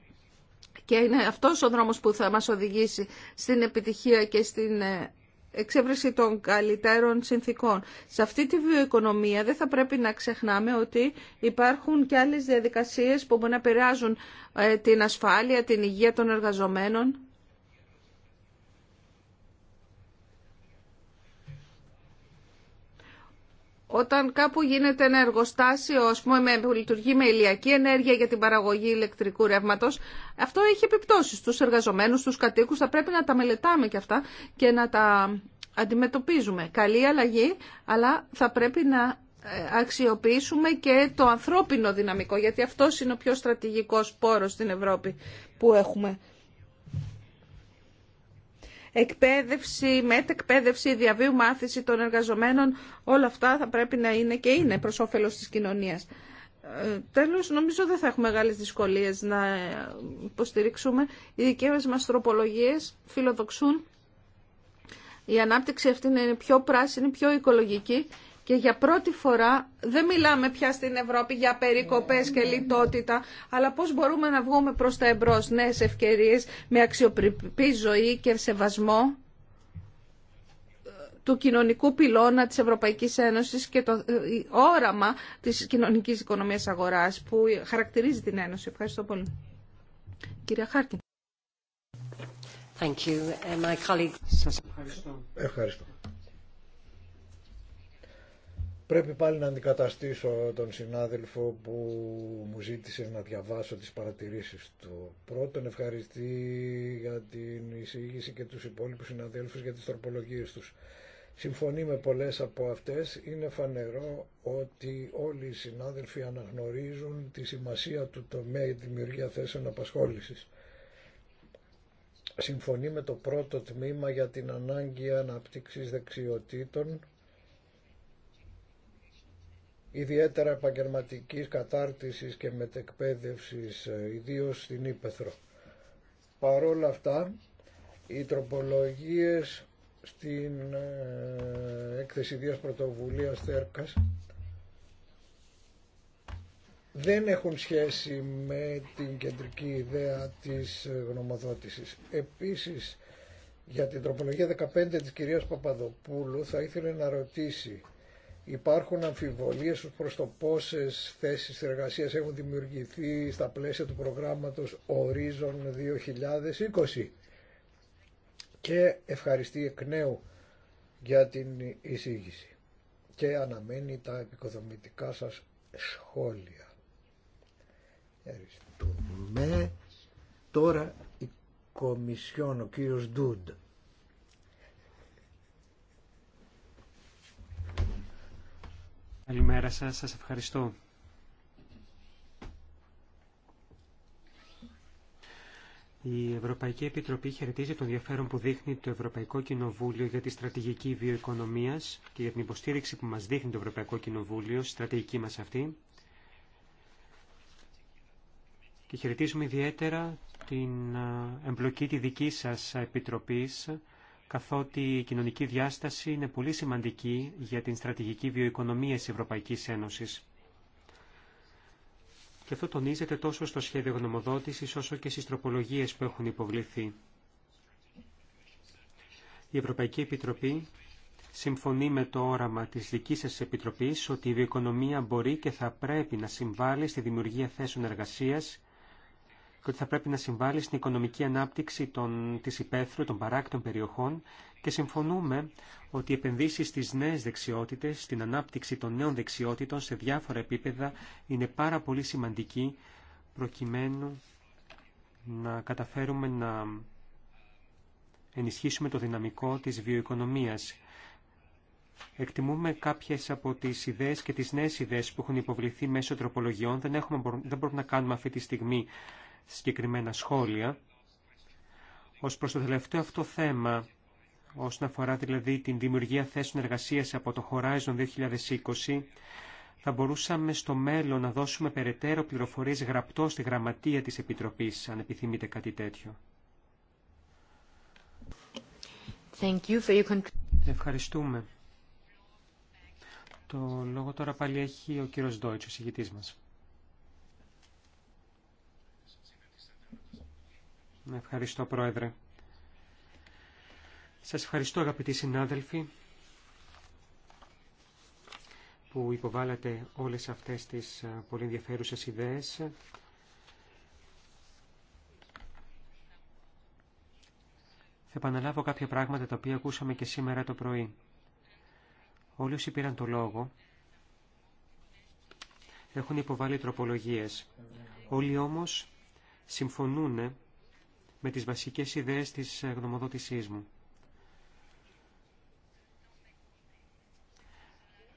Speaker 1: Και είναι αυτός ο δρόμος που θα μας οδηγήσει στην επιτυχία και στην ε, εξέβρεση των καλύτερων συνθήκων. Σε αυτή τη βιοοικονομία δεν θα πρέπει να ξεχνάμε ότι υπάρχουν και άλλες διαδικασίες που μπορεί να επηρεάζουν ε, την ασφάλεια, την υγεία των εργαζομένων όταν κάπου γίνεται ένα εργοστάσιο πούμε, με, που λειτουργεί με ηλιακή ενέργεια για την παραγωγή ηλεκτρικού ρεύματο, αυτό έχει επιπτώσει στου εργαζομένου, στου κατοίκου. Θα πρέπει να τα μελετάμε και αυτά και να τα αντιμετωπίζουμε. Καλή αλλαγή, αλλά θα πρέπει να ε, αξιοποιήσουμε και το ανθρώπινο δυναμικό, γιατί αυτό είναι ο πιο στρατηγικός πόρος στην Ευρώπη που έχουμε εκπαίδευση, μετεκπαίδευση, διαβίου μάθηση των εργαζομένων, όλα αυτά θα πρέπει να είναι και είναι προς όφελος της κοινωνίας. Ε, τέλος, νομίζω δεν θα έχουμε μεγάλες δυσκολίες να υποστηρίξουμε. Οι δικές μας τροπολογίε φιλοδοξούν η ανάπτυξη αυτή είναι πιο πράσινη, πιο οικολογική και για πρώτη φορά δεν μιλάμε πια στην Ευρώπη για περικοπές και λιτότητα, αλλά πώς μπορούμε να βγούμε προς τα εμπρός νέες ευκαιρίες με αξιοπρεπή ζωή και σεβασμό ε, του κοινωνικού πυλώνα της Ευρωπαϊκής Ένωσης και το ε, όραμα της κοινωνικής οικονομίας αγοράς που χαρακτηρίζει την Ένωση. Ευχαριστώ πολύ. Κυρία Χάρκιν.
Speaker 3: Thank you. Uh,
Speaker 1: my colleague...
Speaker 2: Ευχαριστώ. Πρέπει πάλι να αντικαταστήσω τον συνάδελφο που μου ζήτησε να διαβάσω τις παρατηρήσεις του. Πρώτον ευχαριστή για την εισήγηση και τους υπόλοιπους συναδέλφους για τις τροπολογίες τους. Συμφωνεί με πολλές από αυτές. Είναι φανερό ότι όλοι οι συνάδελφοι αναγνωρίζουν τη σημασία του τομέα η τη δημιουργία θέσεων απασχόλησης. Συμφωνεί με το πρώτο τμήμα για την ανάγκη αναπτύξης δεξιοτήτων ιδιαίτερα επαγγελματικής κατάρτισης και μετεκπαίδευσης, ε, ιδίως στην Ήπεθρο. Παρόλα αυτά, οι τροπολογίες στην ε, έκθεση Δίας Πρωτοβουλίας Θέρκας δεν έχουν σχέση με την κεντρική ιδέα της ε, γνωμοδότησης. Επίσης, για την τροπολογία 15 της κυρίας Παπαδοπούλου θα ήθελε να ρωτήσει Υπάρχουν αμφιβολίες προς το πόσες θέσεις εργασίας έχουν δημιουργηθεί στα πλαίσια του προγράμματος Horizon 2020 και ευχαριστεί εκ νέου για την εισήγηση και αναμένει τα επικοδομητικά σας σχόλια. Ευχαριστούμε. Τώρα η Κομισιόν, ο κύριος Ντούντ.
Speaker 3: Καλημέρα σας, σας ευχαριστώ. Η Ευρωπαϊκή Επιτροπή χαιρετίζει το ενδιαφέρον που δείχνει το Ευρωπαϊκό Κοινοβούλιο για τη στρατηγική βιοοικονομίας και για την υποστήριξη που μας δείχνει το Ευρωπαϊκό Κοινοβούλιο, στρατηγική μας αυτή. Και χαιρετίζουμε ιδιαίτερα την εμπλοκή τη δική σας επιτροπής καθότι η κοινωνική διάσταση είναι πολύ σημαντική για την στρατηγική βιοοικονομία της Ευρωπαϊκής Ένωσης. Και αυτό τονίζεται τόσο στο σχέδιο γνωμοδότησης όσο και στις τροπολογίες που έχουν υποβληθεί. Η Ευρωπαϊκή Επιτροπή συμφωνεί με το όραμα της δικής σας Επιτροπής ότι η βιοοικονομία μπορεί και θα πρέπει να συμβάλλει στη δημιουργία θέσεων εργασίας και ότι θα πρέπει να συμβάλλει στην οικονομική ανάπτυξη των, της υπαίθρου, των παράκτων περιοχών και συμφωνούμε ότι οι επενδύσεις στις νέες δεξιότητες, στην ανάπτυξη των νέων δεξιότητων σε διάφορα επίπεδα είναι πάρα πολύ σημαντική προκειμένου να καταφέρουμε να ενισχύσουμε το δυναμικό της βιοοικονομίας. Εκτιμούμε κάποιες από τις ιδέες και τις νέες ιδέες που έχουν υποβληθεί μέσω τροπολογιών. Δεν, έχουμε, δεν μπορούμε να κάνουμε αυτή τη στιγμή συγκεκριμένα σχόλια. Ως προς το τελευταίο αυτό θέμα, όσον αφορά δηλαδή την δημιουργία θέσεων εργασίας από το Horizon 2020, θα μπορούσαμε στο μέλλον να δώσουμε περαιτέρω πληροφορίες γραπτό στη γραμματεία της Επιτροπής, αν επιθυμείτε κάτι τέτοιο. Thank you for Ευχαριστούμε. Το λόγο τώρα πάλι έχει ο κύριος Ντόιτς, ο συγητής μας. Ευχαριστώ, Πρόεδρε. Σας ευχαριστώ, αγαπητοί συνάδελφοι, που υποβάλατε όλες αυτές τις πολύ ενδιαφέρουσε ιδέες. Θα επαναλάβω κάποια πράγματα τα οποία ακούσαμε και σήμερα το πρωί. Όλοι όσοι πήραν το λόγο έχουν υποβάλει τροπολογίες. Όλοι όμως συμφωνούν με τις βασικές ιδέες της ε, γνωμοδότησής μου.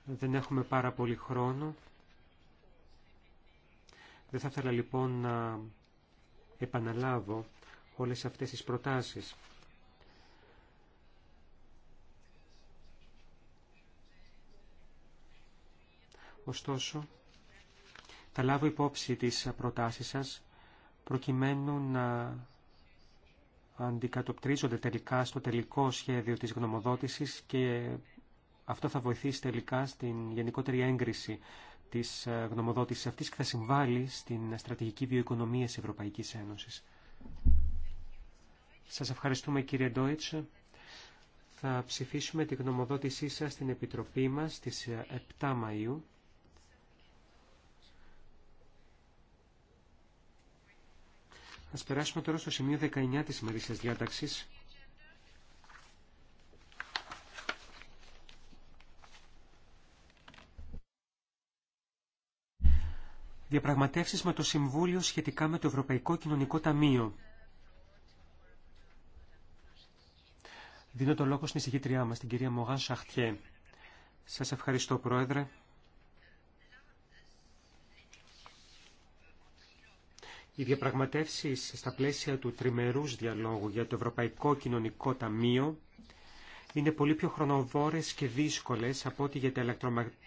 Speaker 3: Δεν έχουμε πάρα πολύ χρόνο. Δεν θα ήθελα λοιπόν να επαναλάβω όλες αυτές τις προτάσεις. Ωστόσο, θα λάβω υπόψη τις προτάσεις σας προκειμένου να αντικατοπτρίζονται τελικά στο τελικό σχέδιο της γνωμοδότησης και αυτό θα βοηθήσει τελικά στην γενικότερη έγκριση της ε, γνωμοδότησης αυτής και θα συμβάλλει στην στρατηγική βιοοικονομία της Ευρωπαϊκής Ένωσης. Σας ευχαριστούμε κύριε Ντόιτς. Θα ψηφίσουμε τη γνωμοδότησή σας στην Επιτροπή μας στις 7 ε, Μαΐου Ας περάσουμε τώρα στο σημείο 19 της ημερήσιας διάταξης. Διαπραγματεύσεις με το Συμβούλιο σχετικά με το Ευρωπαϊκό Κοινωνικό Ταμείο. Δίνω το λόγο στην εισηγήτριά μας, την κυρία Μογάν Σαχτιέ. Σας ευχαριστώ, Πρόεδρε. Οι διαπραγματεύσεις στα πλαίσια του τριμερούς διαλόγου για το Ευρωπαϊκό Κοινωνικό Ταμείο είναι πολύ πιο χρονοβόρες και δύσκολες από ό,τι για τα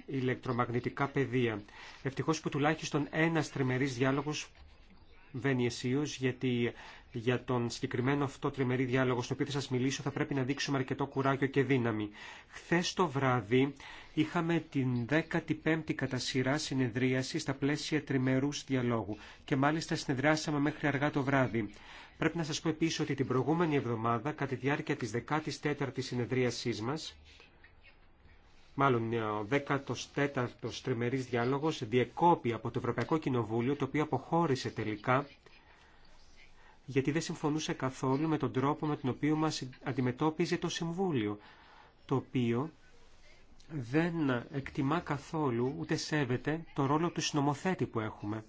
Speaker 3: ηλεκτρομαγνητικά πεδία. Ευτυχώς που τουλάχιστον ένας τριμερής διάλογος βαίνει γιατί για τον συγκεκριμένο αυτό τριμερή διάλογο στο οποίο θα σας μιλήσω θα πρέπει να δείξουμε αρκετό κουράγιο και δύναμη. Χθες το βράδυ είχαμε την 15η κατά σειρά συνεδρίαση στα πλαίσια τριμερούς διαλόγου και μάλιστα συνεδράσαμε μέχρι αργά το βράδυ. Πρέπει να σας πω επίση ότι την προηγούμενη εβδομάδα, κατά τη διάρκεια τη 14 η συνεδρίασής μας, μάλλον ε, ο 14ος τριμερής διάλογος διεκόπη από το Ευρωπαϊκό Κοινοβούλιο, το οποίο αποχώρησε τελικά, γιατί δεν συμφωνούσε καθόλου με τον τρόπο με τον οποίο μας αντιμετώπιζε το Συμβούλιο, το οποίο δεν εκτιμά καθόλου ούτε σέβεται το ρόλο του συνομοθέτη που έχουμε.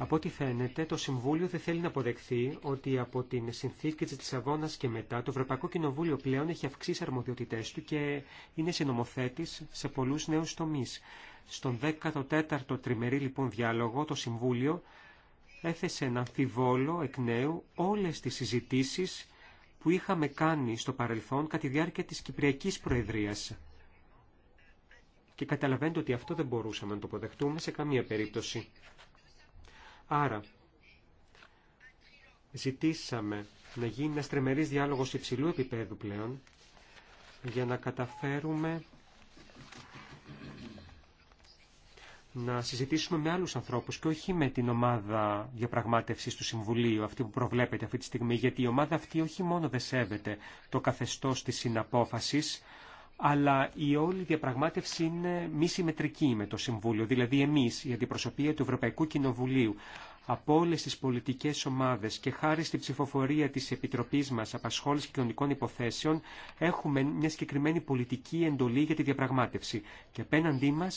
Speaker 3: Από ό,τι φαίνεται, το Συμβούλιο δεν θέλει να αποδεχθεί ότι από την συνθήκη τη Λισαβόνα και μετά το Ευρωπαϊκό Κοινοβούλιο πλέον έχει αυξήσει αρμοδιότητέ του και είναι συνομοθέτη σε πολλού νέου τομεί. Στον 14ο τριμερή λοιπόν διάλογο, το Συμβούλιο έθεσε ένα αμφιβόλο εκ νέου όλε τι συζητήσει που είχαμε κάνει στο παρελθόν κατά τη διάρκεια τη Κυπριακή Προεδρία. Και καταλαβαίνετε ότι αυτό δεν μπορούσαμε να το αποδεχτούμε σε καμία περίπτωση. Άρα, ζητήσαμε να γίνει ένα τρεμερής διάλογος υψηλού επίπεδου πλέον, για να καταφέρουμε να συζητήσουμε με άλλους ανθρώπους και όχι με την ομάδα διαπραγμάτευσης του Συμβουλίου, αυτή που προβλέπεται αυτή τη στιγμή, γιατί η ομάδα αυτή όχι μόνο δεν σέβεται το καθεστώς της συναπόφασης, αλλά η όλη διαπραγμάτευση είναι μη συμμετρική με το Συμβούλιο. Δηλαδή εμείς, η αντιπροσωπεία του Ευρωπαϊκού Κοινοβουλίου, από όλε τι πολιτικέ ομάδε και χάρη στην ψηφοφορία τη Επιτροπή μα Απασχόληση και Κοινωνικών Υποθέσεων, έχουμε μια συγκεκριμένη πολιτική εντολή για τη διαπραγμάτευση. Και απέναντί μα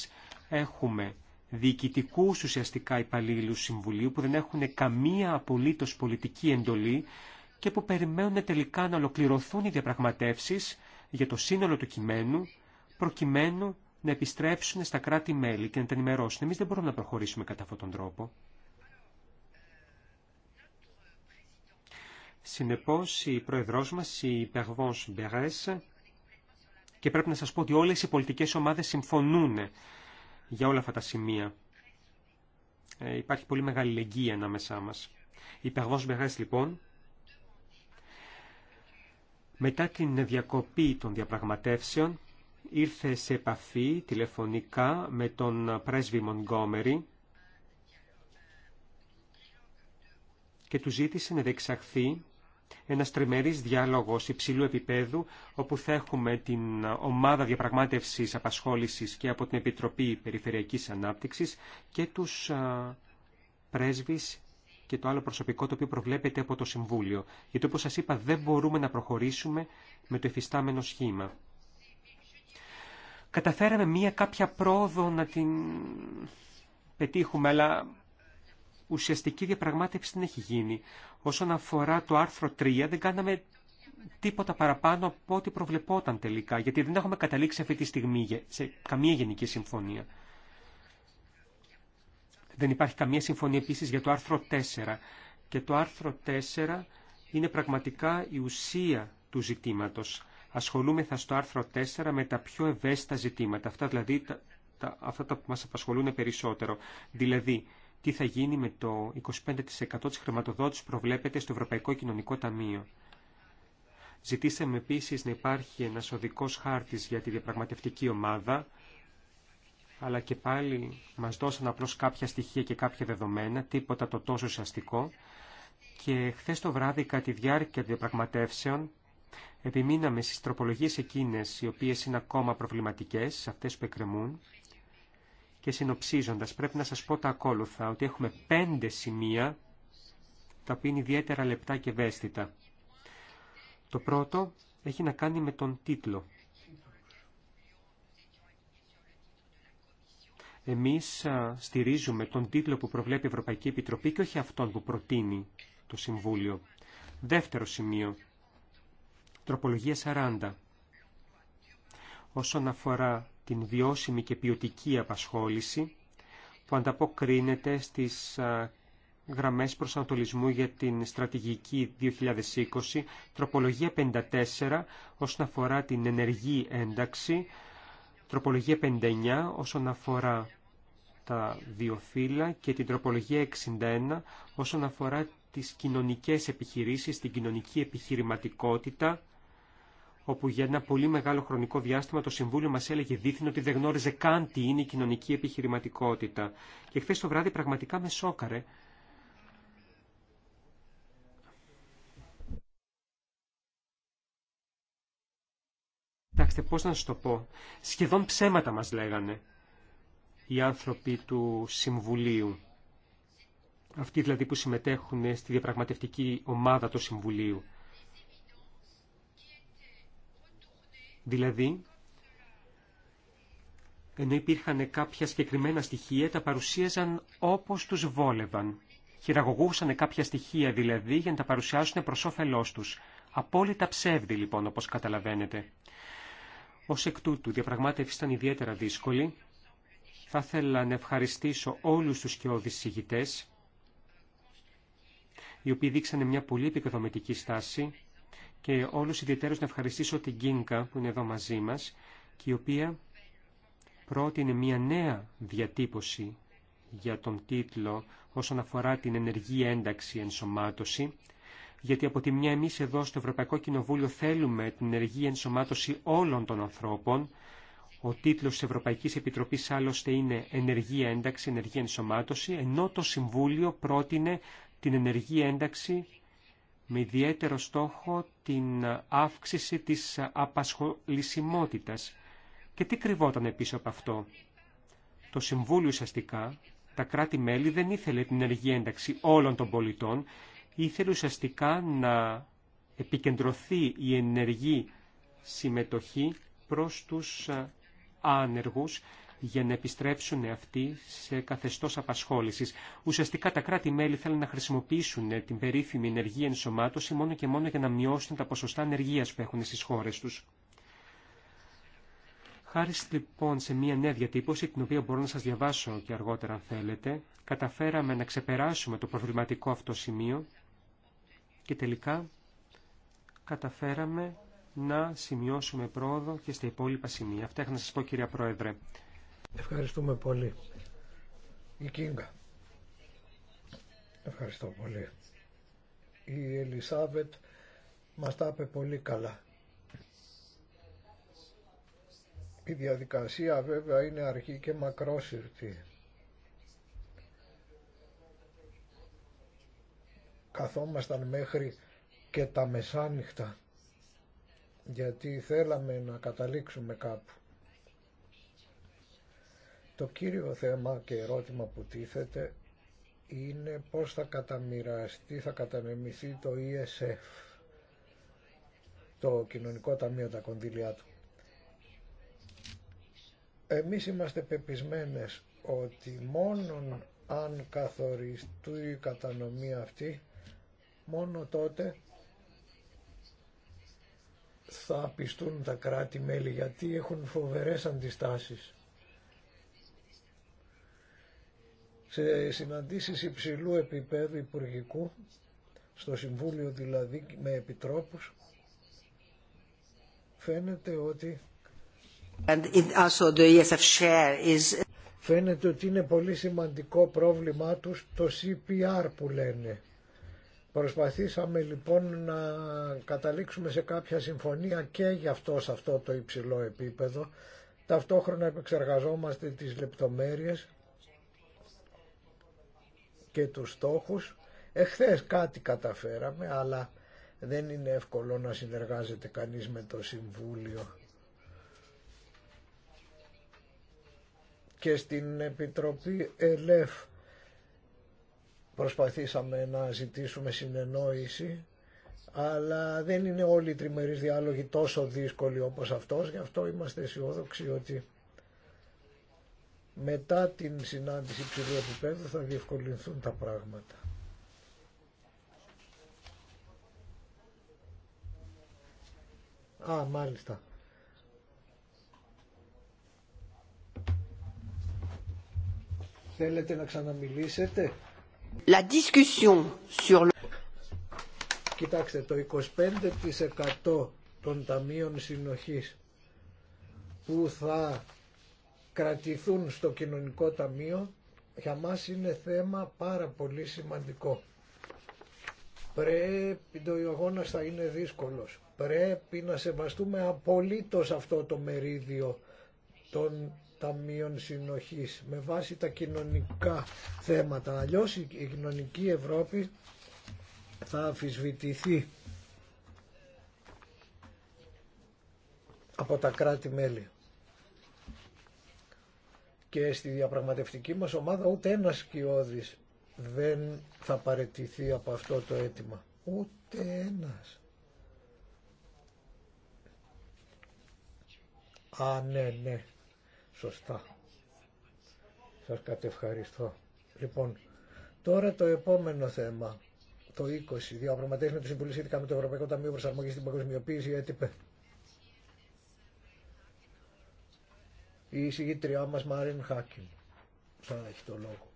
Speaker 3: έχουμε διοικητικού ουσιαστικά υπαλλήλου Συμβουλίου που δεν έχουν καμία απολύτω πολιτική εντολή και που περιμένουν τελικά να ολοκληρωθούν οι διαπραγματεύσει για το σύνολο του κειμένου, προκειμένου να επιστρέψουν στα κράτη-μέλη και να τα ενημερώσουν. Εμείς δεν μπορούμε να προχωρήσουμε κατά αυτόν τον τρόπο. Συνεπώς, η Πρόεδρός μας, η Περβόνς Μπερές, και πρέπει να σας πω ότι όλες οι πολιτικές ομάδες συμφωνούν για όλα αυτά τα σημεία. Ε, υπάρχει πολύ μεγάλη λεγγύη ανάμεσά μας. Η Περβόνς Μπερές, λοιπόν, μετά την διακοπή των διαπραγματεύσεων, ήρθε σε επαφή τηλεφωνικά με τον πρέσβη Μονγκόμερη και του ζήτησε να διεξαχθεί ένα τριμερής διάλογος υψηλού επίπεδου, όπου θα έχουμε την ομάδα διαπραγμάτευσης απασχόλησης και από την Επιτροπή Περιφερειακής Ανάπτυξης και τους πρέσβεις και το άλλο προσωπικό το οποίο προβλέπεται από το Συμβούλιο. Γιατί όπως σας είπα δεν μπορούμε να προχωρήσουμε με το εφιστάμενο σχήμα. Καταφέραμε μία κάποια πρόοδο να την πετύχουμε, αλλά ουσιαστική διαπραγμάτευση δεν έχει γίνει. Όσον αφορά το άρθρο 3, δεν κάναμε τίποτα παραπάνω από ό,τι προβλεπόταν τελικά, γιατί δεν έχουμε καταλήξει αυτή τη στιγμή σε καμία γενική συμφωνία. Δεν υπάρχει καμία συμφωνία επίσης για το άρθρο 4. Και το άρθρο 4 είναι πραγματικά η ουσία του ζητήματος. Ασχολούμεθα στο άρθρο 4 με τα πιο ευαίσθητα ζητήματα, αυτά δηλαδή αυτά τα που μας απασχολούν περισσότερο. Δηλαδή, τι θα γίνει με το 25% της χρηματοδότησης προβλέπεται στο Ευρωπαϊκό Κοινωνικό Ταμείο. Ζητήσαμε επίσης να υπάρχει ένας οδικός χάρτης για τη διαπραγματευτική ομάδα, αλλά και πάλι μας δώσαν απλώς κάποια στοιχεία και κάποια δεδομένα, τίποτα το τόσο ουσιαστικό. Και χθες το βράδυ, κατά τη διάρκεια των διαπραγματεύσεων, επιμείναμε στις τροπολογίες εκείνες οι οποίες είναι ακόμα προβληματικές, αυτές που εκκρεμούν. Και συνοψίζοντας, πρέπει να σας πω τα ακόλουθα, ότι έχουμε πέντε σημεία, τα οποία είναι ιδιαίτερα λεπτά και ευαίσθητα. Το πρώτο έχει να κάνει με τον τίτλο Εμείς στηρίζουμε τον τίτλο που προβλέπει η Ευρωπαϊκή Επιτροπή και όχι αυτόν που προτείνει το Συμβούλιο. Δεύτερο σημείο. Τροπολογία 40. Όσον αφορά την βιώσιμη και ποιοτική απασχόληση που ανταποκρίνεται στις γραμμές προσανατολισμού για την στρατηγική 2020, τροπολογία 54 όσον αφορά την ενεργή ένταξη τροπολογία 59 όσον αφορά τα δύο φύλλα και την τροπολογία 61 όσον αφορά τις κοινωνικές επιχειρήσεις, την κοινωνική επιχειρηματικότητα, όπου για ένα πολύ μεγάλο χρονικό διάστημα το Συμβούλιο μας έλεγε δίθεν ότι δεν γνώριζε καν τι είναι η κοινωνική επιχειρηματικότητα. Και χθε το βράδυ πραγματικά με σόκαρε Κοιτάξτε, πώς να σας το πω. Σχεδόν ψέματα μας λέγανε οι άνθρωποι του Συμβουλίου. Αυτοί δηλαδή που συμμετέχουν στη διαπραγματευτική ομάδα του Συμβουλίου. Δηλαδή, ενώ υπήρχαν κάποια συγκεκριμένα στοιχεία, τα παρουσίαζαν όπως τους βόλευαν. Χειραγωγούσαν κάποια στοιχεία δηλαδή για να τα παρουσιάσουν προς όφελός τους. Απόλυτα ψεύδι λοιπόν όπως καταλαβαίνετε. Ω εκ τούτου, η διαπραγμάτευση ήταν ιδιαίτερα δύσκολη. Θα ήθελα να ευχαριστήσω όλους τους και συγητές, οι οποίοι δείξανε μια πολύ επικοδομητική στάση και όλους ιδιαίτερως να ευχαριστήσω την Κίνκα που είναι εδώ μαζί μας και η οποία πρότεινε μια νέα διατύπωση για τον τίτλο όσον αφορά την ενεργή ένταξη ενσωμάτωση γιατί από τη μια εμείς εδώ στο Ευρωπαϊκό Κοινοβούλιο θέλουμε την ενεργή ενσωμάτωση όλων των ανθρώπων, ο τίτλος της Ευρωπαϊκής Επιτροπής άλλωστε είναι «Ενεργή ένταξη, ενεργή ενσωμάτωση», ενώ το Συμβούλιο πρότεινε την ενεργή ένταξη με ιδιαίτερο στόχο την αύξηση της απασχολησιμότητας. Και τι κρυβόταν πίσω από αυτό. Το Συμβούλιο ουσιαστικά, τα κράτη-μέλη δεν ήθελε την ενεργή ένταξη όλων των πολιτών ήθελε ουσιαστικά να επικεντρωθεί η ενεργή συμμετοχή προς τους ε, άνεργους για να επιστρέψουν αυτοί σε καθεστώς απασχόλησης. Ουσιαστικά τα κράτη-μέλη θέλουν να χρησιμοποιήσουν ε, την περίφημη ενεργή ενσωμάτωση μόνο και μόνο για να μειώσουν τα ποσοστά ενεργείας που έχουν στις χώρες τους. Χάρη λοιπόν σε μια νέα διατύπωση, την οποία μπορώ να σας διαβάσω και αργότερα αν θέλετε, καταφέραμε να ξεπεράσουμε το προβληματικό αυτό σημείο και τελικά καταφέραμε να σημειώσουμε πρόοδο και στα υπόλοιπα σημεία. Αυτά είχα να σας πω κυρία Πρόεδρε.
Speaker 2: Ευχαριστούμε πολύ. Η Κίνγκα. Ευχαριστώ πολύ. Η Ελισάβετ μας τα είπε πολύ καλά. Η διαδικασία βέβαια είναι αρχή και μακρόσυρτη. καθόμασταν μέχρι και τα μεσάνυχτα γιατί θέλαμε να καταλήξουμε κάπου. Το κύριο θέμα και ερώτημα που τίθεται είναι πώς θα καταμοιραστεί, θα κατανεμηθεί το ESF, το Κοινωνικό Ταμείο τα κονδύλια του. Εμείς είμαστε πεπισμένες ότι μόνον αν καθοριστούει η κατανομή αυτή μόνο τότε θα πιστούν τα κράτη-μέλη γιατί έχουν φοβερές αντιστάσεις. Σε συναντήσεις υψηλού επίπεδου υπουργικού, στο Συμβούλιο δηλαδή με επιτρόπους, φαίνεται ότι
Speaker 1: And it also the ESF share is...
Speaker 2: φαίνεται ότι είναι πολύ σημαντικό πρόβλημά τους το CPR που λένε. Προσπαθήσαμε λοιπόν να καταλήξουμε σε κάποια συμφωνία και γι' αυτό σε αυτό το υψηλό επίπεδο. Ταυτόχρονα επεξεργαζόμαστε τις λεπτομέρειες και τους στόχους. Εχθές κάτι καταφέραμε, αλλά δεν είναι εύκολο να συνεργάζεται κανείς με το Συμβούλιο. Και στην Επιτροπή ΕΛΕΦ προσπαθήσαμε να ζητήσουμε συνεννόηση αλλά δεν είναι όλοι οι τριμερείς διάλογοι τόσο δύσκολοι όπως αυτός γι' αυτό είμαστε αισιόδοξοι ότι μετά την συνάντηση ψηλού επίπεδου θα διευκολυνθούν τα πράγματα. Α, μάλιστα. Θέλετε να ξαναμιλήσετε. Κοιτάξτε, το 25% των ταμείων συνοχής που θα κρατηθούν στο κοινωνικό ταμείο για μας είναι θέμα πάρα πολύ σημαντικό. Πρέπει, το αγώνα θα είναι δύσκολος. Πρέπει να σεβαστούμε απολύτως αυτό το μερίδιο των ταμείων συνοχής με βάση τα κοινωνικά θέματα. Αλλιώς η κοινωνική Ευρώπη θα αμφισβητηθεί από τα κράτη-μέλη. Και στη διαπραγματευτική μας ομάδα ούτε ένας σκιώδης δεν θα παρετηθεί από αυτό το αίτημα. Ούτε ένας. Α, ναι, ναι σωστά. Σας κατευχαριστώ. Λοιπόν, τώρα το επόμενο θέμα, το 20, διαπραγματεύσει με το συμβουλή σχετικά με το Ευρωπαϊκό Ταμείο Προσαρμογής στην Παγκοσμιοποίηση, έτυπε. Η εισηγήτριά μας Μάριν Χάκιν, σαν έχει το λόγο.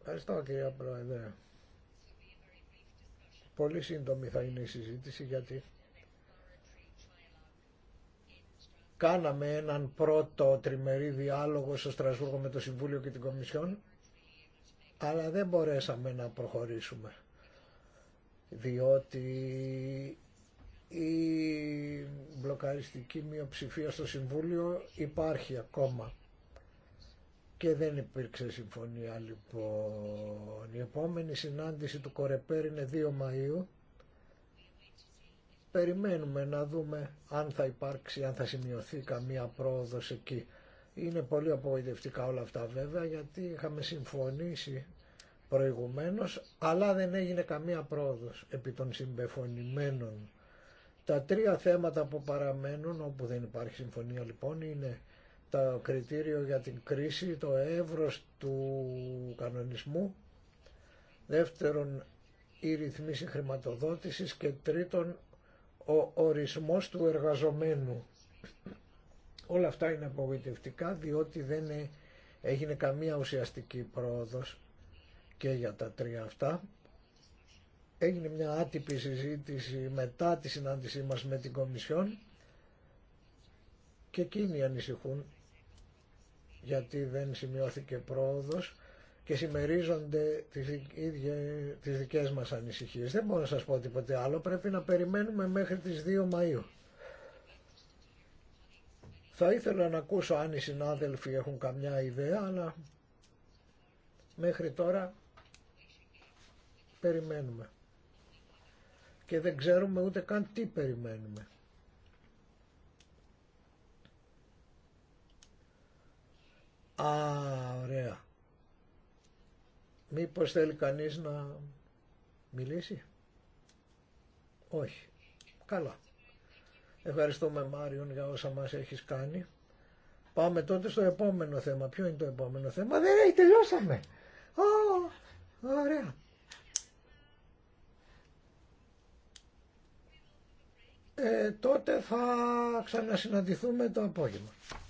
Speaker 2: Ευχαριστώ κυρία Πρόεδρε. Πολύ σύντομη θα είναι η συζήτηση γιατί Κάναμε έναν πρώτο τριμερή διάλογο στο Στρασβούργο με το Συμβούλιο και την Κομισιόν, αλλά δεν μπορέσαμε να προχωρήσουμε, διότι η μπλοκαριστική μειοψηφία στο Συμβούλιο υπάρχει ακόμα και δεν υπήρξε συμφωνία λοιπόν. Η επόμενη συνάντηση του Κορεπέρ είναι 2 Μαΐου περιμένουμε να δούμε αν θα υπάρξει, αν θα σημειωθεί καμία πρόοδος εκεί. Είναι πολύ απογοητευτικά όλα αυτά βέβαια γιατί είχαμε συμφωνήσει προηγουμένως αλλά δεν έγινε καμία πρόοδος επί των συμπεφωνημένων. Τα τρία θέματα που παραμένουν όπου δεν υπάρχει συμφωνία λοιπόν είναι το κριτήριο για την κρίση, το εύρος του κανονισμού, δεύτερον η ρυθμίση χρηματοδότησης και τρίτον ο ορισμός του εργαζομένου. Όλα αυτά είναι απογοητευτικά διότι δεν ε, έγινε καμία ουσιαστική πρόοδος και για τα τρία αυτά. Έγινε μια άτυπη συζήτηση μετά τη συνάντησή μας με την Κομισιόν και εκείνοι ανησυχούν γιατί δεν σημειώθηκε πρόοδος και συμμερίζονται τις, ίδιες, τις δικές μας ανησυχίες. Δεν μπορώ να σας πω τίποτε άλλο, πρέπει να περιμένουμε μέχρι τις 2 Μαΐου. Θα ήθελα να ακούσω αν οι συνάδελφοι έχουν καμιά ιδέα, αλλά μέχρι τώρα περιμένουμε. Και δεν ξέρουμε ούτε καν τι περιμένουμε. Α, ωραία. Μήπως θέλει κανείς να μιλήσει. Όχι. Καλά. Ευχαριστούμε Μάριον για όσα μας έχεις κάνει. Πάμε τότε στο επόμενο θέμα. Ποιο είναι το επόμενο θέμα. Δεν έχει τελειώσαμε. Ω, ωραία. Ε, τότε θα ξανασυναντηθούμε το απόγευμα.